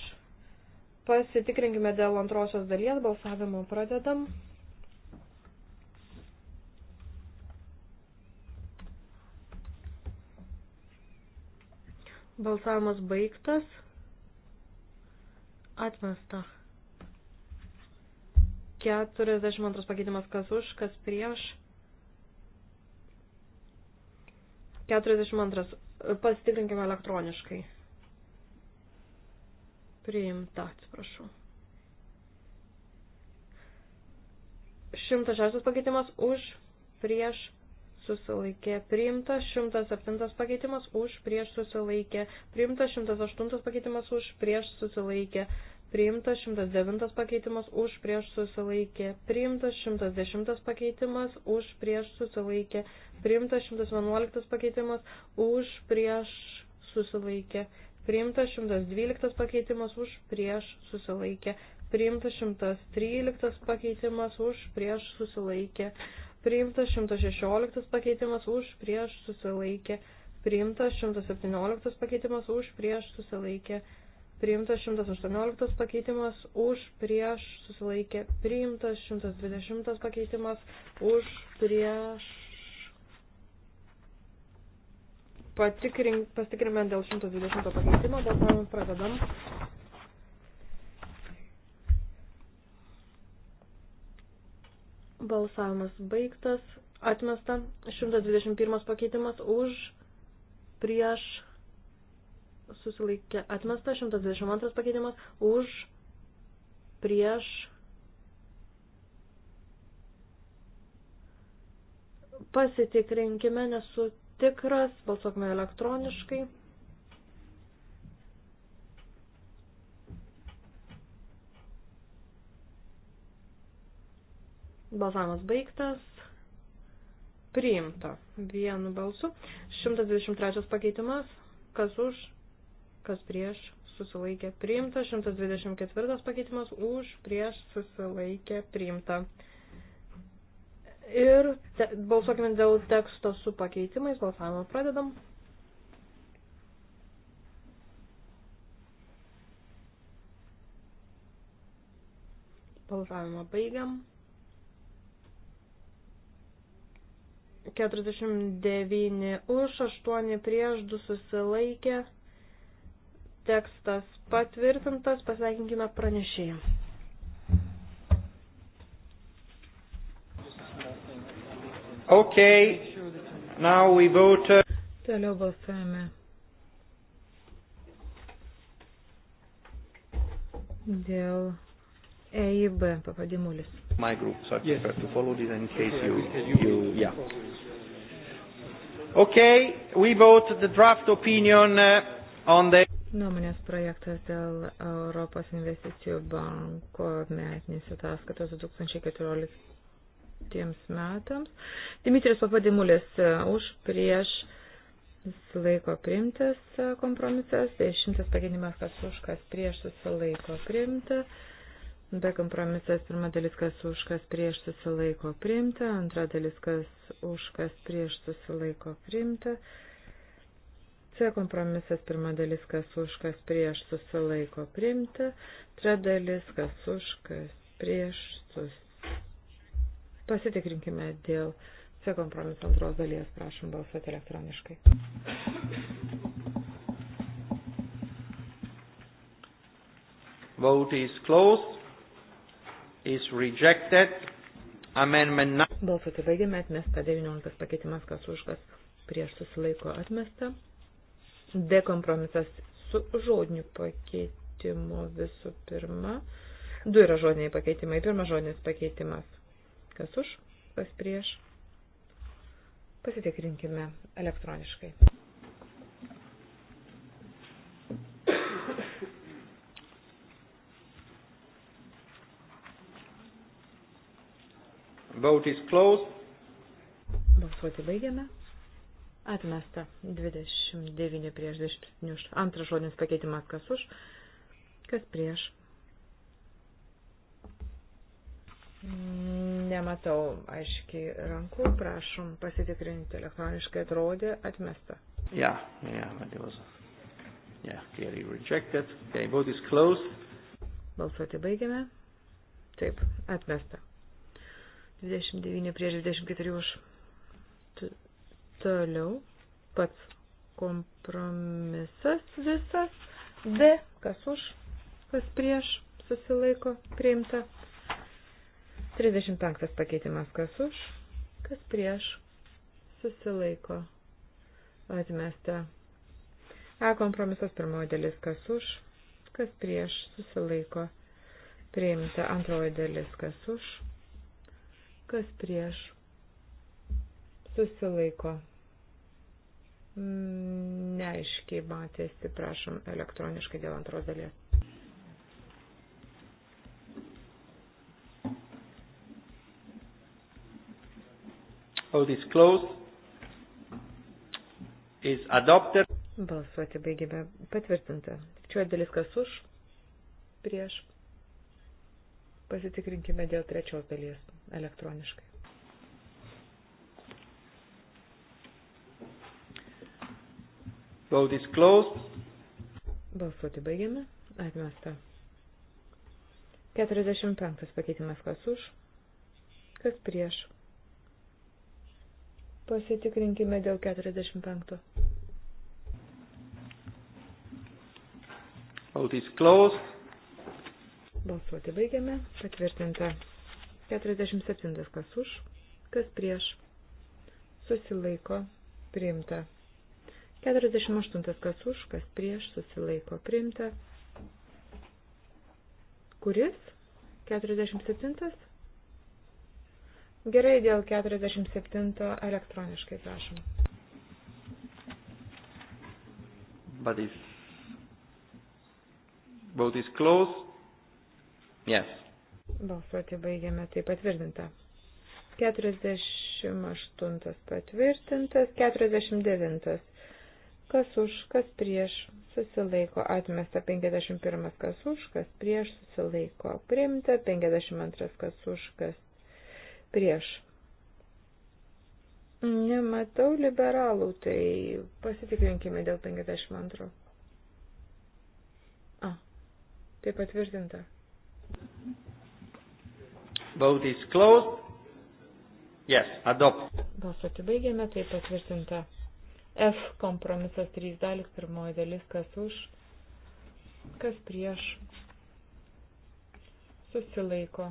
S1: Pasitikrinkime dėl antrosios dalies balsavimo pradedam. Balsavimas baigtas. Atmesta. 42 pakeitimas kas už, kas prieš. 42. Pasitikrinkime elektroniškai. Priimta, atsiprašau. 106 pakeitimas už, prieš, susilaikė. Priimta 107 pakeitimas už, prieš, susilaikė. Priimta 108 pakeitimas už, prieš, susilaikė. Priimta 109 pakeitimas už, prieš, susilaikė. Priimta 110 pakeitimas už, prieš, susilaikė. Priimta 111 pakeitimas už, prieš, susilaikė priimta 112 pakeitimas už prieš susilaikė, priimta 113 pakeitimas už prieš susilaikė, priimta 116 pakeitimas už prieš susilaikė, priimta 117 pakeitimas už prieš susilaikė, priimta 118 pakeitimas už prieš susilaikė, priimta 120 pakeitimas už prieš Pastikrinime dėl 120 pakeitimo, balsavimą pradedam. Balsavimas baigtas, atmesta, 121 pakeitimas už, prieš, susilaikė, atmesta, 122 pakeitimas už, prieš, pasitikrinkime, nesu tikras, balsuokime elektroniškai. Balsavimas baigtas. Priimta vienu balsu. 123 pakeitimas. Kas už, kas prieš, susilaikė priimta. 124 pakeitimas už, prieš, susilaikė priimta. Ir te, balsuokime dėl teksto su pakeitimais. Balsavimą pradedam. Balsavimą baigiam. 49 už, 8 prieš, 2 susilaikė. Tekstas patvirtintas, pasveikinkime pranešėjams.
S2: Okay. Now we vote. Uh,
S1: Toliau balsuojame. Dėl EIB pavadimulis.
S3: My group, so I yes. prefer to follow this in case you, you yeah. Okay, we vote the draft opinion uh,
S1: on the Nuomonės projektas dėl Europos investicijų banko metinės ataskaitos 2014 tiems metams. Dimitrijus Papadimulis e, už prieš susilaiko priimtas e, kompromisas, dešimtas pagėdimas, kas už, kas prieš susilaiko priimta, be kompromisas pirma dalis, kas už, kas prieš susilaiko priimta, antra dalis, kas už, kas prieš susilaiko priimta. C kompromisas pirma dalis, kas už, kas prieš susilaiko priimta, tre dalis, kas už, kas prieš susilaiko Pasitikrinkime dėl C kompromiso antros dalies. Prašom balsuoti elektroniškai.
S3: Vote is closed. Is rejected. Amendment
S1: 9. Balsuoti baigėme atmesta 19 pakeitimas, kas už kas prieš susilaiko atmesta. D kompromisas su žodiniu pakeitimu visų pirma. Du yra žodiniai pakeitimai. Pirmas žodinis pakeitimas. Kas už, kas prieš. Pasitikrinkime elektroniškai.
S3: Vote is closed.
S1: Balsuoti baigiame. Atmesta 29 prieš 27. Antras žodinis pakeitimas kas už, kas prieš. Mm Nematau aiškiai rankų, prašom pasitikrinti elektroniškai atrodė atmesta.
S2: Yeah, yeah, but it was,
S3: yeah, clearly rejected. Okay, vote is closed. Balsuoti baigiame.
S1: Taip, atmesta. 29 prieš 24 už. T toliau pats kompromisas visas. D, kas už, kas prieš, susilaiko, priimta. 35 pakeitimas kas už, kas prieš, susilaiko, atmesta. A kompromisas pirmoji dalis kas už, kas prieš, susilaiko, priimta antroji dalis kas už, kas prieš, susilaiko. Mm, neaiškiai matėsi, prašom, elektroniškai dėl antros dalies. Vote is closed.
S3: Is adopted.
S1: Balsuoti baigėme patvirtinta. Trečioji dalis kas už, prieš. Pasitikrinkime dėl trečios dalies elektroniškai.
S3: Vote is closed.
S1: Balsuoti baigėme. Atmesta. 45 pakeitimas kas už, kas prieš Pasitikrinkime dėl 45.
S3: Vote is closed.
S1: Balsuoti baigiame. Patvirtinta. 47. Kas už, kas prieš. Susilaiko. Priimta. 48. Kas už, kas prieš. Susilaiko. Priimta. Kuris? 47. Gerai, dėl 47 elektroniškai, prašom.
S3: But is vote is closed. Yes.
S1: Balsuoti baigiame, tai patvirtinta. 48 patvirtintas, 49. Kas už, kas prieš, susilaiko, atmesta 51, kas už, kas prieš, susilaiko, priimta 52, kas už, kas prieš. Nematau liberalų, tai pasitikrinkime dėl 52. A, tai patvirtinta.
S3: Vote is closed. Yes, adopt.
S1: Balsuoti baigėme, tai patvirtinta. F kompromisas 3 dalis, pirmoji dalis, kas už, kas prieš, susilaiko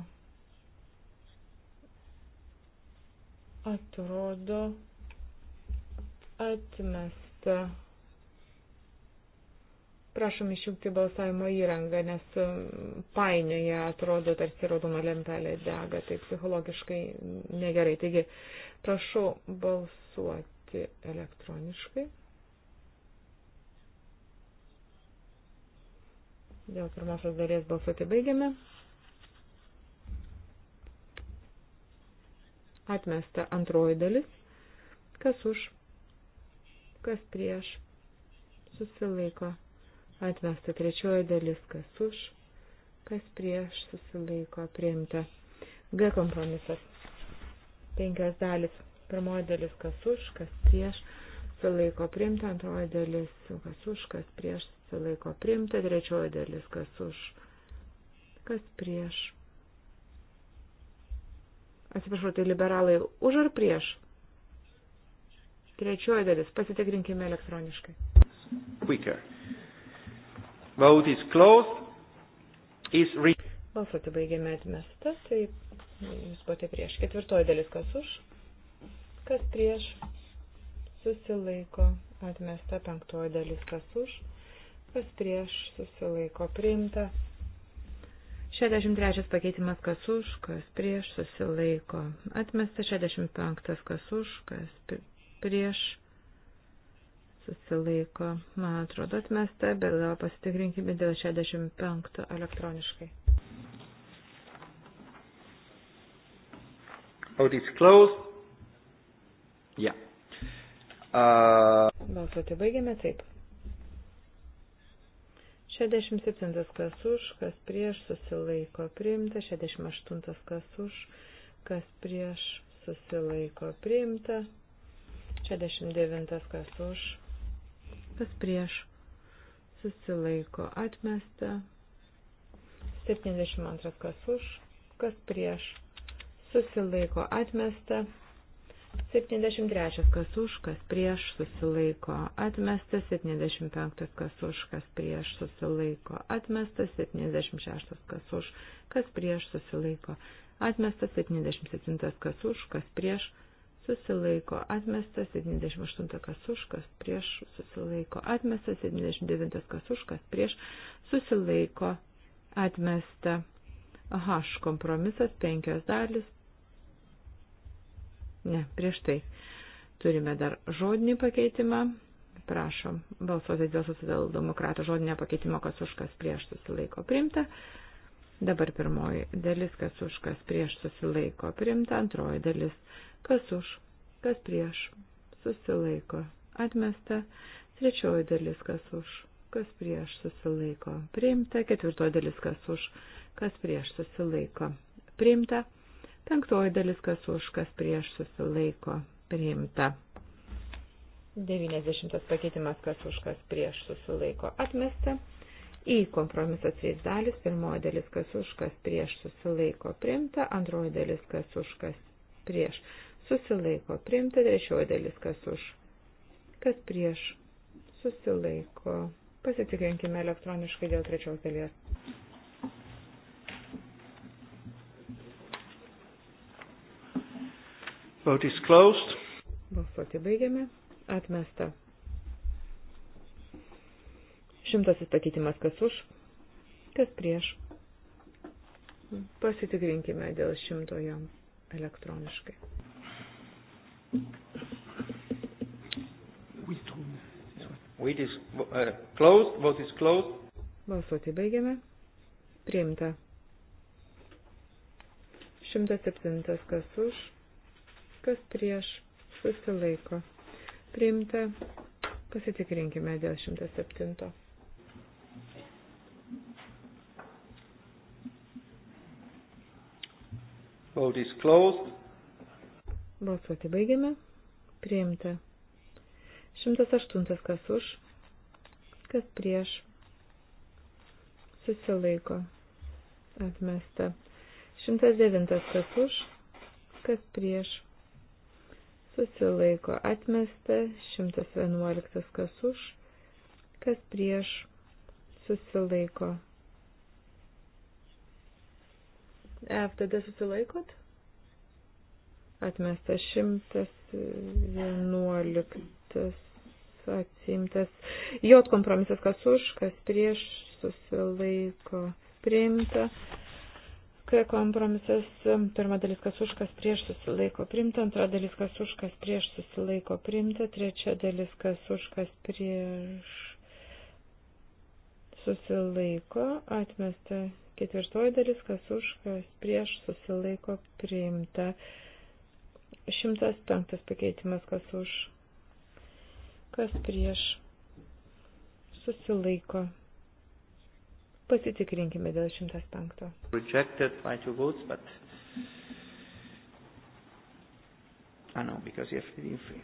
S1: atrodo atmesta. Prašom išjungti balsavimo įrangą, nes mm, painioje atrodo tarsi raudona lentelė dega, tai psichologiškai negerai. Taigi, prašau balsuoti elektroniškai. Dėl pirmosios dalies balsuoti baigiame. Atmesta antroji dalis. Kas už? Kas prieš? Susilaiko. Atmesta trečioji dalis. Kas už? Kas prieš? Susilaiko. Priimta. G kompromisas. Penkias dalis. Pirmoji dalis. Kas už? Kas prieš? Susilaiko. Priimta. Antroji dalis. Kas už? Kas prieš? Susilaiko. Priimta. Trečioji dalis. Kas už? Kas prieš? Atsiprašau, tai liberalai už ar prieš? Trečioji dalis. Pasitikrinkime elektroniškai.
S3: Quicker. Vote is closed. Is re...
S1: Balsuoti baigėme atmestą, tai jūs buvote prieš. Ketvirtoji dalis kas už, kas prieš, susilaiko, atmesta penktoji dalis kas už, kas prieš, susilaiko, priimta. 63 pakeitimas kas už, kas prieš susilaiko. Atmesta 65 kas už, kas prieš susilaiko. Man atrodo atmesta, bet gal pasitikrinkime dėl 65 elektroniškai. Vote is closed. Yeah. Uh... Balsuoti baigėme taip. 67 kas už, kas prieš susilaiko priimta, 68 kas už, kas prieš susilaiko priimta, 69 kas už, kas prieš susilaiko atmesta, 72 kas už, kas prieš susilaiko atmesta, 73 kas už, kas prieš susilaiko atmestas, 75 kas už, kas prieš susilaiko atmestas, 76 kas už, kas prieš susilaiko atmestas, 77 kas už, kas prieš susilaiko atmestas, 78 kas už, kas prieš susilaiko atmestas, 79 kas už, kas prieš susilaiko atmesta. H kompromisas penkios dalis, Ne, prieš tai. Turime dar žodinį pakeitimą. Prašom, balsuoti dėl socialdemokratų žodinio pakeitimo, kas už kas prieš susilaiko primta. Dabar pirmoji dalis, kas už kas prieš susilaiko primta. Antroji dalis, kas už, kas prieš susilaiko atmesta. Trečioji dalis, kas už, kas prieš susilaiko primta. Ketvirtoji dalis, kas už, kas prieš susilaiko primta. Penktoji dalis, kas už, kas prieš susilaiko priimta. 90 pakeitimas, kas už, kas prieš susilaiko atmesta. Į kompromisą trys dalis, pirmoji dalis, kas už, kas prieš susilaiko priimta, antroji dalis, kas už, kas prieš susilaiko priimta, trečioji dalis, kas už, kas prieš susilaiko. Pasitikrinkime elektroniškai dėl trečios dalies.
S3: Vote is closed.
S1: Balsuoti baigiame. Atmesta. Šimtasis pakeitimas kas už, kas prieš. Pasitikrinkime dėl šimtojo elektroniškai. Uh, Balsuoti baigiame. Priimta. 107 kas už kas prieš susilaiko. Priimta, pasitikrinkime dėl 107.
S3: Vote is closed.
S1: Balsuoti baigiame. Priimta. 108 kas už, kas prieš. Susilaiko. Atmesta. 109 kas už, kas prieš susilaiko atmesta, 111 kas už, kas prieš, susilaiko. F, e, tada susilaikot? Atmesta 111 atsimtas. J kompromisas kas už, kas prieš, susilaiko priimta. Kai kompromisas, pirma dalis, kas už, kas prieš susilaiko primta, antra dalis, kas už, kas prieš susilaiko primta, trečia dalis, kas už, kas prieš susilaiko atmesta, ketvirtoji dalis, kas už, kas prieš susilaiko primta, šimtas penktas pakeitimas, kas už, kas prieš susilaiko primta Pasitikrinkime dėl 105.
S3: Rejected by two votes, but...
S1: I know, because you have to be
S3: free.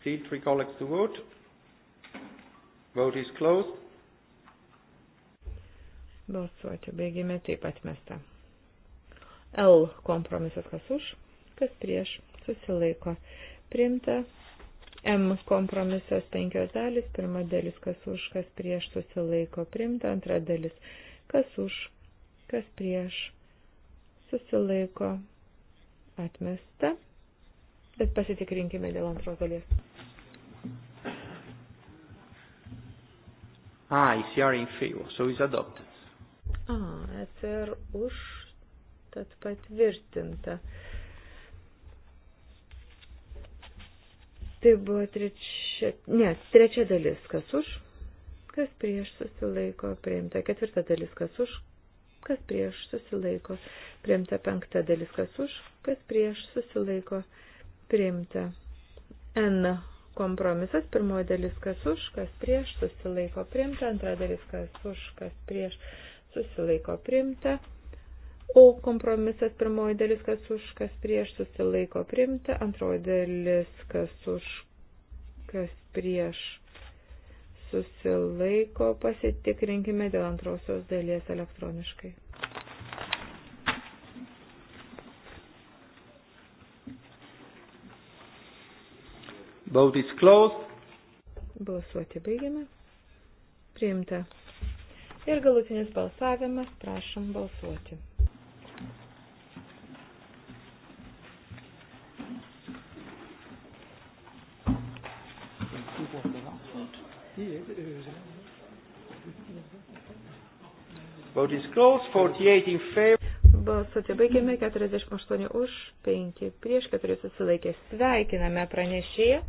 S3: Still three colleagues to vote. Vote is closed.
S1: Balsuoti baigėme taip atmesta. L kompromisas kas už, kas prieš, susilaiko. Priimta M kompromisas penkios dalis, pirma dalis kas už, kas prieš susilaiko primta, antra dalis kas už, kas prieš susilaiko atmesta, bet pasitikrinkime dėl antros dalies.
S3: Ah, ECR in favor, so is adopted.
S1: Ah, ECR už, tad patvirtinta. Uh, Tai buvo trečia, ne, trečia dalis, kas už, kas prieš susilaiko, priimta ketvirta dalis, kas už, kas prieš susilaiko, priimta penkta dalis, kas už, kas prieš susilaiko, priimta. N kompromisas, pirmoji dalis, kas už, kas prieš susilaiko, priimta, antra dalis, kas už, kas prieš susilaiko, priimta. O kompromisas pirmoji dalis, kas už, kas prieš susilaiko priimta, antroji dalis, kas už, kas prieš susilaiko, pasitikrinkime dėl antrosios dalies elektroniškai. Vote is closed. Balsuoti baigiame. Priimta. Ir galutinis balsavimas, prašom balsuoti. Vote is closed. 48 in favor. Balsuoti baigėme 48 už, 5 prieš, 4 susilaikė. Sveikiname pranešėją.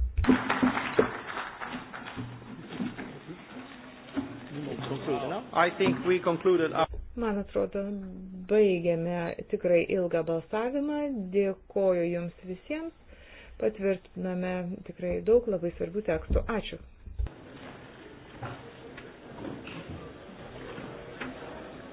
S1: Man atrodo, baigėme tikrai ilgą balsavimą. Dėkoju Jums visiems patvirtiname tikrai daug labai svarbių tekstų. Ačiū.